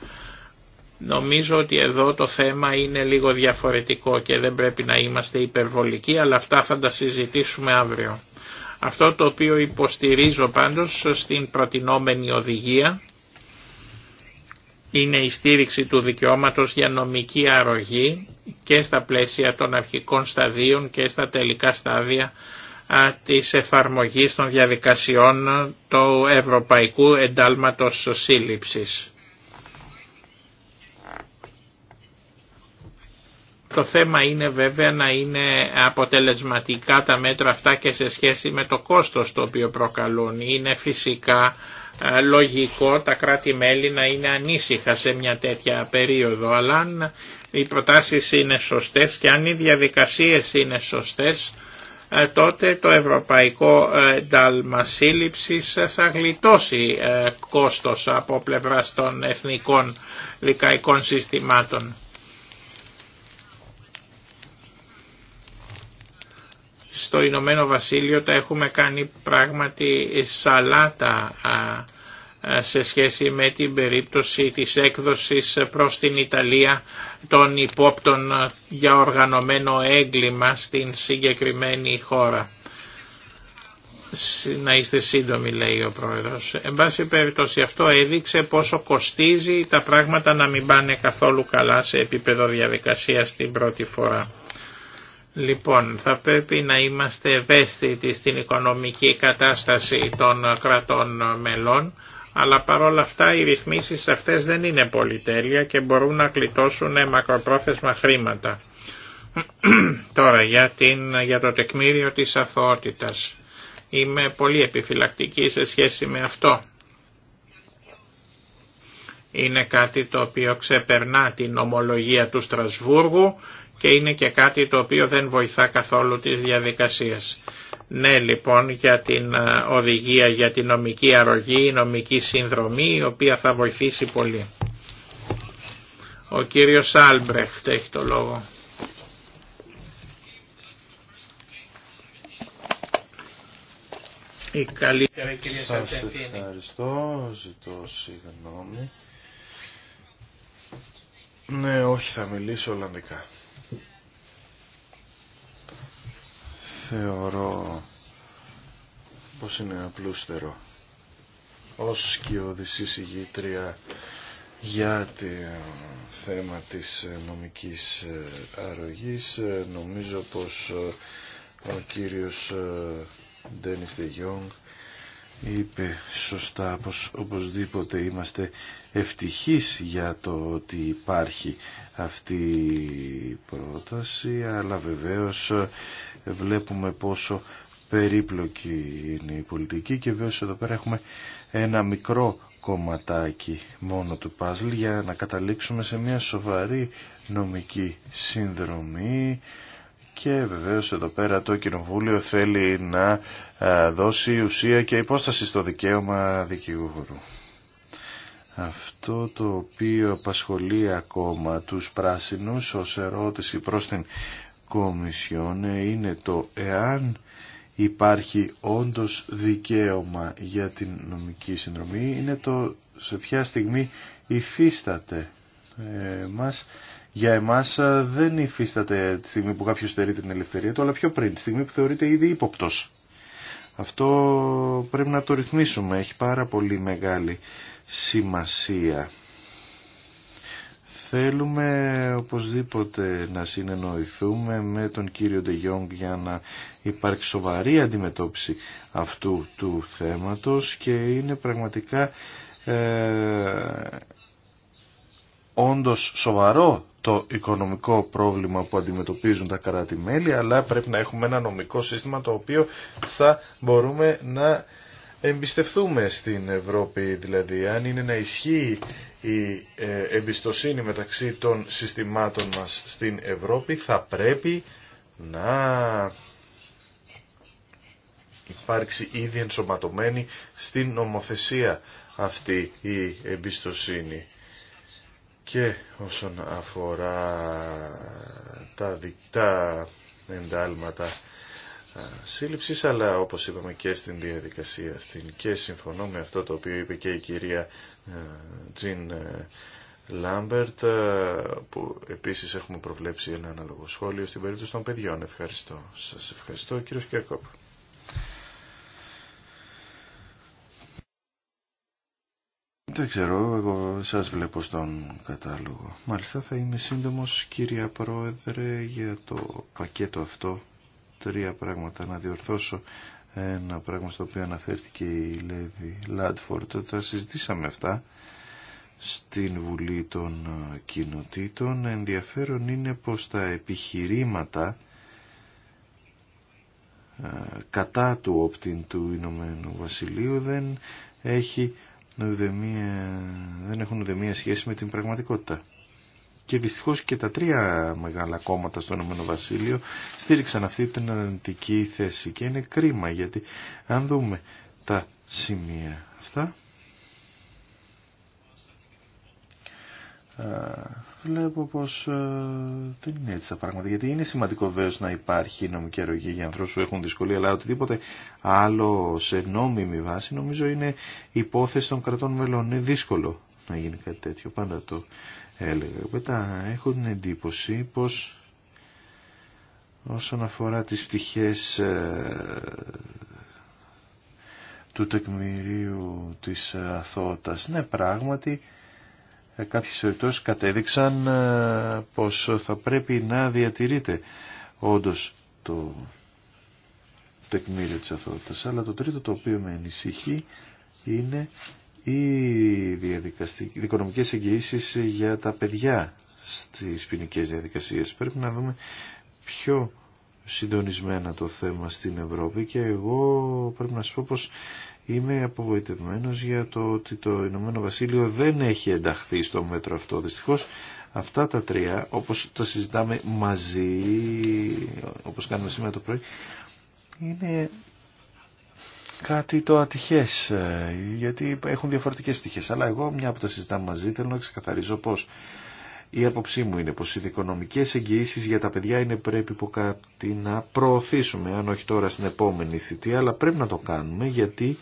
Νομίζω ότι εδώ το θέμα είναι λίγο διαφορετικό και δεν πρέπει να είμαστε υπερβολικοί, αλλά αυτά θα τα συζητήσουμε αύριο. Αυτό το οποίο υποστηρίζω πάντως στην προτινόμενη οδηγία είναι η στήριξη του δικαιώματος για νομική αρρωγή και στα πλαίσια των αρχικών σταδίων και στα τελικά στάδια της εφαρμογής των διαδικασιών του Ευρωπαϊκού Εντάλματος Σύλληψης. Το θέμα είναι βέβαια να είναι αποτελεσματικά τα μέτρα αυτά και σε σχέση με το κόστος το οποίο προκαλούν. Είναι φυσικά ε, λογικό τα κράτη-μέλη να είναι ανήσυχα σε μια τέτοια περίοδο, αλλά αν οι προτάσεις είναι σωστές και αν οι διαδικασίες είναι σωστές, ε, τότε το ευρωπαϊκό εντάλμα σύλληψης θα γλιτώσει ε, κόστος από πλευράς των εθνικών δικαϊκών συστημάτων. στο Ηνωμένο Βασίλειο τα έχουμε κάνει πράγματι σαλάτα σε σχέση με την περίπτωση της έκδοσης προς την Ιταλία των υπόπτων για οργανωμένο έγκλημα στην συγκεκριμένη χώρα. Να είστε σύντομοι λέει ο Πρόεδρος. Εν πάση περιπτώσει αυτό έδειξε πόσο κοστίζει τα πράγματα να μην πάνε καθόλου καλά σε επίπεδο διαδικασίας την πρώτη φορά. Λοιπόν, θα πρέπει να είμαστε ευαίσθητοι στην οικονομική κατάσταση των κρατών μελών, αλλά παρόλα αυτά οι ρυθμίσεις αυτές δεν είναι πολυτέλεια και μπορούν να κλειτώσουν μακροπρόθεσμα χρήματα. Τώρα για, την, για το τεκμήριο της αθωότητας. Είμαι πολύ επιφυλακτική σε σχέση με αυτό. Είναι κάτι το οποίο ξεπερνά την ομολογία του Στρασβούργου και είναι και κάτι το οποίο δεν βοηθά καθόλου τις διαδικασίες. Ναι λοιπόν για την ε, οδηγία για την νομική αρρωγή, νομική συνδρομή η οποία θα βοηθήσει πολύ. Ο κύριος Άλμπρεχτ έχει το λόγο. Η καλύτερη κυρία Σας ευχαριστώ, ζητώ συγγνώμη. Ναι, όχι, θα μιλήσω Ολλανδικά. θεωρώ πως είναι απλούστερο ως σκιώδης εισηγήτρια για το ε, θέμα της ε, νομικής ε, αρρωγής νομίζω πως ο κύριος Ντένις Δε είπε σωστά πως οπωσδήποτε είμαστε ευτυχείς για το ότι υπάρχει αυτή η πρόταση αλλά βεβαίως βλέπουμε πόσο περίπλοκη είναι η πολιτική και βέβαια εδώ πέρα έχουμε ένα μικρό κομματάκι μόνο του παζλ για να καταλήξουμε σε μια σοβαρή νομική συνδρομή και βεβαίως εδώ πέρα το Κοινοβούλιο θέλει να δώσει ουσία και υπόσταση στο δικαίωμα δικηγόρου. Αυτό το οποίο απασχολεί ακόμα τους πράσινους ως ερώτηση προς την Κομισιόν είναι το εάν υπάρχει όντως δικαίωμα για την νομική συνδρομή είναι το σε ποια στιγμή υφίσταται. Ε, μας για εμάς ε, δεν υφίσταται τη στιγμή που κάποιος θεωρεί την ελευθερία του, αλλά πιο πριν, τη στιγμή που θεωρείται ήδη ύποπτος. Αυτό πρέπει να το ρυθμίσουμε, έχει πάρα πολύ μεγάλη σημασία. Θέλουμε οπωσδήποτε να συνεννοηθούμε με τον κύριο Ντεγιόγκ για να υπάρξει σοβαρή αντιμετώπιση αυτού του θέματος και είναι πραγματικά ε, όντως σοβαρό το οικονομικό πρόβλημα που αντιμετωπίζουν τα κράτη-μέλη, αλλά πρέπει να έχουμε ένα νομικό σύστημα το οποίο θα μπορούμε να εμπιστευτούμε στην Ευρώπη. Δηλαδή, αν είναι να ισχύει η ε, εμπιστοσύνη μεταξύ των συστημάτων μας στην Ευρώπη, θα πρέπει να υπάρξει ήδη ενσωματωμένη στην νομοθεσία αυτή η εμπιστοσύνη και όσον αφορά τα δικτά εντάλματα σύλληψης αλλά όπως είπαμε και στην διαδικασία αυτή. και συμφωνώ με αυτό το οποίο είπε και η κυρία Τζιν ε, Λάμπερτ που επίσης έχουμε προβλέψει ένα αναλογό σχόλιο στην περίπτωση των παιδιών. Ευχαριστώ. Σας ευχαριστώ κύριο Κέρκοπ. Δεν ξέρω, εγώ σας βλέπω στον κατάλογο. Μάλιστα θα είμαι σύντομος κυρία Πρόεδρε για το πακέτο αυτό. Τρία πράγματα να διορθώσω. Ένα πράγμα στο οποίο αναφέρθηκε η Λέδη Λάντφορτ. Τα συζητήσαμε αυτά στην Βουλή των Κοινοτήτων. Ενδιαφέρον είναι πως τα επιχειρήματα ε, κατά του όπτην του Ηνωμένου Βασιλείου δεν έχει δεν έχουν ουδεμία σχέση με την πραγματικότητα. Και δυστυχώ και τα τρία μεγάλα κόμματα στο Ηνωμένο Βασίλειο στήριξαν αυτή την αρνητική θέση και είναι κρίμα γιατί αν δούμε τα σημεία αυτά Ε, βλέπω πως ε, δεν είναι έτσι τα πράγματα. Γιατί είναι σημαντικό βέβαια να υπάρχει νομική αρρωγή για ανθρώπους που έχουν δυσκολία, αλλά οτιδήποτε άλλο σε νόμιμη βάση νομίζω είναι υπόθεση των κρατών μελών. Είναι δύσκολο να γίνει κάτι τέτοιο. Πάντα το έλεγα. Μετά έχω την εντύπωση πως όσον αφορά τις πτυχές ε, του τεκμηρίου της αθότητας, ναι πράγματι ε, κάποιες ερωτώσεις κατέδειξαν ε, πως θα πρέπει να διατηρείται όντως το τεκμήριο της αθότητας. Αλλά το τρίτο το οποίο με ανησυχεί είναι οι οικονομικές εγγυήσεις για τα παιδιά στις ποινικέ διαδικασίες. Πρέπει να δούμε πιο συντονισμένα το θέμα στην Ευρώπη και εγώ πρέπει να σα πω πως Είμαι απογοητευμένος για το ότι το Ηνωμένο Βασίλειο δεν έχει ενταχθεί στο μέτρο αυτό. Δυστυχώς αυτά τα τρία, όπως τα συζητάμε μαζί, όπως κάνουμε σήμερα το πρωί, είναι κάτι το ατυχές, ε, γιατί έχουν διαφορετικές πτυχές. Αλλά εγώ, μια που τα συζητάμε μαζί, θέλω να ξεκαθαρίζω πώς η άποψή μου είναι πως οι δικονομικές εγγυήσεις για τα παιδιά είναι πρέπει που κάτι να προωθήσουμε, αν όχι τώρα στην επόμενη θητεία, αλλά πρέπει να το κάνουμε γιατί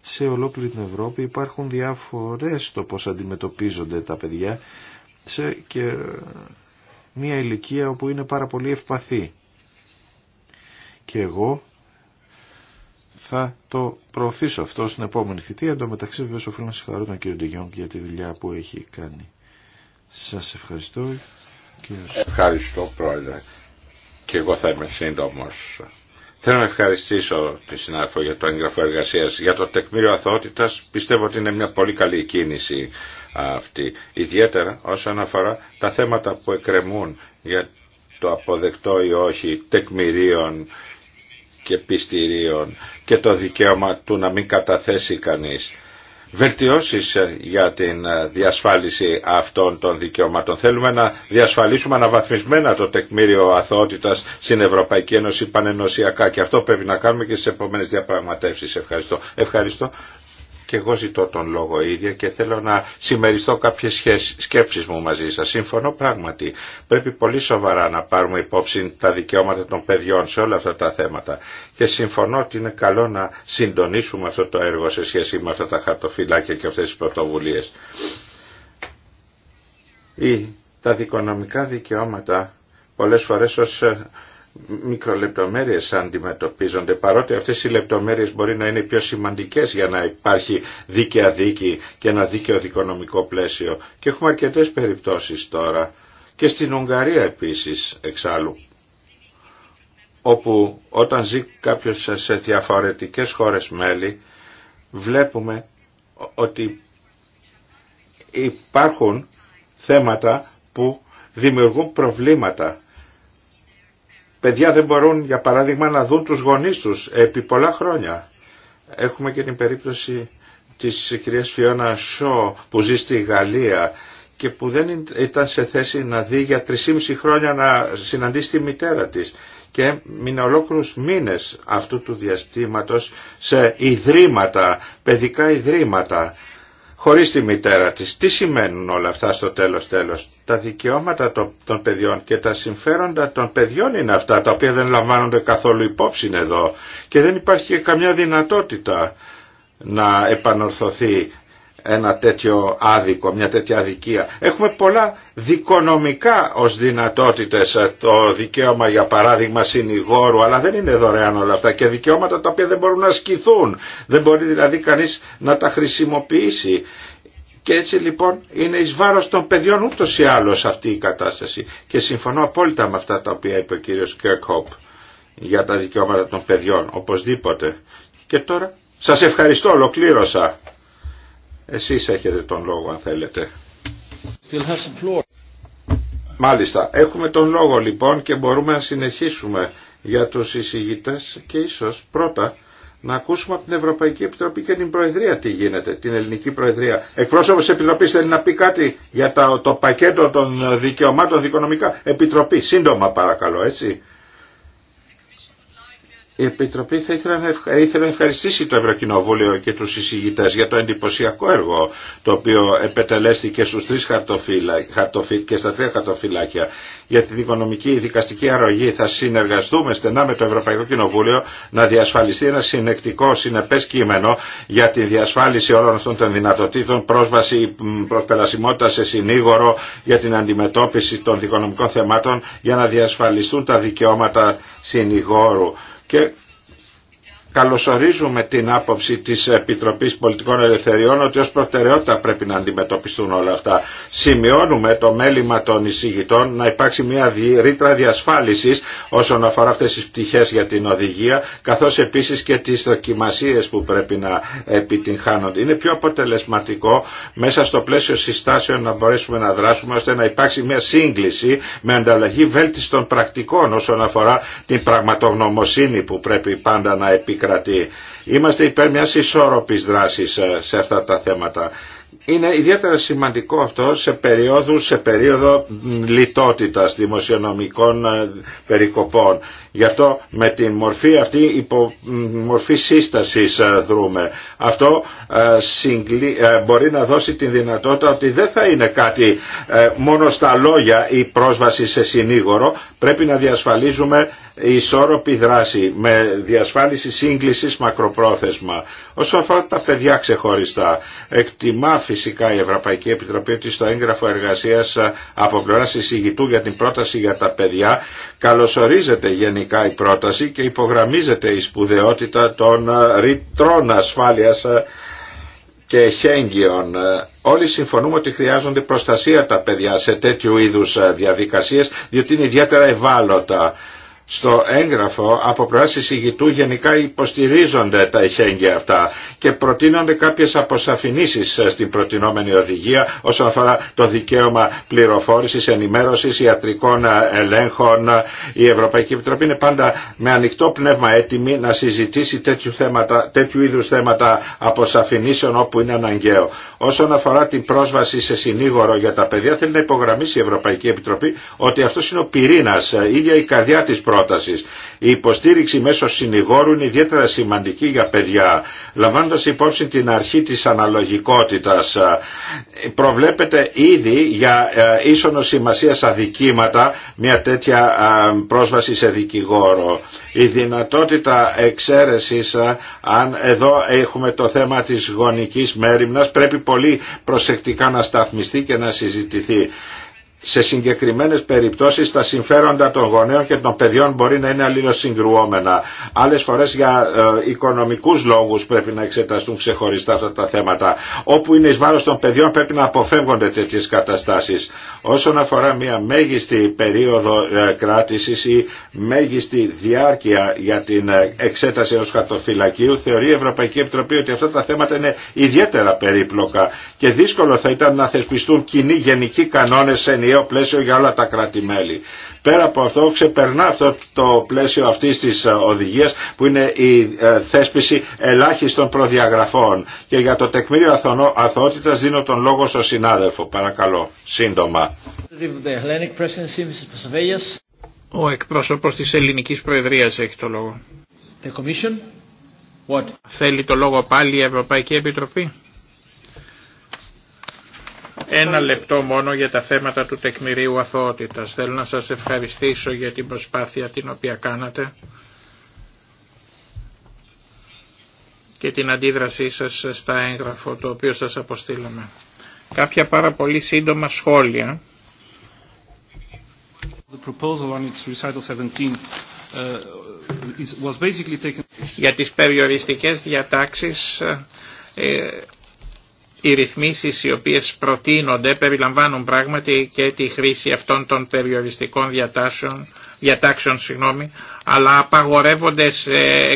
σε ολόκληρη την Ευρώπη υπάρχουν διάφορες το πώς αντιμετωπίζονται τα παιδιά σε και μια ηλικία όπου είναι πάρα πολύ ευπαθή. Και εγώ θα το προωθήσω αυτό στην επόμενη θητεία. Εν τω μεταξύ βέβαια οφείλω να συγχαρώ τον κύριο Ντεγιόγκ για τη δουλειά που έχει κάνει. Σας ευχαριστώ. Ευχαριστώ πρόεδρε. Και εγώ θα είμαι σύντομος. Θέλω να ευχαριστήσω τη συνάδελφο για το έγγραφο εργασία. Για το τεκμήριο αθότητά. πιστεύω ότι είναι μια πολύ καλή κίνηση αυτή. Ιδιαίτερα όσον αφορά τα θέματα που εκκρεμούν για το αποδεκτό ή όχι τεκμηρίων και πιστηρίων και το δικαίωμα του να μην καταθέσει κανείς βελτιώσεις ε, για την ε, διασφάλιση αυτών των δικαιωμάτων. Θέλουμε να διασφαλίσουμε αναβαθμισμένα το τεκμήριο αθωότητας στην Ευρωπαϊκή Ένωση πανενωσιακά και αυτό πρέπει να κάνουμε και στις επόμενες διαπραγματεύσεις. Ευχαριστώ. Ευχαριστώ και εγώ ζητώ τον λόγο ίδια και θέλω να συμμεριστώ κάποιες σκέψεις μου μαζί σας. Συμφωνώ πράγματι. Πρέπει πολύ σοβαρά να πάρουμε υπόψη τα δικαιώματα των παιδιών σε όλα αυτά τα θέματα. Και συμφωνώ ότι είναι καλό να συντονίσουμε αυτό το έργο σε σχέση με αυτά τα χαρτοφυλάκια και αυτές τις πρωτοβουλίες. Ή τα δικονομικά δικαιώματα πολλές φορές ως μικρολεπτομέρειες αντιμετωπίζονται παρότι αυτές οι λεπτομέρειες μπορεί να είναι πιο σημαντικές για να υπάρχει δίκαια δίκη και ένα δίκαιο δικονομικό πλαίσιο και έχουμε αρκετές περιπτώσεις τώρα και στην Ουγγαρία επίσης εξάλλου όπου όταν ζει κάποιος σε διαφορετικές χώρες μέλη βλέπουμε ότι υπάρχουν θέματα που δημιουργούν προβλήματα Παιδιά δεν μπορούν για παράδειγμα να δουν τους γονείς τους επί πολλά χρόνια. Έχουμε και την περίπτωση της κυρίας Φιώνα Σο που ζει στη Γαλλία και που δεν ήταν σε θέση να δει για 3,5 χρόνια να συναντήσει τη μητέρα της και μείνε ολόκληρους μήνες αυτού του διαστήματος σε ιδρύματα, παιδικά ιδρύματα χωρίς τη μητέρα της. Τι σημαίνουν όλα αυτά στο τέλος τέλος. Τα δικαιώματα των παιδιών και τα συμφέροντα των παιδιών είναι αυτά τα οποία δεν λαμβάνονται καθόλου υπόψη εδώ και δεν υπάρχει καμιά δυνατότητα να επανορθωθεί ένα τέτοιο άδικο, μια τέτοια αδικία. Έχουμε πολλά δικονομικά ως δυνατότητες το δικαίωμα για παράδειγμα συνηγόρου αλλά δεν είναι δωρεάν όλα αυτά και δικαιώματα τα οποία δεν μπορούν να ασκηθούν. Δεν μπορεί δηλαδή κανείς να τα χρησιμοποιήσει. Και έτσι λοιπόν είναι εις βάρος των παιδιών ούτως ή άλλως αυτή η κατάσταση. Και συμφωνώ απόλυτα με αυτά τα οποία είπε ο κύριος Κέρκοπ για τα δικαιώματα των παιδιών, οπωσδήποτε. Και τώρα σας ευχαριστώ, ολοκλήρωσα. Εσείς έχετε τον λόγο αν θέλετε. Still Μάλιστα, έχουμε τον λόγο λοιπόν και μπορούμε να συνεχίσουμε για τους εισηγητές και ίσως πρώτα να ακούσουμε από την Ευρωπαϊκή Επιτροπή και την Προεδρία τι γίνεται, την Ελληνική Προεδρία. Εκπρόσωπος της Επιτροπής θέλει να πει κάτι για το πακέτο των δικαιωμάτων δικονομικά. Επιτροπή, σύντομα παρακαλώ, έτσι. Η Επιτροπή θα ήθελα να, ήθελα ευχαριστήσει το Ευρωκοινοβούλιο και τους εισηγητές για το εντυπωσιακό έργο το οποίο επετελέστηκε στους τρεις χαρτοφύλα, και στα τρία χαρτοφυλάκια για τη δικονομική δικαστική αρρωγή θα συνεργαστούμε στενά με το Ευρωπαϊκό Κοινοβούλιο να διασφαλιστεί ένα συνεκτικό συνεπές κείμενο για τη διασφάλιση όλων αυτών των δυνατοτήτων πρόσβαση πελασιμότητα σε συνήγορο για την αντιμετώπιση των δικονομικών θεμάτων για να διασφαλιστούν τα δικαιώματα συνηγόρου και Καλωσορίζουμε την άποψη της Επιτροπής Πολιτικών Ελευθεριών ότι ως προτεραιότητα πρέπει να αντιμετωπιστούν όλα αυτά. Σημειώνουμε το μέλημα των εισηγητών να υπάρξει μια ρήτρα διασφάλισης όσον αφορά αυτές τις πτυχές για την οδηγία καθώς επίσης και τις δοκιμασίες που πρέπει να επιτυγχάνονται. Είναι πιο αποτελεσματικό μέσα στο πλαίσιο συστάσεων να μπορέσουμε να δράσουμε ώστε να υπάρξει μια σύγκληση με ανταλλαγή βέλτιστων πρακτικών όσον αφορά την πραγματογνωμοσύνη που πρέπει πάντα να επικ Είμαστε υπέρ μια ισόρροπη δράσης ε, σε αυτά τα θέματα. Είναι ιδιαίτερα σημαντικό αυτό σε, σε περίοδο λιτότητα δημοσιονομικών ε, περικοπών. Γι' αυτό με τη μορφή αυτή, υπό μορφή σύστασης ε, δρούμε. Αυτό μπορεί να δώσει την δυνατότητα ότι δεν θα είναι κάτι μόνο στα λόγια η πρόσβαση σε συνήγορο. Πρέπει να διασφαλίζουμε ισόρροπη δράση με διασφάλιση σύγκλησης μακροπρόθεσμα. Όσο αφορά τα παιδιά ξεχωριστά, εκτιμά φυσικά η Ευρωπαϊκή Επιτροπή ότι στο έγγραφο εργασίας από πλευρά συζητού για την πρόταση για τα παιδιά καλωσορίζεται γενικά η πρόταση και υπογραμμίζεται η σπουδαιότητα των ρητρών ασφάλειας και χέγγιον. Όλοι συμφωνούμε ότι χρειάζονται προστασία τα παιδιά σε τέτοιου είδους διαδικασίες, διότι είναι ιδιαίτερα ευάλωτα στο έγγραφο από προάσεις ηγητού γενικά υποστηρίζονται τα ειχέγγυα αυτά και προτείνονται κάποιες αποσαφηνήσεις στην προτινόμενη οδηγία όσον αφορά το δικαίωμα πληροφόρησης, ενημέρωσης, ιατρικών ελέγχων. Η Ευρωπαϊκή Επιτροπή είναι πάντα με ανοιχτό πνεύμα έτοιμη να συζητήσει τέτοιου, θέματα, τέτοιου είδους θέματα αποσαφηνήσεων όπου είναι αναγκαίο. Όσον αφορά την πρόσβαση σε συνήγορο για τα παιδιά, θέλει να υπογραμμίσει η Ευρωπαϊκή Επιτροπή ότι αυτό είναι ο πυρήνα, ε, ίδια η καρδιά τη πρόταση. Η υποστήριξη μέσω συνηγόρου είναι ιδιαίτερα σημαντική για παιδιά. Λαμβάνοντας υπόψη την αρχή της αναλογικότητας, προβλέπεται ήδη για ε, ίσονο σημασία αδικήματα μια τέτοια ε, πρόσβαση σε δικηγόρο. Η δυνατότητα εξαίρεσης, ε, αν εδώ έχουμε το θέμα της γονικής μέρημνας, πρέπει πολύ προσεκτικά να σταθμιστεί και να συζητηθεί σε συγκεκριμένες περιπτώσεις τα συμφέροντα των γονέων και των παιδιών μπορεί να είναι αλληλοσυγκρουόμενα. Άλλες φορές για ε, οικονομικούς λόγους πρέπει να εξεταστούν ξεχωριστά αυτά τα θέματα. Όπου είναι εις βάρος των παιδιών πρέπει να αποφεύγονται τέτοιες καταστάσεις. Όσον αφορά μια μέγιστη περίοδο ε, κράτησης ή μέγιστη διάρκεια για την ε, εξέταση ως χατοφυλακίου θεωρεί η Ευρωπαϊκή Επιτροπή ότι αυτά τα θέματα είναι ιδιαίτερα περίπλοκα και δύσκολο θα ήταν να θεσπιστούν κοινοί γενικοί κανόνες πλαίσιο για όλα τα κρατη Πέρα από αυτό ξεπερνά αυτό το πλαίσιο αυτής της ε, οδηγίας που είναι η ε, θέσπιση ελάχιστων προδιαγραφών. Και για το τεκμήριο αθωότητας δίνω τον λόγο στον συνάδελφο. Παρακαλώ, σύντομα. Ο εκπρόσωπος της Ελληνικής Προεδρίας έχει το λόγο. The Commission? What? Θέλει το λόγο πάλι η Ευρωπαϊκή Επιτροπή. Ένα λεπτό μόνο για τα θέματα του τεκμηρίου αθωότητας. Θέλω να σας ευχαριστήσω για την προσπάθεια την οποία κάνατε και την αντίδρασή σας στα έγγραφο το οποίο σας αποστήλαμε. Κάποια πάρα πολύ σύντομα σχόλια. Uh, για τις περιοριστικές διατάξεις ε, οι ρυθμίσεις οι οποίες προτείνονται περιλαμβάνουν πράγματι και τη χρήση αυτών των περιοριστικών διατάξεων, διατάξεων συγγνώμη, αλλά απαγορεύονται σε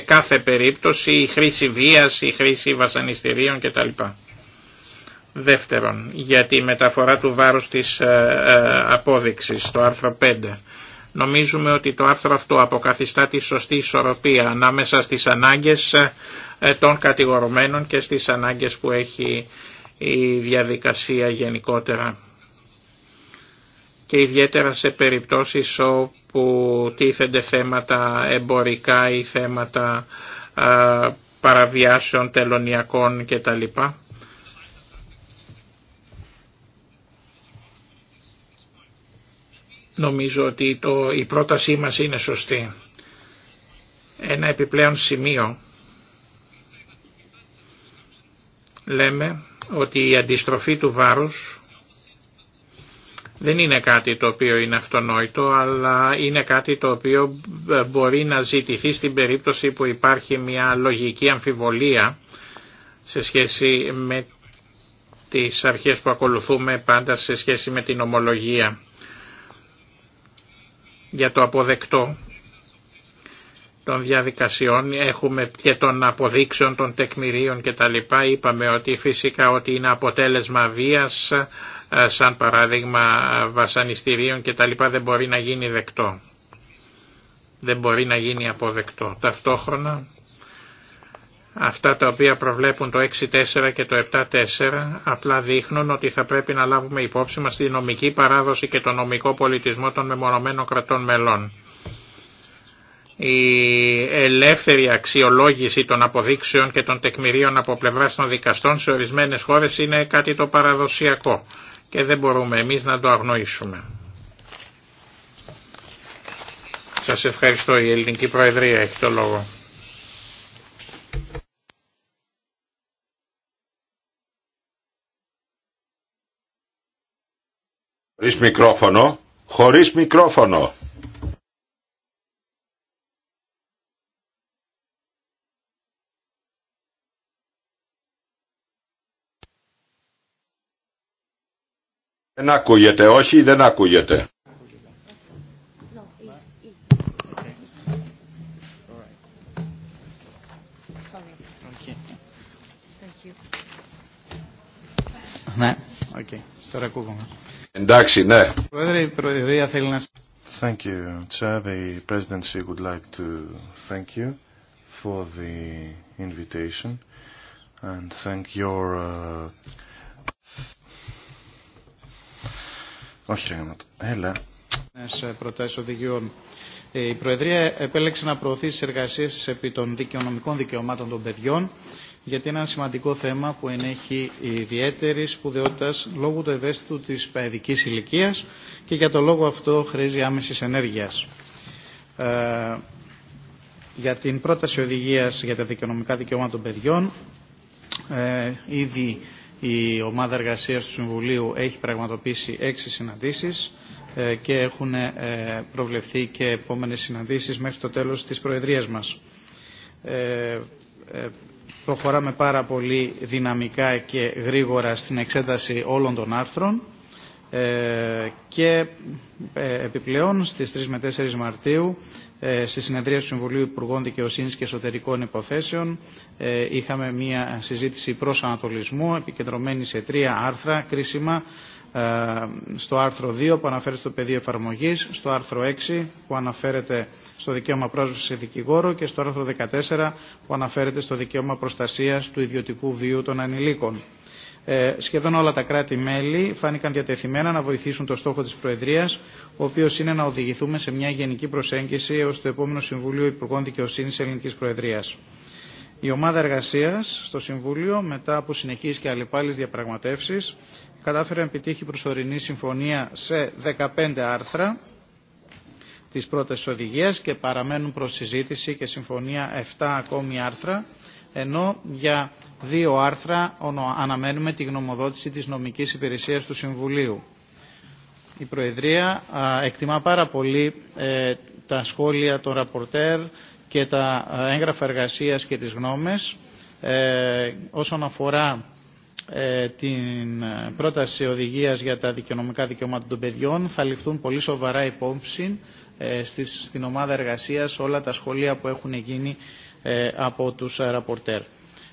κάθε περίπτωση η χρήση βίας, η χρήση βασανιστήριων κτλ. Δεύτερον, για τη μεταφορά του βάρους της ε, ε, απόδειξης, το άρθρο 5. Νομίζουμε ότι το άρθρο αυτό αποκαθιστά τη σωστή ισορροπία ανάμεσα στις ανάγκες ε, των κατηγορουμένων και στις ανάγκες που έχει η διαδικασία γενικότερα και ιδιαίτερα σε περιπτώσεις όπου τίθενται θέματα εμπορικά ή θέματα παραβιάσεων τελωνιακών κτλ. Νομίζω ότι το, η πρότασή μας είναι σωστή. Ένα επιπλέον σημείο. Λέμε ότι η αντιστροφή του βάρους δεν είναι κάτι το οποίο είναι αυτονόητο, αλλά είναι κάτι το οποίο ε, μπορεί να ζητηθεί στην περίπτωση που υπάρχει μια λογική αμφιβολία σε σχέση με τις αρχές που ακολουθούμε πάντα σε σχέση με την ομολογία για το αποδεκτό των διαδικασιών έχουμε και των αποδείξεων των τεκμηρίων και τα λοιπά. Είπαμε ότι φυσικά ότι είναι αποτέλεσμα βίας ε, σαν παράδειγμα ε, βασανιστήριων και τα λοιπά δεν μπορεί να γίνει δεκτό. Δεν μπορεί να γίνει αποδεκτό. Ταυτόχρονα αυτά τα οποία προβλέπουν το 6-4 και το 7-4 απλά δείχνουν ότι θα πρέπει να λάβουμε υπόψη μας τη νομική παράδοση και το νομικό πολιτισμό των μεμονωμένων κρατών μελών η ελεύθερη αξιολόγηση των αποδείξεων και των τεκμηρίων από πλευρά των δικαστών σε ορισμένες χώρες είναι κάτι το παραδοσιακό και δεν μπορούμε εμείς να το αγνοήσουμε. Σας ευχαριστώ. Η Ελληνική Προεδρία έχει το λόγο. Χωρίς μικρόφωνο. Χωρίς μικρόφωνο. Δεν ακούγεται, όχι, δεν ακούγεται. Ναι, okay. τώρα Εντάξει, ναι. Πρόεδρε, Προεδρία θέλει να... Thank you, Chair. The Presidency would like to thank you for the invitation and thank your uh, όχι ρε γαμάτο. Έλα. Ε, Προτάσει οδηγιών. Ε, η Προεδρία επέλεξε να προωθήσει τι εργασίε επί των δικαιονομικών δικαιωμάτων των παιδιών, γιατί είναι ένα σημαντικό θέμα που ενέχει ιδιαίτερη σπουδαιότητα λόγω του ευαίσθητου τη παιδική ηλικία και για το λόγο αυτό χρήζει άμεση ενέργεια. Ε, για την πρόταση οδηγία για τα δικαιονομικά δικαιώματα των παιδιών, ε, ήδη η ομάδα εργασίας του Συμβουλίου έχει πραγματοποιήσει έξι συναντήσεις ε, και έχουν ε, προβλεφθεί και επόμενες συναντήσεις μέχρι το τέλος της Προεδρίας μας. Ε, προχωράμε πάρα πολύ δυναμικά και γρήγορα στην εξέταση όλων των άρθρων και επιπλέον στις 3 με 4 Μαρτίου ε, στη συνεδρία του Συμβουλίου Υπουργών Δικαιοσύνη και Εσωτερικών Υποθέσεων ε, είχαμε μια συζήτηση προ ανατολισμού επικεντρωμένη σε τρία άρθρα κρίσιμα ε, στο άρθρο 2 που αναφέρεται στο πεδίο εφαρμογή, στο άρθρο 6 που αναφέρεται στο δικαίωμα πρόσβαση σε δικηγόρο και στο άρθρο 14 που αναφέρεται στο δικαίωμα προστασία του ιδιωτικού βίου των ανηλίκων. Ε, σχεδόν όλα τα κράτη-μέλη φάνηκαν διατεθειμένα να βοηθήσουν το στόχο της Προεδρίας, ο οποίος είναι να οδηγηθούμε σε μια γενική προσέγγιση έως το επόμενο Συμβούλιο Υπουργών Δικαιοσύνης Ελληνικής Προεδρίας. Η ομάδα εργασίας στο Συμβούλιο, μετά από συνεχείς και αλλεπάλληλες διαπραγματεύσεις, κατάφερε να επιτύχει προσωρινή συμφωνία σε 15 άρθρα της πρώτης οδηγίας και παραμένουν προς συζήτηση και συμφωνία 7 ακόμη άρθρα, ενώ για δύο άρθρα αναμένουμε τη γνωμοδότηση της νομικής υπηρεσίας του Συμβουλίου. Η Προεδρία εκτιμά πάρα πολύ ε, τα σχόλια των ραπορτέρ και τα έγγραφα εργασίας και τις γνώμες ε, όσον αφορά ε, την πρόταση οδηγίας για τα δικαιονομικά δικαιώματα των παιδιών θα ληφθούν πολύ σοβαρά υπόψη στην ομάδα εργασίας όλα τα σχόλια που έχουν γίνει ε, από τους ραπορτέρ.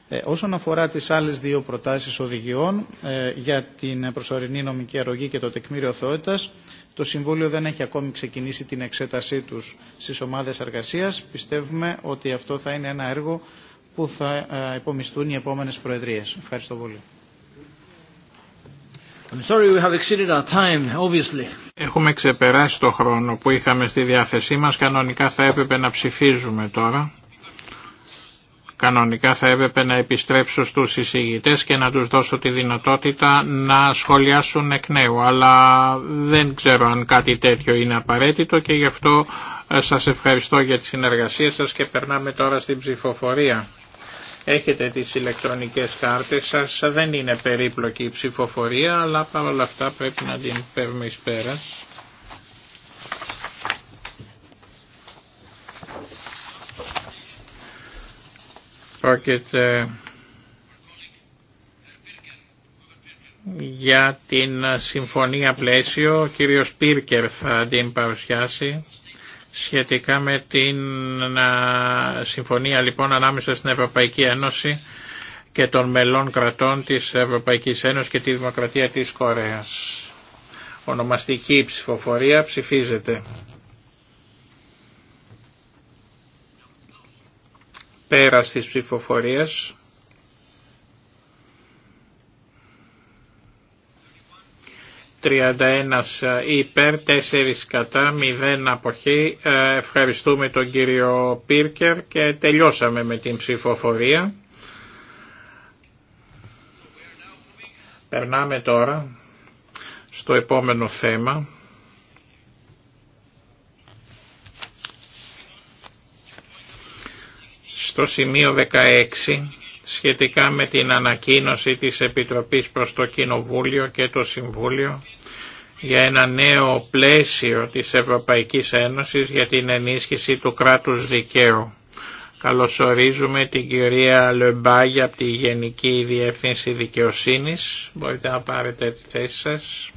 Ε, όσον αφορά τις άλλες δύο προτάσεις οδηγιών ε, για την προσωρινή νομική αρρωγή και το τεκμήριο θεότητας, το Συμβούλιο δεν έχει ακόμη ξεκινήσει την εξέτασή τους στις ομάδες εργασίας. Πιστεύουμε ότι αυτό θα είναι ένα έργο που θα υπομισθούν οι επόμενες προεδρίες. Ευχαριστώ πολύ. Έχουμε ξεπεράσει το χρόνο που είχαμε στη διάθεσή μας. Κανονικά θα έπρεπε να ψηφίζουμε τώρα. Κανονικά θα έπρεπε να επιστρέψω στους εισηγητές και να τους δώσω τη δυνατότητα να σχολιάσουν εκ νέου, αλλά δεν ξέρω αν κάτι τέτοιο είναι απαραίτητο και γι' αυτό ε, σας ευχαριστώ για τη συνεργασία σας και περνάμε τώρα στην ψηφοφορία. Έχετε τις ηλεκτρονικές κάρτες σας, δεν είναι περίπλοκη η ψηφοφορία, αλλά παρόλα αυτά πρέπει να την παίρνουμε εις Πρόκειται για την συμφωνία πλαίσιο. Ο κύριος Πίρκερ θα την παρουσιάσει σχετικά με την συμφωνία λοιπόν ανάμεσα στην Ευρωπαϊκή Ένωση και των μελών κρατών της Ευρωπαϊκής Ένωσης και τη Δημοκρατία της Κορέας. Ονομαστική ψηφοφορία ψηφίζεται. Πέρα της ψηφοφορίας. 31 ε, υπέρ, 4 κατά, 0 αποχή. Ε, ευχαριστούμε τον κύριο Πίρκερ και τελειώσαμε με την ψηφοφορία. Περνάμε τώρα στο επόμενο θέμα. στο σημείο 16 σχετικά με την ανακοίνωση της Επιτροπής προς το Κοινοβούλιο και το Συμβούλιο για ένα νέο πλαίσιο της Ευρωπαϊκής Ένωσης για την ενίσχυση του κράτους δικαίου. Καλωσορίζουμε την κυρία Λεμπάγια από τη Γενική Διεύθυνση Δικαιοσύνης. Μπορείτε να πάρετε τη θέση σας.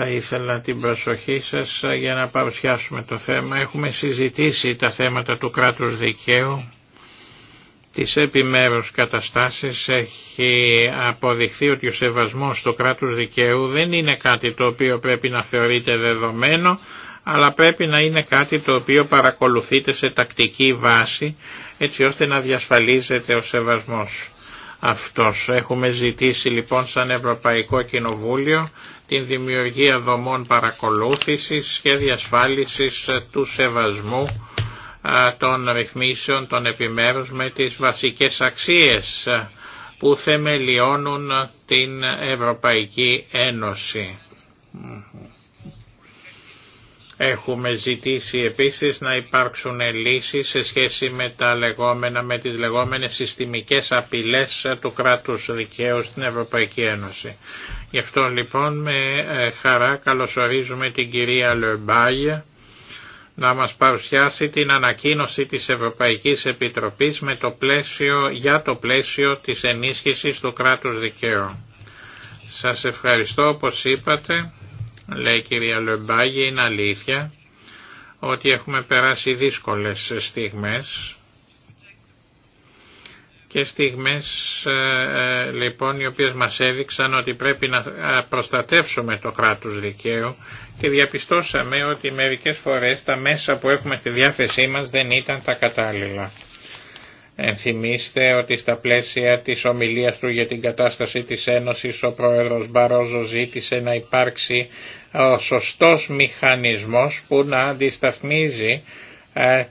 θα ήθελα την προσοχή σας ε, για να παρουσιάσουμε το θέμα. Έχουμε συζητήσει τα θέματα του κράτους δικαίου, τις επιμέρους καταστάσεις. Έχει αποδειχθεί ότι ο σεβασμός στο κράτους δικαίου δεν είναι κάτι το οποίο πρέπει να θεωρείται δεδομένο, αλλά πρέπει να είναι κάτι το οποίο παρακολουθείται σε τακτική βάση, έτσι ώστε να διασφαλίζεται ο σεβασμός αυτός. Έχουμε ζητήσει λοιπόν σαν Ευρωπαϊκό Κοινοβούλιο την δημιουργία δομών παρακολούθησης, και ασφάλισης ε, του σεβασμού ε, των ρυθμίσεων των επιμέρους με τις βασικές αξίες ε, που θεμελιώνουν την Ευρωπαϊκή Ένωση. Έχουμε ζητήσει επίσης να υπάρξουν λύσεις σε σχέση με, τα λεγόμενα, με τις λεγόμενες συστημικές απειλές του κράτους δικαίου στην Ευρωπαϊκή Ένωση. Γι' αυτό λοιπόν με ε, χαρά καλωσορίζουμε την κυρία Λεμπάγια να μας παρουσιάσει την ανακοίνωση της Ευρωπαϊκής Επιτροπής με το πλαίσιο, για το πλαίσιο της ενίσχυσης του κράτους δικαίου. Σας ευχαριστώ όπως είπατε λέει η κυρία Λεμπάγη, είναι αλήθεια ότι έχουμε περάσει δύσκολες στιγμές και στιγμές ε, ε, λοιπόν οι οποίες μας έδειξαν ότι πρέπει να ε, προστατεύσουμε το κράτος δικαίου και διαπιστώσαμε ότι μερικές φορές τα μέσα που έχουμε στη διάθεσή μας δεν ήταν τα κατάλληλα. Ενθυμίστε ότι στα πλαίσια της ομιλίας του για την κατάσταση της Ένωσης ο πρόεδρος Μπαρόζο ζήτησε να υπάρξει ο σωστός μηχανισμός που να αντισταθμίζει ε,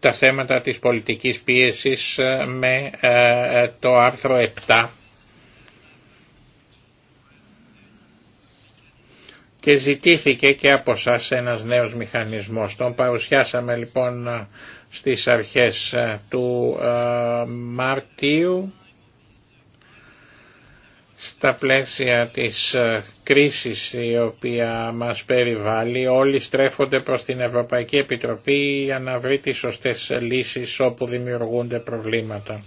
τα θέματα της πολιτικής πίεσης ε, με ε, το άρθρο 7 και ζητήθηκε και από σας ένας νέος μηχανισμός. Τον παρουσιάσαμε λοιπόν στις αρχές ε, του ε, Μαρτίου στα πλαίσια της ε, κρίσης η οποία μας περιβάλλει όλοι στρέφονται προς την Ευρωπαϊκή Επιτροπή για να βρει τις σωστές λύσεις όπου δημιουργούνται προβλήματα.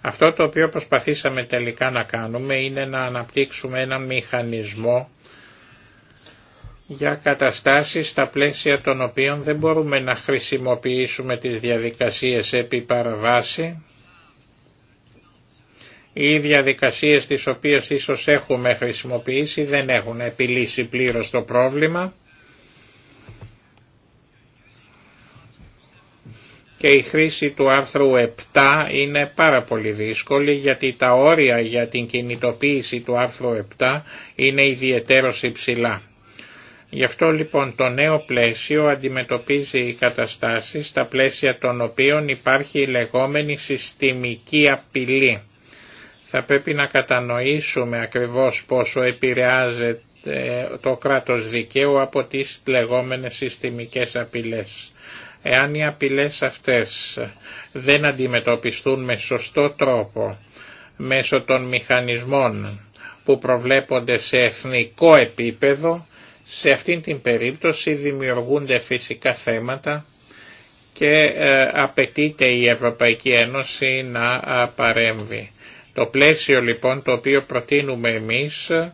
Αυτό το οποίο προσπαθήσαμε τελικά να κάνουμε είναι να αναπτύξουμε έναν μηχανισμό για καταστάσεις στα πλαίσια των οποίων δεν μπορούμε να χρησιμοποιήσουμε τις διαδικασίες επί παραβάση ή διαδικασίες τις οποίες ίσως έχουμε χρησιμοποιήσει δεν έχουν επιλύσει πλήρως το πρόβλημα και η χρήση του άρθρου 7 είναι πάρα πολύ δύσκολη γιατί τα όρια για την κινητοποίηση του άρθρου 7 είναι ιδιαίτερως υψηλά. Γι' αυτό λοιπόν το νέο πλαίσιο αντιμετωπίζει οι καταστάσεις στα πλαίσια των οποίων υπάρχει η λεγόμενη συστημική απειλή. Θα πρέπει να κατανοήσουμε ακριβώς πόσο επηρεάζεται το κράτος δικαίου από τις λεγόμενες συστημικές απειλές. Εάν οι απειλές αυτές δεν αντιμετωπιστούν με σωστό τρόπο μέσω των μηχανισμών που προβλέπονται σε εθνικό επίπεδο, σε αυτή την περίπτωση δημιουργούνται φυσικά θέματα και ε, απαιτείται η Ευρωπαϊκή Ένωση να παρέμβει. Το πλαίσιο λοιπόν το οποίο προτείνουμε εμείς ε,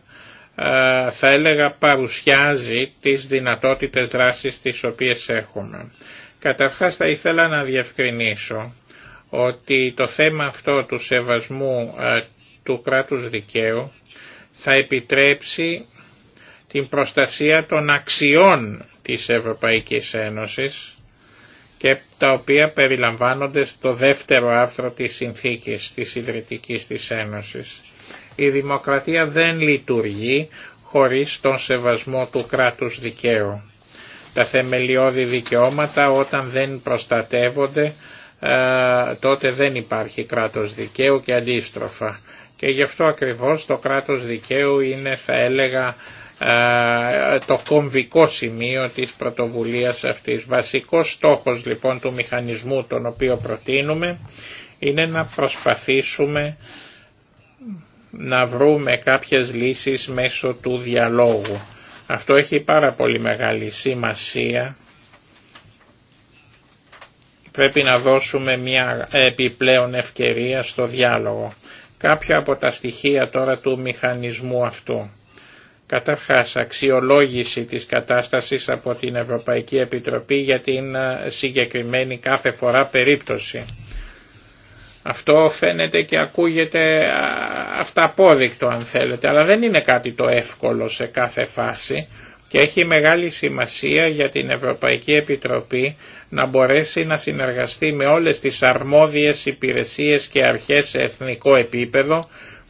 θα έλεγα παρουσιάζει τις δυνατότητες δράσης τις οποίες έχουμε. Καταρχάς θα ήθελα να διευκρινίσω ότι το θέμα αυτό του σεβασμού ε, του κράτους δικαίου θα επιτρέψει την προστασία των αξιών της Ευρωπαϊκής Ένωσης και τα οποία περιλαμβάνονται στο δεύτερο άρθρο της συνθήκης της Ιδρυτικής της Ένωσης. Η δημοκρατία δεν λειτουργεί χωρίς τον σεβασμό του κράτους δικαίου. Τα θεμελιώδη δικαιώματα όταν δεν προστατεύονται ε, τότε δεν υπάρχει κράτος δικαίου και αντίστροφα. Και γι' αυτό ακριβώς το κράτος δικαίου είναι θα έλεγα ε, το κομβικό σημείο της πρωτοβουλίας αυτής. Βασικός στόχος λοιπόν του μηχανισμού τον οποίο προτείνουμε είναι να προσπαθήσουμε να βρούμε κάποιες λύσεις μέσω του διαλόγου. Αυτό έχει πάρα πολύ μεγάλη σημασία. Πρέπει να δώσουμε μια επιπλέον ευκαιρία στο διάλογο. Κάποια από τα στοιχεία τώρα του μηχανισμού αυτού. Καταρχάς, αξιολόγηση της κατάστασης από την Ευρωπαϊκή Επιτροπή για την ε, συγκεκριμένη κάθε φορά περίπτωση. Αυτό φαίνεται και ακούγεται αυταπόδεικτο αν θέλετε, αλλά δεν είναι κάτι το εύκολο σε κάθε φάση και έχει μεγάλη σημασία για την Ευρωπαϊκή Επιτροπή να μπορέσει να συνεργαστεί με όλες τις αρμόδιες υπηρεσίες και αρχές σε εθνικό επίπεδο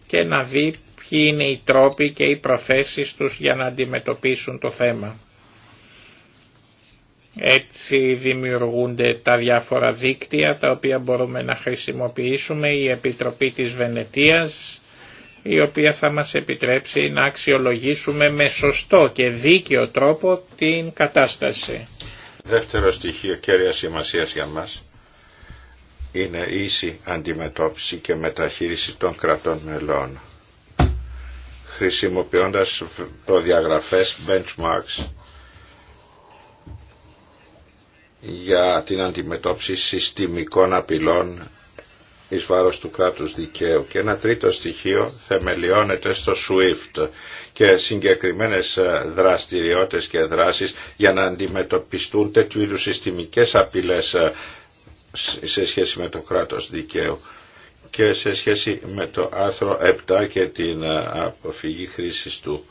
και να δει ποιοι είναι οι τρόποι και οι προθέσεις τους για να αντιμετωπίσουν το θέμα. Έτσι δημιουργούνται τα διάφορα δίκτυα τα οποία μπορούμε να χρησιμοποιήσουμε, η Επιτροπή της Βενετίας, η οποία θα μας επιτρέψει να αξιολογήσουμε με σωστό και δίκαιο τρόπο την κατάσταση. Δεύτερο στοιχείο κέρια σημασία για μας είναι ίση αντιμετώπιση και μεταχείριση των κρατών μελών χρησιμοποιώντας προδιαγραφές benchmarks για την αντιμετώπιση συστημικών απειλών εις βάρος του κράτους δικαίου. Και ένα τρίτο στοιχείο θεμελιώνεται στο SWIFT και συγκεκριμένες δραστηριότητες και δράσεις για να αντιμετωπιστούν τέτοιου είδους συστημικές απειλές σε σχέση με το κράτος δικαίου και σε σχέση με το άρθρο 7 και την ε, αποφυγή χρήσης του.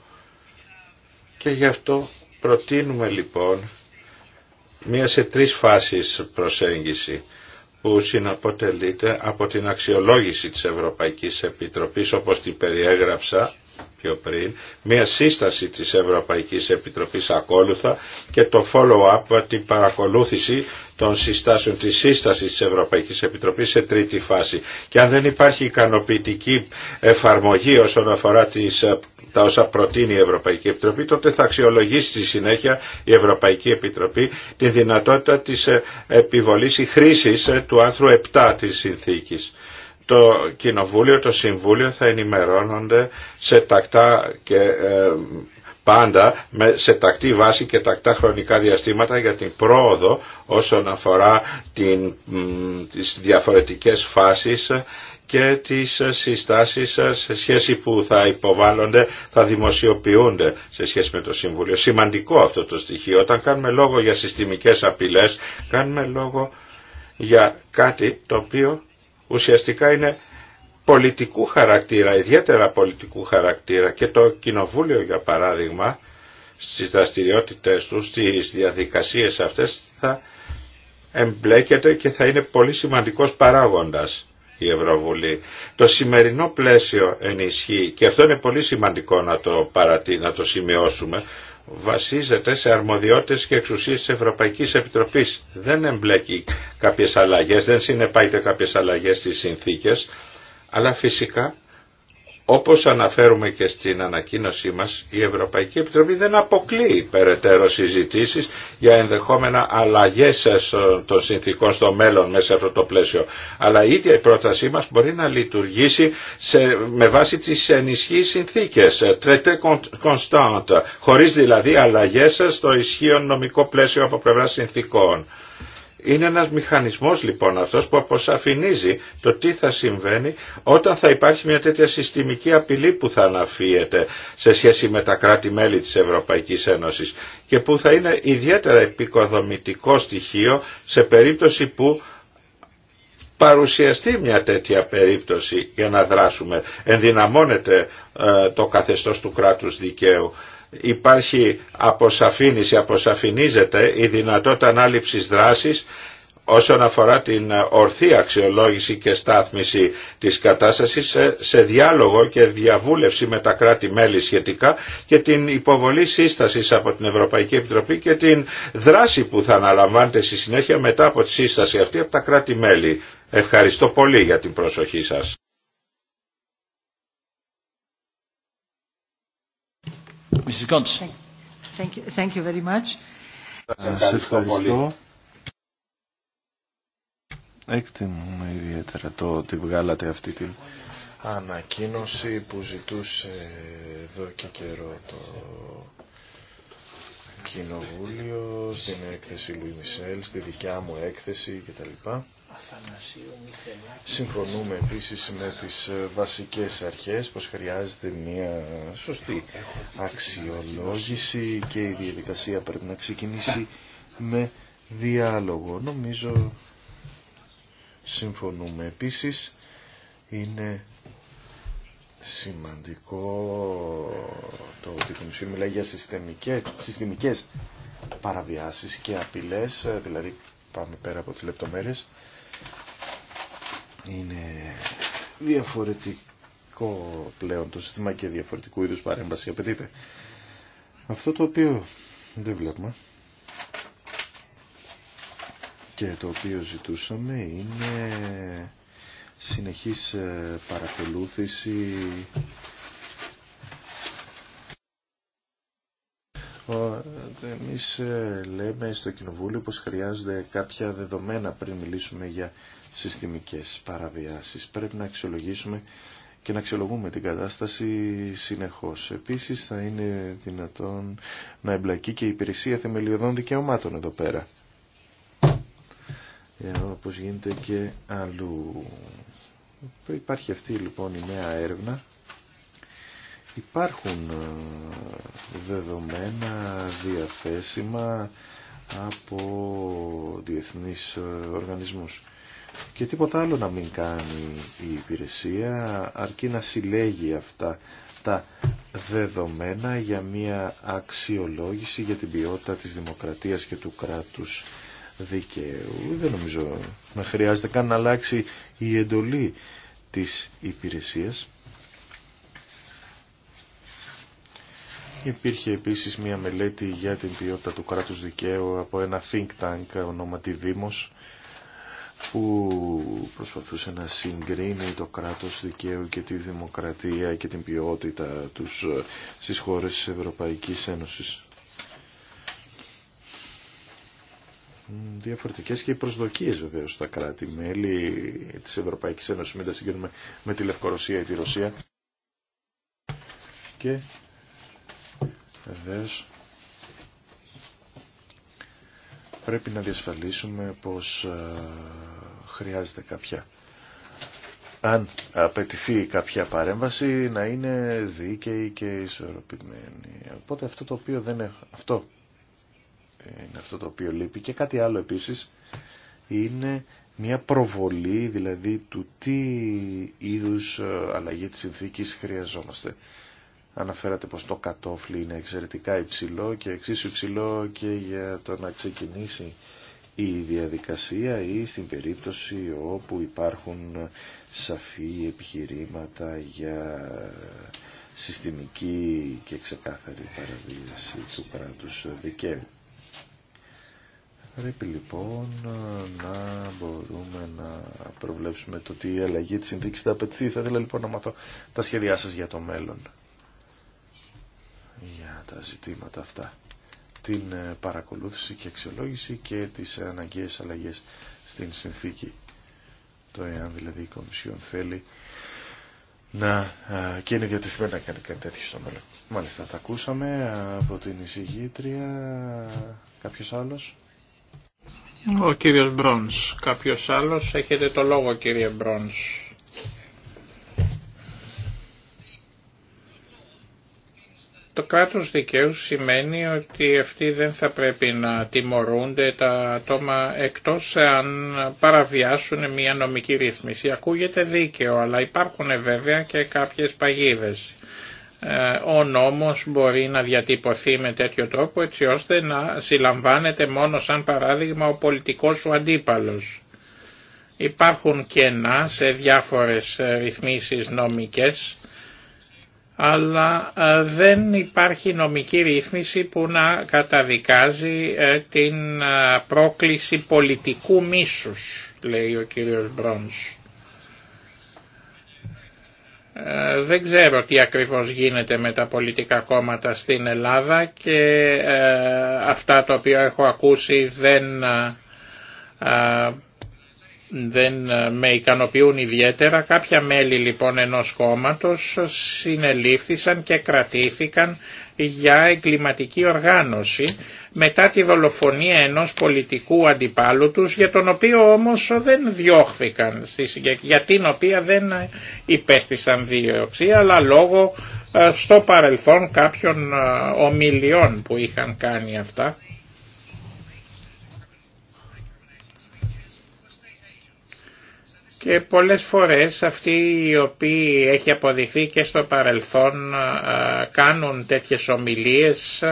Και γι' αυτό προτείνουμε λοιπόν μία σε τρεις φάσεις προσέγγιση που συναποτελείται από την αξιολόγηση της Ευρωπαϊκής Επιτροπής όπως την περιέγραψα πιο πριν, μία σύσταση της Ευρωπαϊκής Επιτροπής ακόλουθα και το follow-up, την παρακολούθηση των συστάσεων της σύστασης της Ευρωπαϊκής Επιτροπής σε τρίτη φάση. Και αν δεν υπάρχει ικανοποιητική εφαρμογή όσον αφορά τις, ε, τα όσα προτείνει η Ευρωπαϊκή Επιτροπή, τότε θα αξιολογήσει στη συνέχεια η Ευρωπαϊκή Επιτροπή τη δυνατότητα της ε, επιβολής ή χρήσης ε, του άνθρου 7 της συνθήκης το Κοινοβούλιο, το Συμβούλιο θα ενημερώνονται σε τακτά και πάντα σε τακτή βάση και τακτά χρονικά διαστήματα για την πρόοδο όσον αφορά την, τις διαφορετικές φάσεις και τις συστάσεις σε σχέση που θα υποβάλλονται, θα δημοσιοποιούνται σε σχέση με το Συμβούλιο. Σημαντικό αυτό το στοιχείο. Όταν κάνουμε λόγο για συστημικές απειλές, κάνουμε λόγο για κάτι το οποίο ουσιαστικά είναι πολιτικού χαρακτήρα, ιδιαίτερα πολιτικού χαρακτήρα και το Κοινοβούλιο για παράδειγμα στις δραστηριότητες του, στις διαδικασίες αυτές θα εμπλέκεται και θα είναι πολύ σημαντικός παράγοντας η Ευρωβουλή. Το σημερινό πλαίσιο ενισχύει και αυτό είναι πολύ σημαντικό να το, να το σημειώσουμε βασίζεται σε αρμοδιότητες και εξουσίες της Ευρωπαϊκής Επιτροπής. Δεν εμπλέκει κάποιες αλλαγές, δεν συνεπάγεται κάποιες αλλαγές στις συνθήκες αλλά φυσικά, όπως αναφέρουμε και στην ανακοίνωσή μας, η Ευρωπαϊκή Επιτροπή δεν αποκλείει περαιτέρω συζητήσεις για ενδεχόμενα αλλαγές των συνθήκων στο μέλλον μέσα σε αυτό το πλαίσιο. Αλλά η ίδια η πρότασή μας μπορεί να λειτουργήσει σε, με βάση τις ενισχύει συνθήκες, τρετέ constant, χωρίς δηλαδή αλλαγές στο ισχύον νομικό πλαίσιο από πλευρά συνθήκων. Είναι ένας μηχανισμός λοιπόν αυτός που αποσαφηνίζει το τι θα συμβαίνει όταν θα υπάρχει μια τέτοια συστημική απειλή που θα αναφύεται σε σχέση με τα κράτη-μέλη της Ευρωπαϊκής Ένωσης και που θα είναι ιδιαίτερα επικοδομητικό στοιχείο σε περίπτωση που παρουσιαστεί μια τέτοια περίπτωση για να δράσουμε. Ενδυναμώνεται ε, το καθεστώς του κράτους δικαίου υπάρχει αποσαφήνιση, αποσαφηνίζεται η δυνατότητα ανάληψης δράσης όσον αφορά την ορθή αξιολόγηση και στάθμιση της κατάστασης σε, διάλογο και διαβούλευση με τα κράτη-μέλη σχετικά και την υποβολή σύστασης από την Ευρωπαϊκή Επιτροπή και την δράση που θα αναλαμβάνεται στη συνέχεια μετά από τη σύσταση αυτή από τα κράτη-μέλη. Ευχαριστώ πολύ για την προσοχή σας. Mrs. ευχαριστώ. Έκτιμουμε ιδιαίτερα το ότι βγάλατε αυτή την ανακοίνωση που ζητούσε εδώ και καιρό το Κοινοβούλιο, στην έκθεση Λουιμισέλ, Μισελ, στη δικιά μου έκθεση κτλ. Συμφωνούμε επίσης με τις ε, βασικές αρχές πως χρειάζεται μια σωστή αξιολόγηση και η διαδικασία πρέπει να ξεκινήσει με διάλογο. Νομίζω συμφωνούμε επίσης είναι σημαντικό το ότι η Κομισιόν μιλάει για συστημικές, συστημικές παραβιάσεις και απειλές, ε, δηλαδή πάμε πέρα από τις λεπτομέρειες είναι διαφορετικό πλέον το σύστημα και διαφορετικού είδους παρέμβαση απαιτείται. Αυτό το οποίο δεν βλέπουμε και το οποίο ζητούσαμε είναι συνεχής ε, παρακολούθηση Εμεί ε, λέμε στο Κοινοβούλιο πως χρειάζονται κάποια δεδομένα πριν μιλήσουμε για συστημικές παραβιάσεις. Πρέπει να αξιολογήσουμε και να αξιολογούμε την κατάσταση συνεχώς. Επίσης θα είναι δυνατόν να εμπλακεί και η υπηρεσία θεμελιωδών δικαιωμάτων εδώ πέρα. Εδώ όπως γίνεται και αλλού. Υπάρχει αυτή λοιπόν η νέα έρευνα. Υπάρχουν ε, δεδομένα διαθέσιμα από διεθνείς ε, οργανισμούς και τίποτα άλλο να μην κάνει η υπηρεσία αρκεί να συλλέγει αυτά τα δεδομένα για μια αξιολόγηση για την ποιότητα της δημοκρατίας και του κράτους δικαίου. Δεν νομίζω να χρειάζεται καν να αλλάξει η εντολή της υπηρεσίας. Υπήρχε επίσης μια μελέτη για την ποιότητα του κράτους δικαίου από ένα think tank ονόματι που προσπαθούσε να συγκρίνει το κράτος δικαίου και τη δημοκρατία και την ποιότητα τους ε, στις χώρες της Ευρωπαϊκής Ένωσης. Διαφορετικές και οι προσδοκίες βεβαίως στα κράτη-μέλη της Ευρωπαϊκής Ένωσης. Μην τα συγκρίνουμε με τη Λευκορωσία ή τη Ρωσία. Και βεβαίως πρέπει να διασφαλίσουμε πως ε, χρειάζεται κάποια αν απαιτηθεί κάποια παρέμβαση να είναι δίκαιη και ισορροπημένη. Οπότε αυτό το οποίο δεν είναι αυτό είναι αυτό το οποίο λείπει και κάτι άλλο επίσης είναι μια προβολή δηλαδή του τι είδους ε, αλλαγή της συνθήκης χρειαζόμαστε. Αναφέρατε πως το κατόφλι είναι εξαιρετικά υψηλό και εξίσου υψηλό και για το να ξεκινήσει η διαδικασία ή στην περίπτωση όπου υπάρχουν σαφή επιχειρήματα για συστημική και ξεκάθαρη παραβίαση του κράτους δικαίου. Πρέπει λοιπόν να μπορούμε να προβλέψουμε το τι η αλλαγή της συνθήκης θα απαιτεί. Θα ήθελα λοιπόν να μάθω τα σχέδιά σας για το μέλλον για τα ζητήματα αυτά την ε, παρακολούθηση και αξιολόγηση και τις αναγκαίες αλλαγές στην συνθήκη. Το εάν δηλαδή η Κομισιόν θέλει να, και είναι διατεθειμένη να κάνει κάτι τέτοιο στο μέλλον. Μάλιστα, τα ακούσαμε από την εισηγήτρια. Κάποιος άλλος? Ο κύριος Μπρόνς. Κάποιος άλλος. Έχετε το λόγο κύριε Μπρόνς. Το κράτος δικαίου σημαίνει ότι αυτοί δεν θα πρέπει να τιμωρούνται τα άτομα εκτός αν παραβιάσουν μια νομική ρύθμιση. Ακούγεται δίκαιο, αλλά υπάρχουν βέβαια και κάποιες παγίδες. Ε, ο νόμος μπορεί να διατυπωθεί με τέτοιο τρόπο έτσι ώστε να συλλαμβάνεται μόνο σαν παράδειγμα ο πολιτικός σου αντίπαλος. Υπάρχουν κενά σε διάφορες ρυθμίσεις νομικές αλλά ε, δεν υπάρχει νομική ρύθμιση που να καταδικάζει ε, την ε, πρόκληση πολιτικού μίσους, λέει ο κύριος Μπρόνς. Δεν ξέρω τι ακριβώς γίνεται με τα πολιτικά κόμματα στην Ελλάδα και αυτά τα οποία έχω ακούσει δεν δεν ε, με ικανοποιούν ιδιαίτερα. Κάποια μέλη λοιπόν ενός κόμματος συνελήφθησαν και κρατήθηκαν για εγκληματική οργάνωση μετά τη δολοφονία ενός πολιτικού αντιπάλου τους για τον οποίο όμως δεν διώχθηκαν, για την οποία δεν υπέστησαν δίωξη αλλά λόγω ε, στο παρελθόν κάποιων ε, ομιλιών που είχαν κάνει αυτά Και πολλές φορές αυτοί οι οποίοι έχει αποδειχθεί και στο παρελθόν ε, κάνουν τέτοιες ομιλίες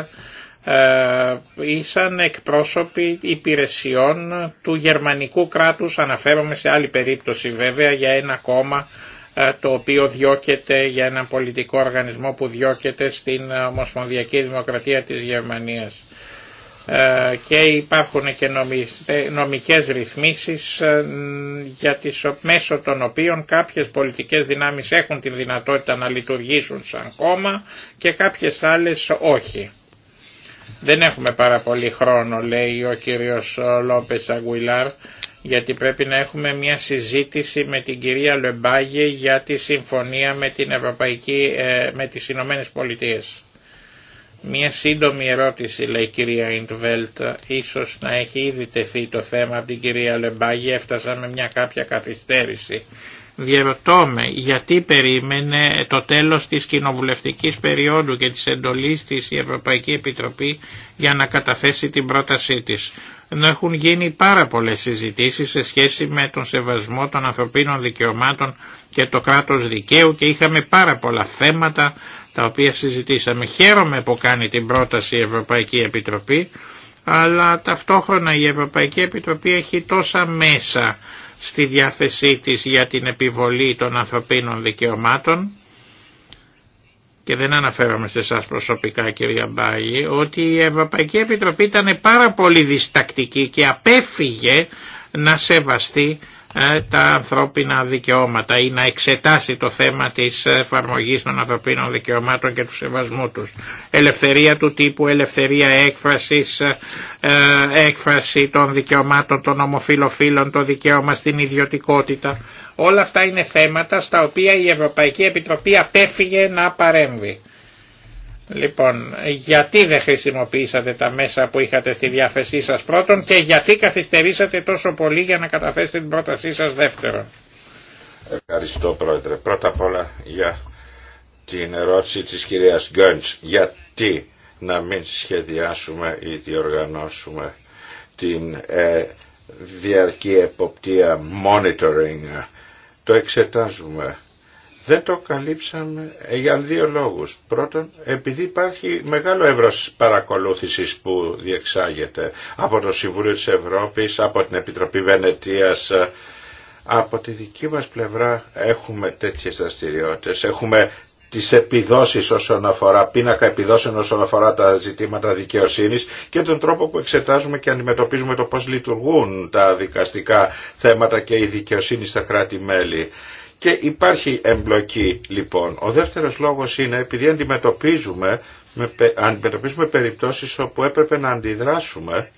ε, ήσαν εκπρόσωποι υπηρεσιών του γερμανικού κράτους, αναφέρομαι σε άλλη περίπτωση βέβαια για ένα κόμμα ε, το οποίο διώκεται για έναν πολιτικό οργανισμό που διώκεται στην Ομοσπονδιακή Δημοκρατία της Γερμανίας. Ε, και υπάρχουν και ε, νομικές ρυθμίσεις ε, για τις, μέσω των οποίων κάποιες πολιτικές δυνάμεις έχουν τη δυνατότητα να λειτουργήσουν σαν κόμμα και κάποιες άλλες όχι. Δεν έχουμε πάρα πολύ χρόνο λέει ο κύριος Λόπες Αγκουιλάρ γιατί πρέπει να έχουμε μια συζήτηση με την κυρία Λεμπάγε για τη συμφωνία με, την Ευρωπαϊκή, με τις Ηνωμένες Πολιτείες. Μία σύντομη ερώτηση λέει η κυρία Ιντβέλτ, ίσως να έχει ήδη τεθεί το θέμα από την κυρία Λεμπάγη, έφτασα με μια κάποια καθυστέρηση. Διερωτώ με γιατί περίμενε το τέλος της κοινοβουλευτικής περίοδου και της εντολής της η Ευρωπαϊκή Επιτροπή για να καταθέσει την πρότασή της. Να έχουν γίνει πάρα πολλές συζητήσεις σε σχέση με τον σεβασμό των ανθρωπίνων δικαιωμάτων και το κράτος δικαίου και είχαμε πάρα πολλά θέματα τα οποία συζητήσαμε. Χαίρομαι που κάνει την πρόταση η Ευρωπαϊκή Επιτροπή, αλλά ταυτόχρονα η Ευρωπαϊκή Επιτροπή έχει τόσα μέσα στη διάθεσή της για την επιβολή των ανθρωπίνων δικαιωμάτων και δεν αναφέρομαι σε εσά προσωπικά κυρία Μπάγη, ότι η Ευρωπαϊκή Επιτροπή ήταν πάρα πολύ διστακτική και απέφυγε να σεβαστεί ε, τα ανθρώπινα δικαιώματα ή να εξετάσει το θέμα της εφαρμογής των ανθρωπίνων δικαιωμάτων και του σεβασμού τους. Ελευθερία του τύπου, ελευθερία έκφρασης, ε, έκφραση των δικαιωμάτων των ομοφιλοφίλων, το δικαίωμα στην ιδιωτικότητα. Όλα αυτά είναι θέματα στα οποία η Ευρωπαϊκή Επιτροπή απέφυγε να παρέμβει. Λοιπόν, γιατί δεν χρησιμοποιήσατε τα μέσα που είχατε στη διάθεσή σας πρώτον και γιατί καθυστερήσατε τόσο πολύ για να καταθέσετε την πρότασή σας δεύτερον. Ευχαριστώ Πρόεδρε. Πρώτα απ' όλα για την ερώτηση της κυρίας Γκέντς. Γιατί να μην σχεδιάσουμε ή διοργανώσουμε την ε, διαρκή εποπτεία monitoring. Το εξετάζουμε δεν το καλύψαμε ε, για δύο λόγους. Πρώτον, επειδή υπάρχει μεγάλο εύρος παρακολούθησης που διεξάγεται από το Συμβούλιο της Ευρώπης, από την Επιτροπή Βενετίας, ε, από τη δική μας πλευρά έχουμε τέτοιες δραστηριότητε. έχουμε τις επιδόσεις όσον αφορά, πίνακα επιδόσεων όσον αφορά τα ζητήματα δικαιοσύνης και τον τρόπο που εξετάζουμε και αντιμετωπίζουμε το πώς λειτουργούν τα δικαστικά θέματα και η δικαιοσύνη στα κράτη-μέλη. Και υπάρχει εμπλοκή λοιπόν. Ο δεύτερος λόγος είναι επειδή αντιμετωπίζουμε, με, αντιμετωπίζουμε περιπτώσεις όπου έπρεπε να αντιδράσουμε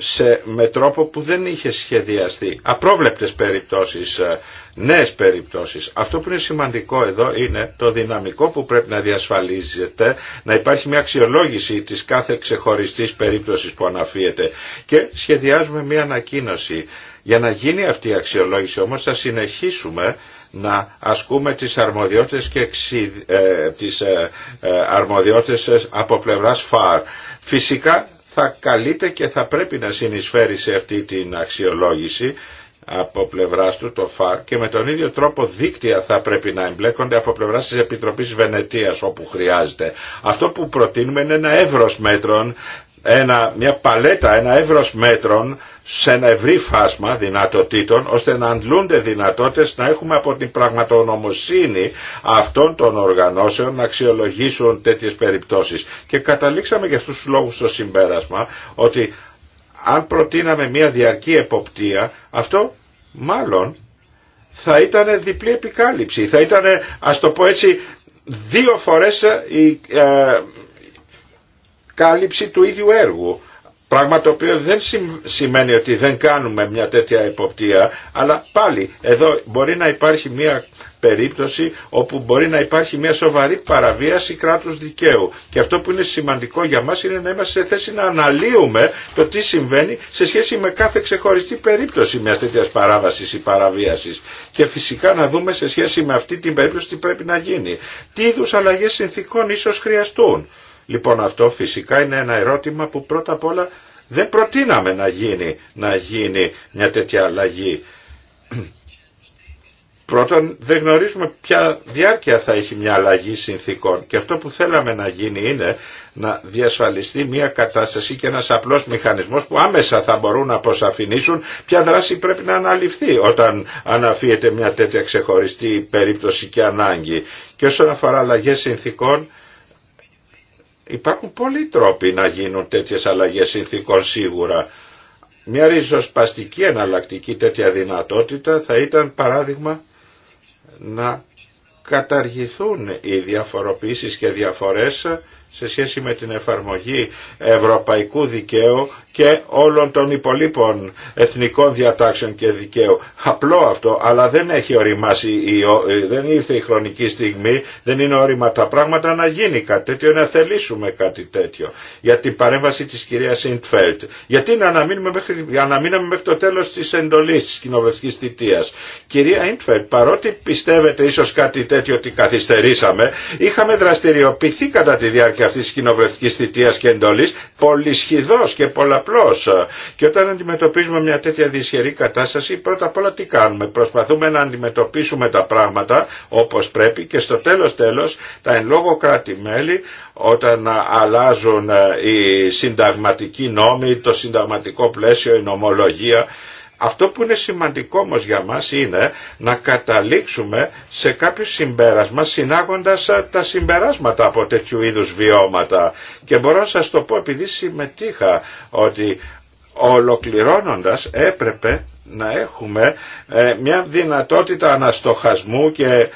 σε, με τρόπο που δεν είχε σχεδιαστεί. Απρόβλεπτες περιπτώσεις, ε, νέες περιπτώσεις. Αυτό που είναι σημαντικό εδώ είναι το δυναμικό που πρέπει να διασφαλίζεται, να υπάρχει μια αξιολόγηση της κάθε ξεχωριστής περίπτωσης που αναφύεται. Και σχεδιάζουμε μια ανακοίνωση για να γίνει αυτή η αξιολόγηση όμως θα συνεχίσουμε να ασκούμε τις αρμοδιότητες και ε, τις ε, ε, αρμοδιότητες από πλευράς ΦΑΡ. Φυσικά θα καλείται και θα πρέπει να συνεισφέρει σε αυτή την αξιολόγηση από πλευράς του το ΦΑΡ και με τον ίδιο τρόπο δίκτυα θα πρέπει να εμπλέκονται από πλευράς της Επιτροπής Βενετίας όπου χρειάζεται. Αυτό που προτείνουμε είναι ένα εύρος μέτρων, ένα, μια παλέτα, ένα εύρος μέτρων σε ένα ευρύ φάσμα δυνατοτήτων ώστε να αντλούνται δυνατότητες να έχουμε από την πραγματονομοσύνη αυτών των οργανώσεων να αξιολογήσουν τέτοιες περιπτώσεις. Και καταλήξαμε για αυτούς τους λόγους στο συμπέρασμα ότι αν προτείναμε μια διαρκή εποπτεία αυτό μάλλον θα ήταν διπλή επικάλυψη. Θα ήταν ας το πω έτσι δύο φορές η ε, κάλυψη του ίδιου έργου Πράγμα το οποίο δεν σημαίνει ότι δεν κάνουμε μια τέτοια υποπτία αλλά πάλι εδώ μπορεί να υπάρχει μια περίπτωση όπου μπορεί να υπάρχει μια σοβαρή παραβίαση κράτους δικαίου. Και αυτό που είναι σημαντικό για μας είναι να είμαστε σε θέση να αναλύουμε το τι συμβαίνει σε σχέση με κάθε ξεχωριστή περίπτωση μιας τέτοιας παράβασης ή παραβίασης. Και φυσικά να δούμε σε σχέση με αυτή την περίπτωση τι πρέπει να γίνει. Τι είδους αλλαγές συνθήκων ίσως χρειαστούν. Λοιπόν αυτό φυσικά είναι ένα ερώτημα που πρώτα απ' όλα δεν προτείναμε να γίνει, να γίνει μια τέτοια αλλαγή. Πρώτον, δεν γνωρίζουμε ποια διάρκεια θα έχει μια αλλαγή συνθήκων και αυτό που θέλαμε να γίνει είναι να διασφαλιστεί μια κατάσταση και ένας απλός μηχανισμός που άμεσα θα μπορούν να αποσαφηνίσουν ποια δράση πρέπει να αναλυφθεί όταν αναφύεται μια τέτοια ξεχωριστή περίπτωση και ανάγκη. Και όσον αφορά αλλαγές συνθήκων, Υπάρχουν πολλοί τρόποι να γίνουν τέτοιες αλλαγές συνθήκων σίγουρα. Μια ριζοσπαστική εναλλακτική τέτοια δυνατότητα θα ήταν παράδειγμα να καταργηθούν οι διαφοροποίησεις και διαφορές σε σχέση με την εφαρμογή ευρωπαϊκού δικαίου και όλων των υπολείπων εθνικών διατάξεων και δικαίου. Απλό αυτό, αλλά δεν έχει οριμάσει, ε, δεν ήρθε η χρονική στιγμή, δεν είναι όριμα τα πράγματα να γίνει κάτι τέτοιο, να θελήσουμε κάτι τέτοιο. Για την παρέμβαση της κυρίας Ιντφέλτ. Γιατί να αναμείνουμε μέχρι, αναμείναμε μέχρι το τέλος της εντολής της κοινοβουλευτικής θητείας. Κυρία Ιντφέλτ, παρότι πιστεύετε ίσως κάτι τέτοιο ότι καθυστερήσαμε, είχαμε δραστηριοποιηθεί κατά τη διάρκεια και αυτής της κοινοβουλευτικής θητείας και εντολής πολυσχηδός και πολλαπλός. Και όταν αντιμετωπίζουμε μια τέτοια δυσχερή κατάσταση πρώτα απ' όλα τι κάνουμε. Προσπαθούμε να αντιμετωπίσουμε τα πράγματα όπως πρέπει και στο τέλος τέλος τα εν λόγω κράτη-μέλη όταν αλλάζουν ε, οι συνταγματικοί νόμοι, το συνταγματικό πλαίσιο, η νομολογία αυτό που είναι σημαντικό όμως για μας είναι να καταλήξουμε σε κάποιο συμπέρασμα συνάγοντας τα συμπεράσματα από τέτοιου είδους βιώματα. Και μπορώ να σας το πω επειδή συμμετείχα ότι ολοκληρώνοντας έπρεπε να έχουμε ε, μια δυνατότητα αναστοχασμού και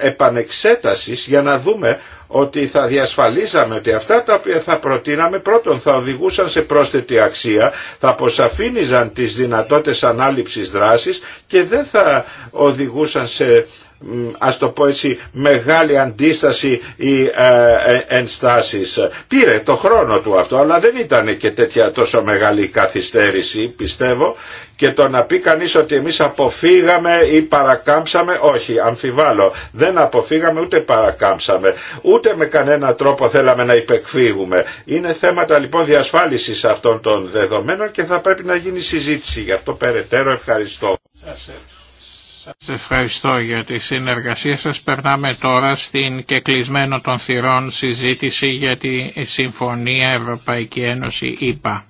επανεξέτασης για να δούμε ότι θα διασφαλίσαμε ότι αυτά τα οποία θα προτείναμε πρώτον θα οδηγούσαν σε πρόσθετη αξία, θα αποσαφήνιζαν τις δυνατότητες ανάληψης δράσης και δεν θα οδηγούσαν σε ας το πω έτσι μεγάλη αντίσταση ή ε, ε, ενστάσεις. Πήρε το χρόνο του αυτό αλλά δεν ήταν και τέτοια τόσο μεγάλη καθυστέρηση πιστεύω και το να πει κανείς ότι εμείς αποφύγαμε ή παρακάμψαμε, όχι, αμφιβάλλω, δεν αποφύγαμε ούτε παρακάμψαμε, ούτε με κανένα τρόπο θέλαμε να υπεκφύγουμε. Είναι θέματα λοιπόν διασφάλισης αυτών των δεδομένων και θα πρέπει να γίνει συζήτηση. Γι' αυτό περαιτέρω ευχαριστώ. Σας ευχαριστώ για τη συνεργασία σας. Περνάμε τώρα στην κεκλεισμένο των θυρών συζήτηση για τη Συμφωνία Ευρωπαϊκή Ένωση ΕΠΑ.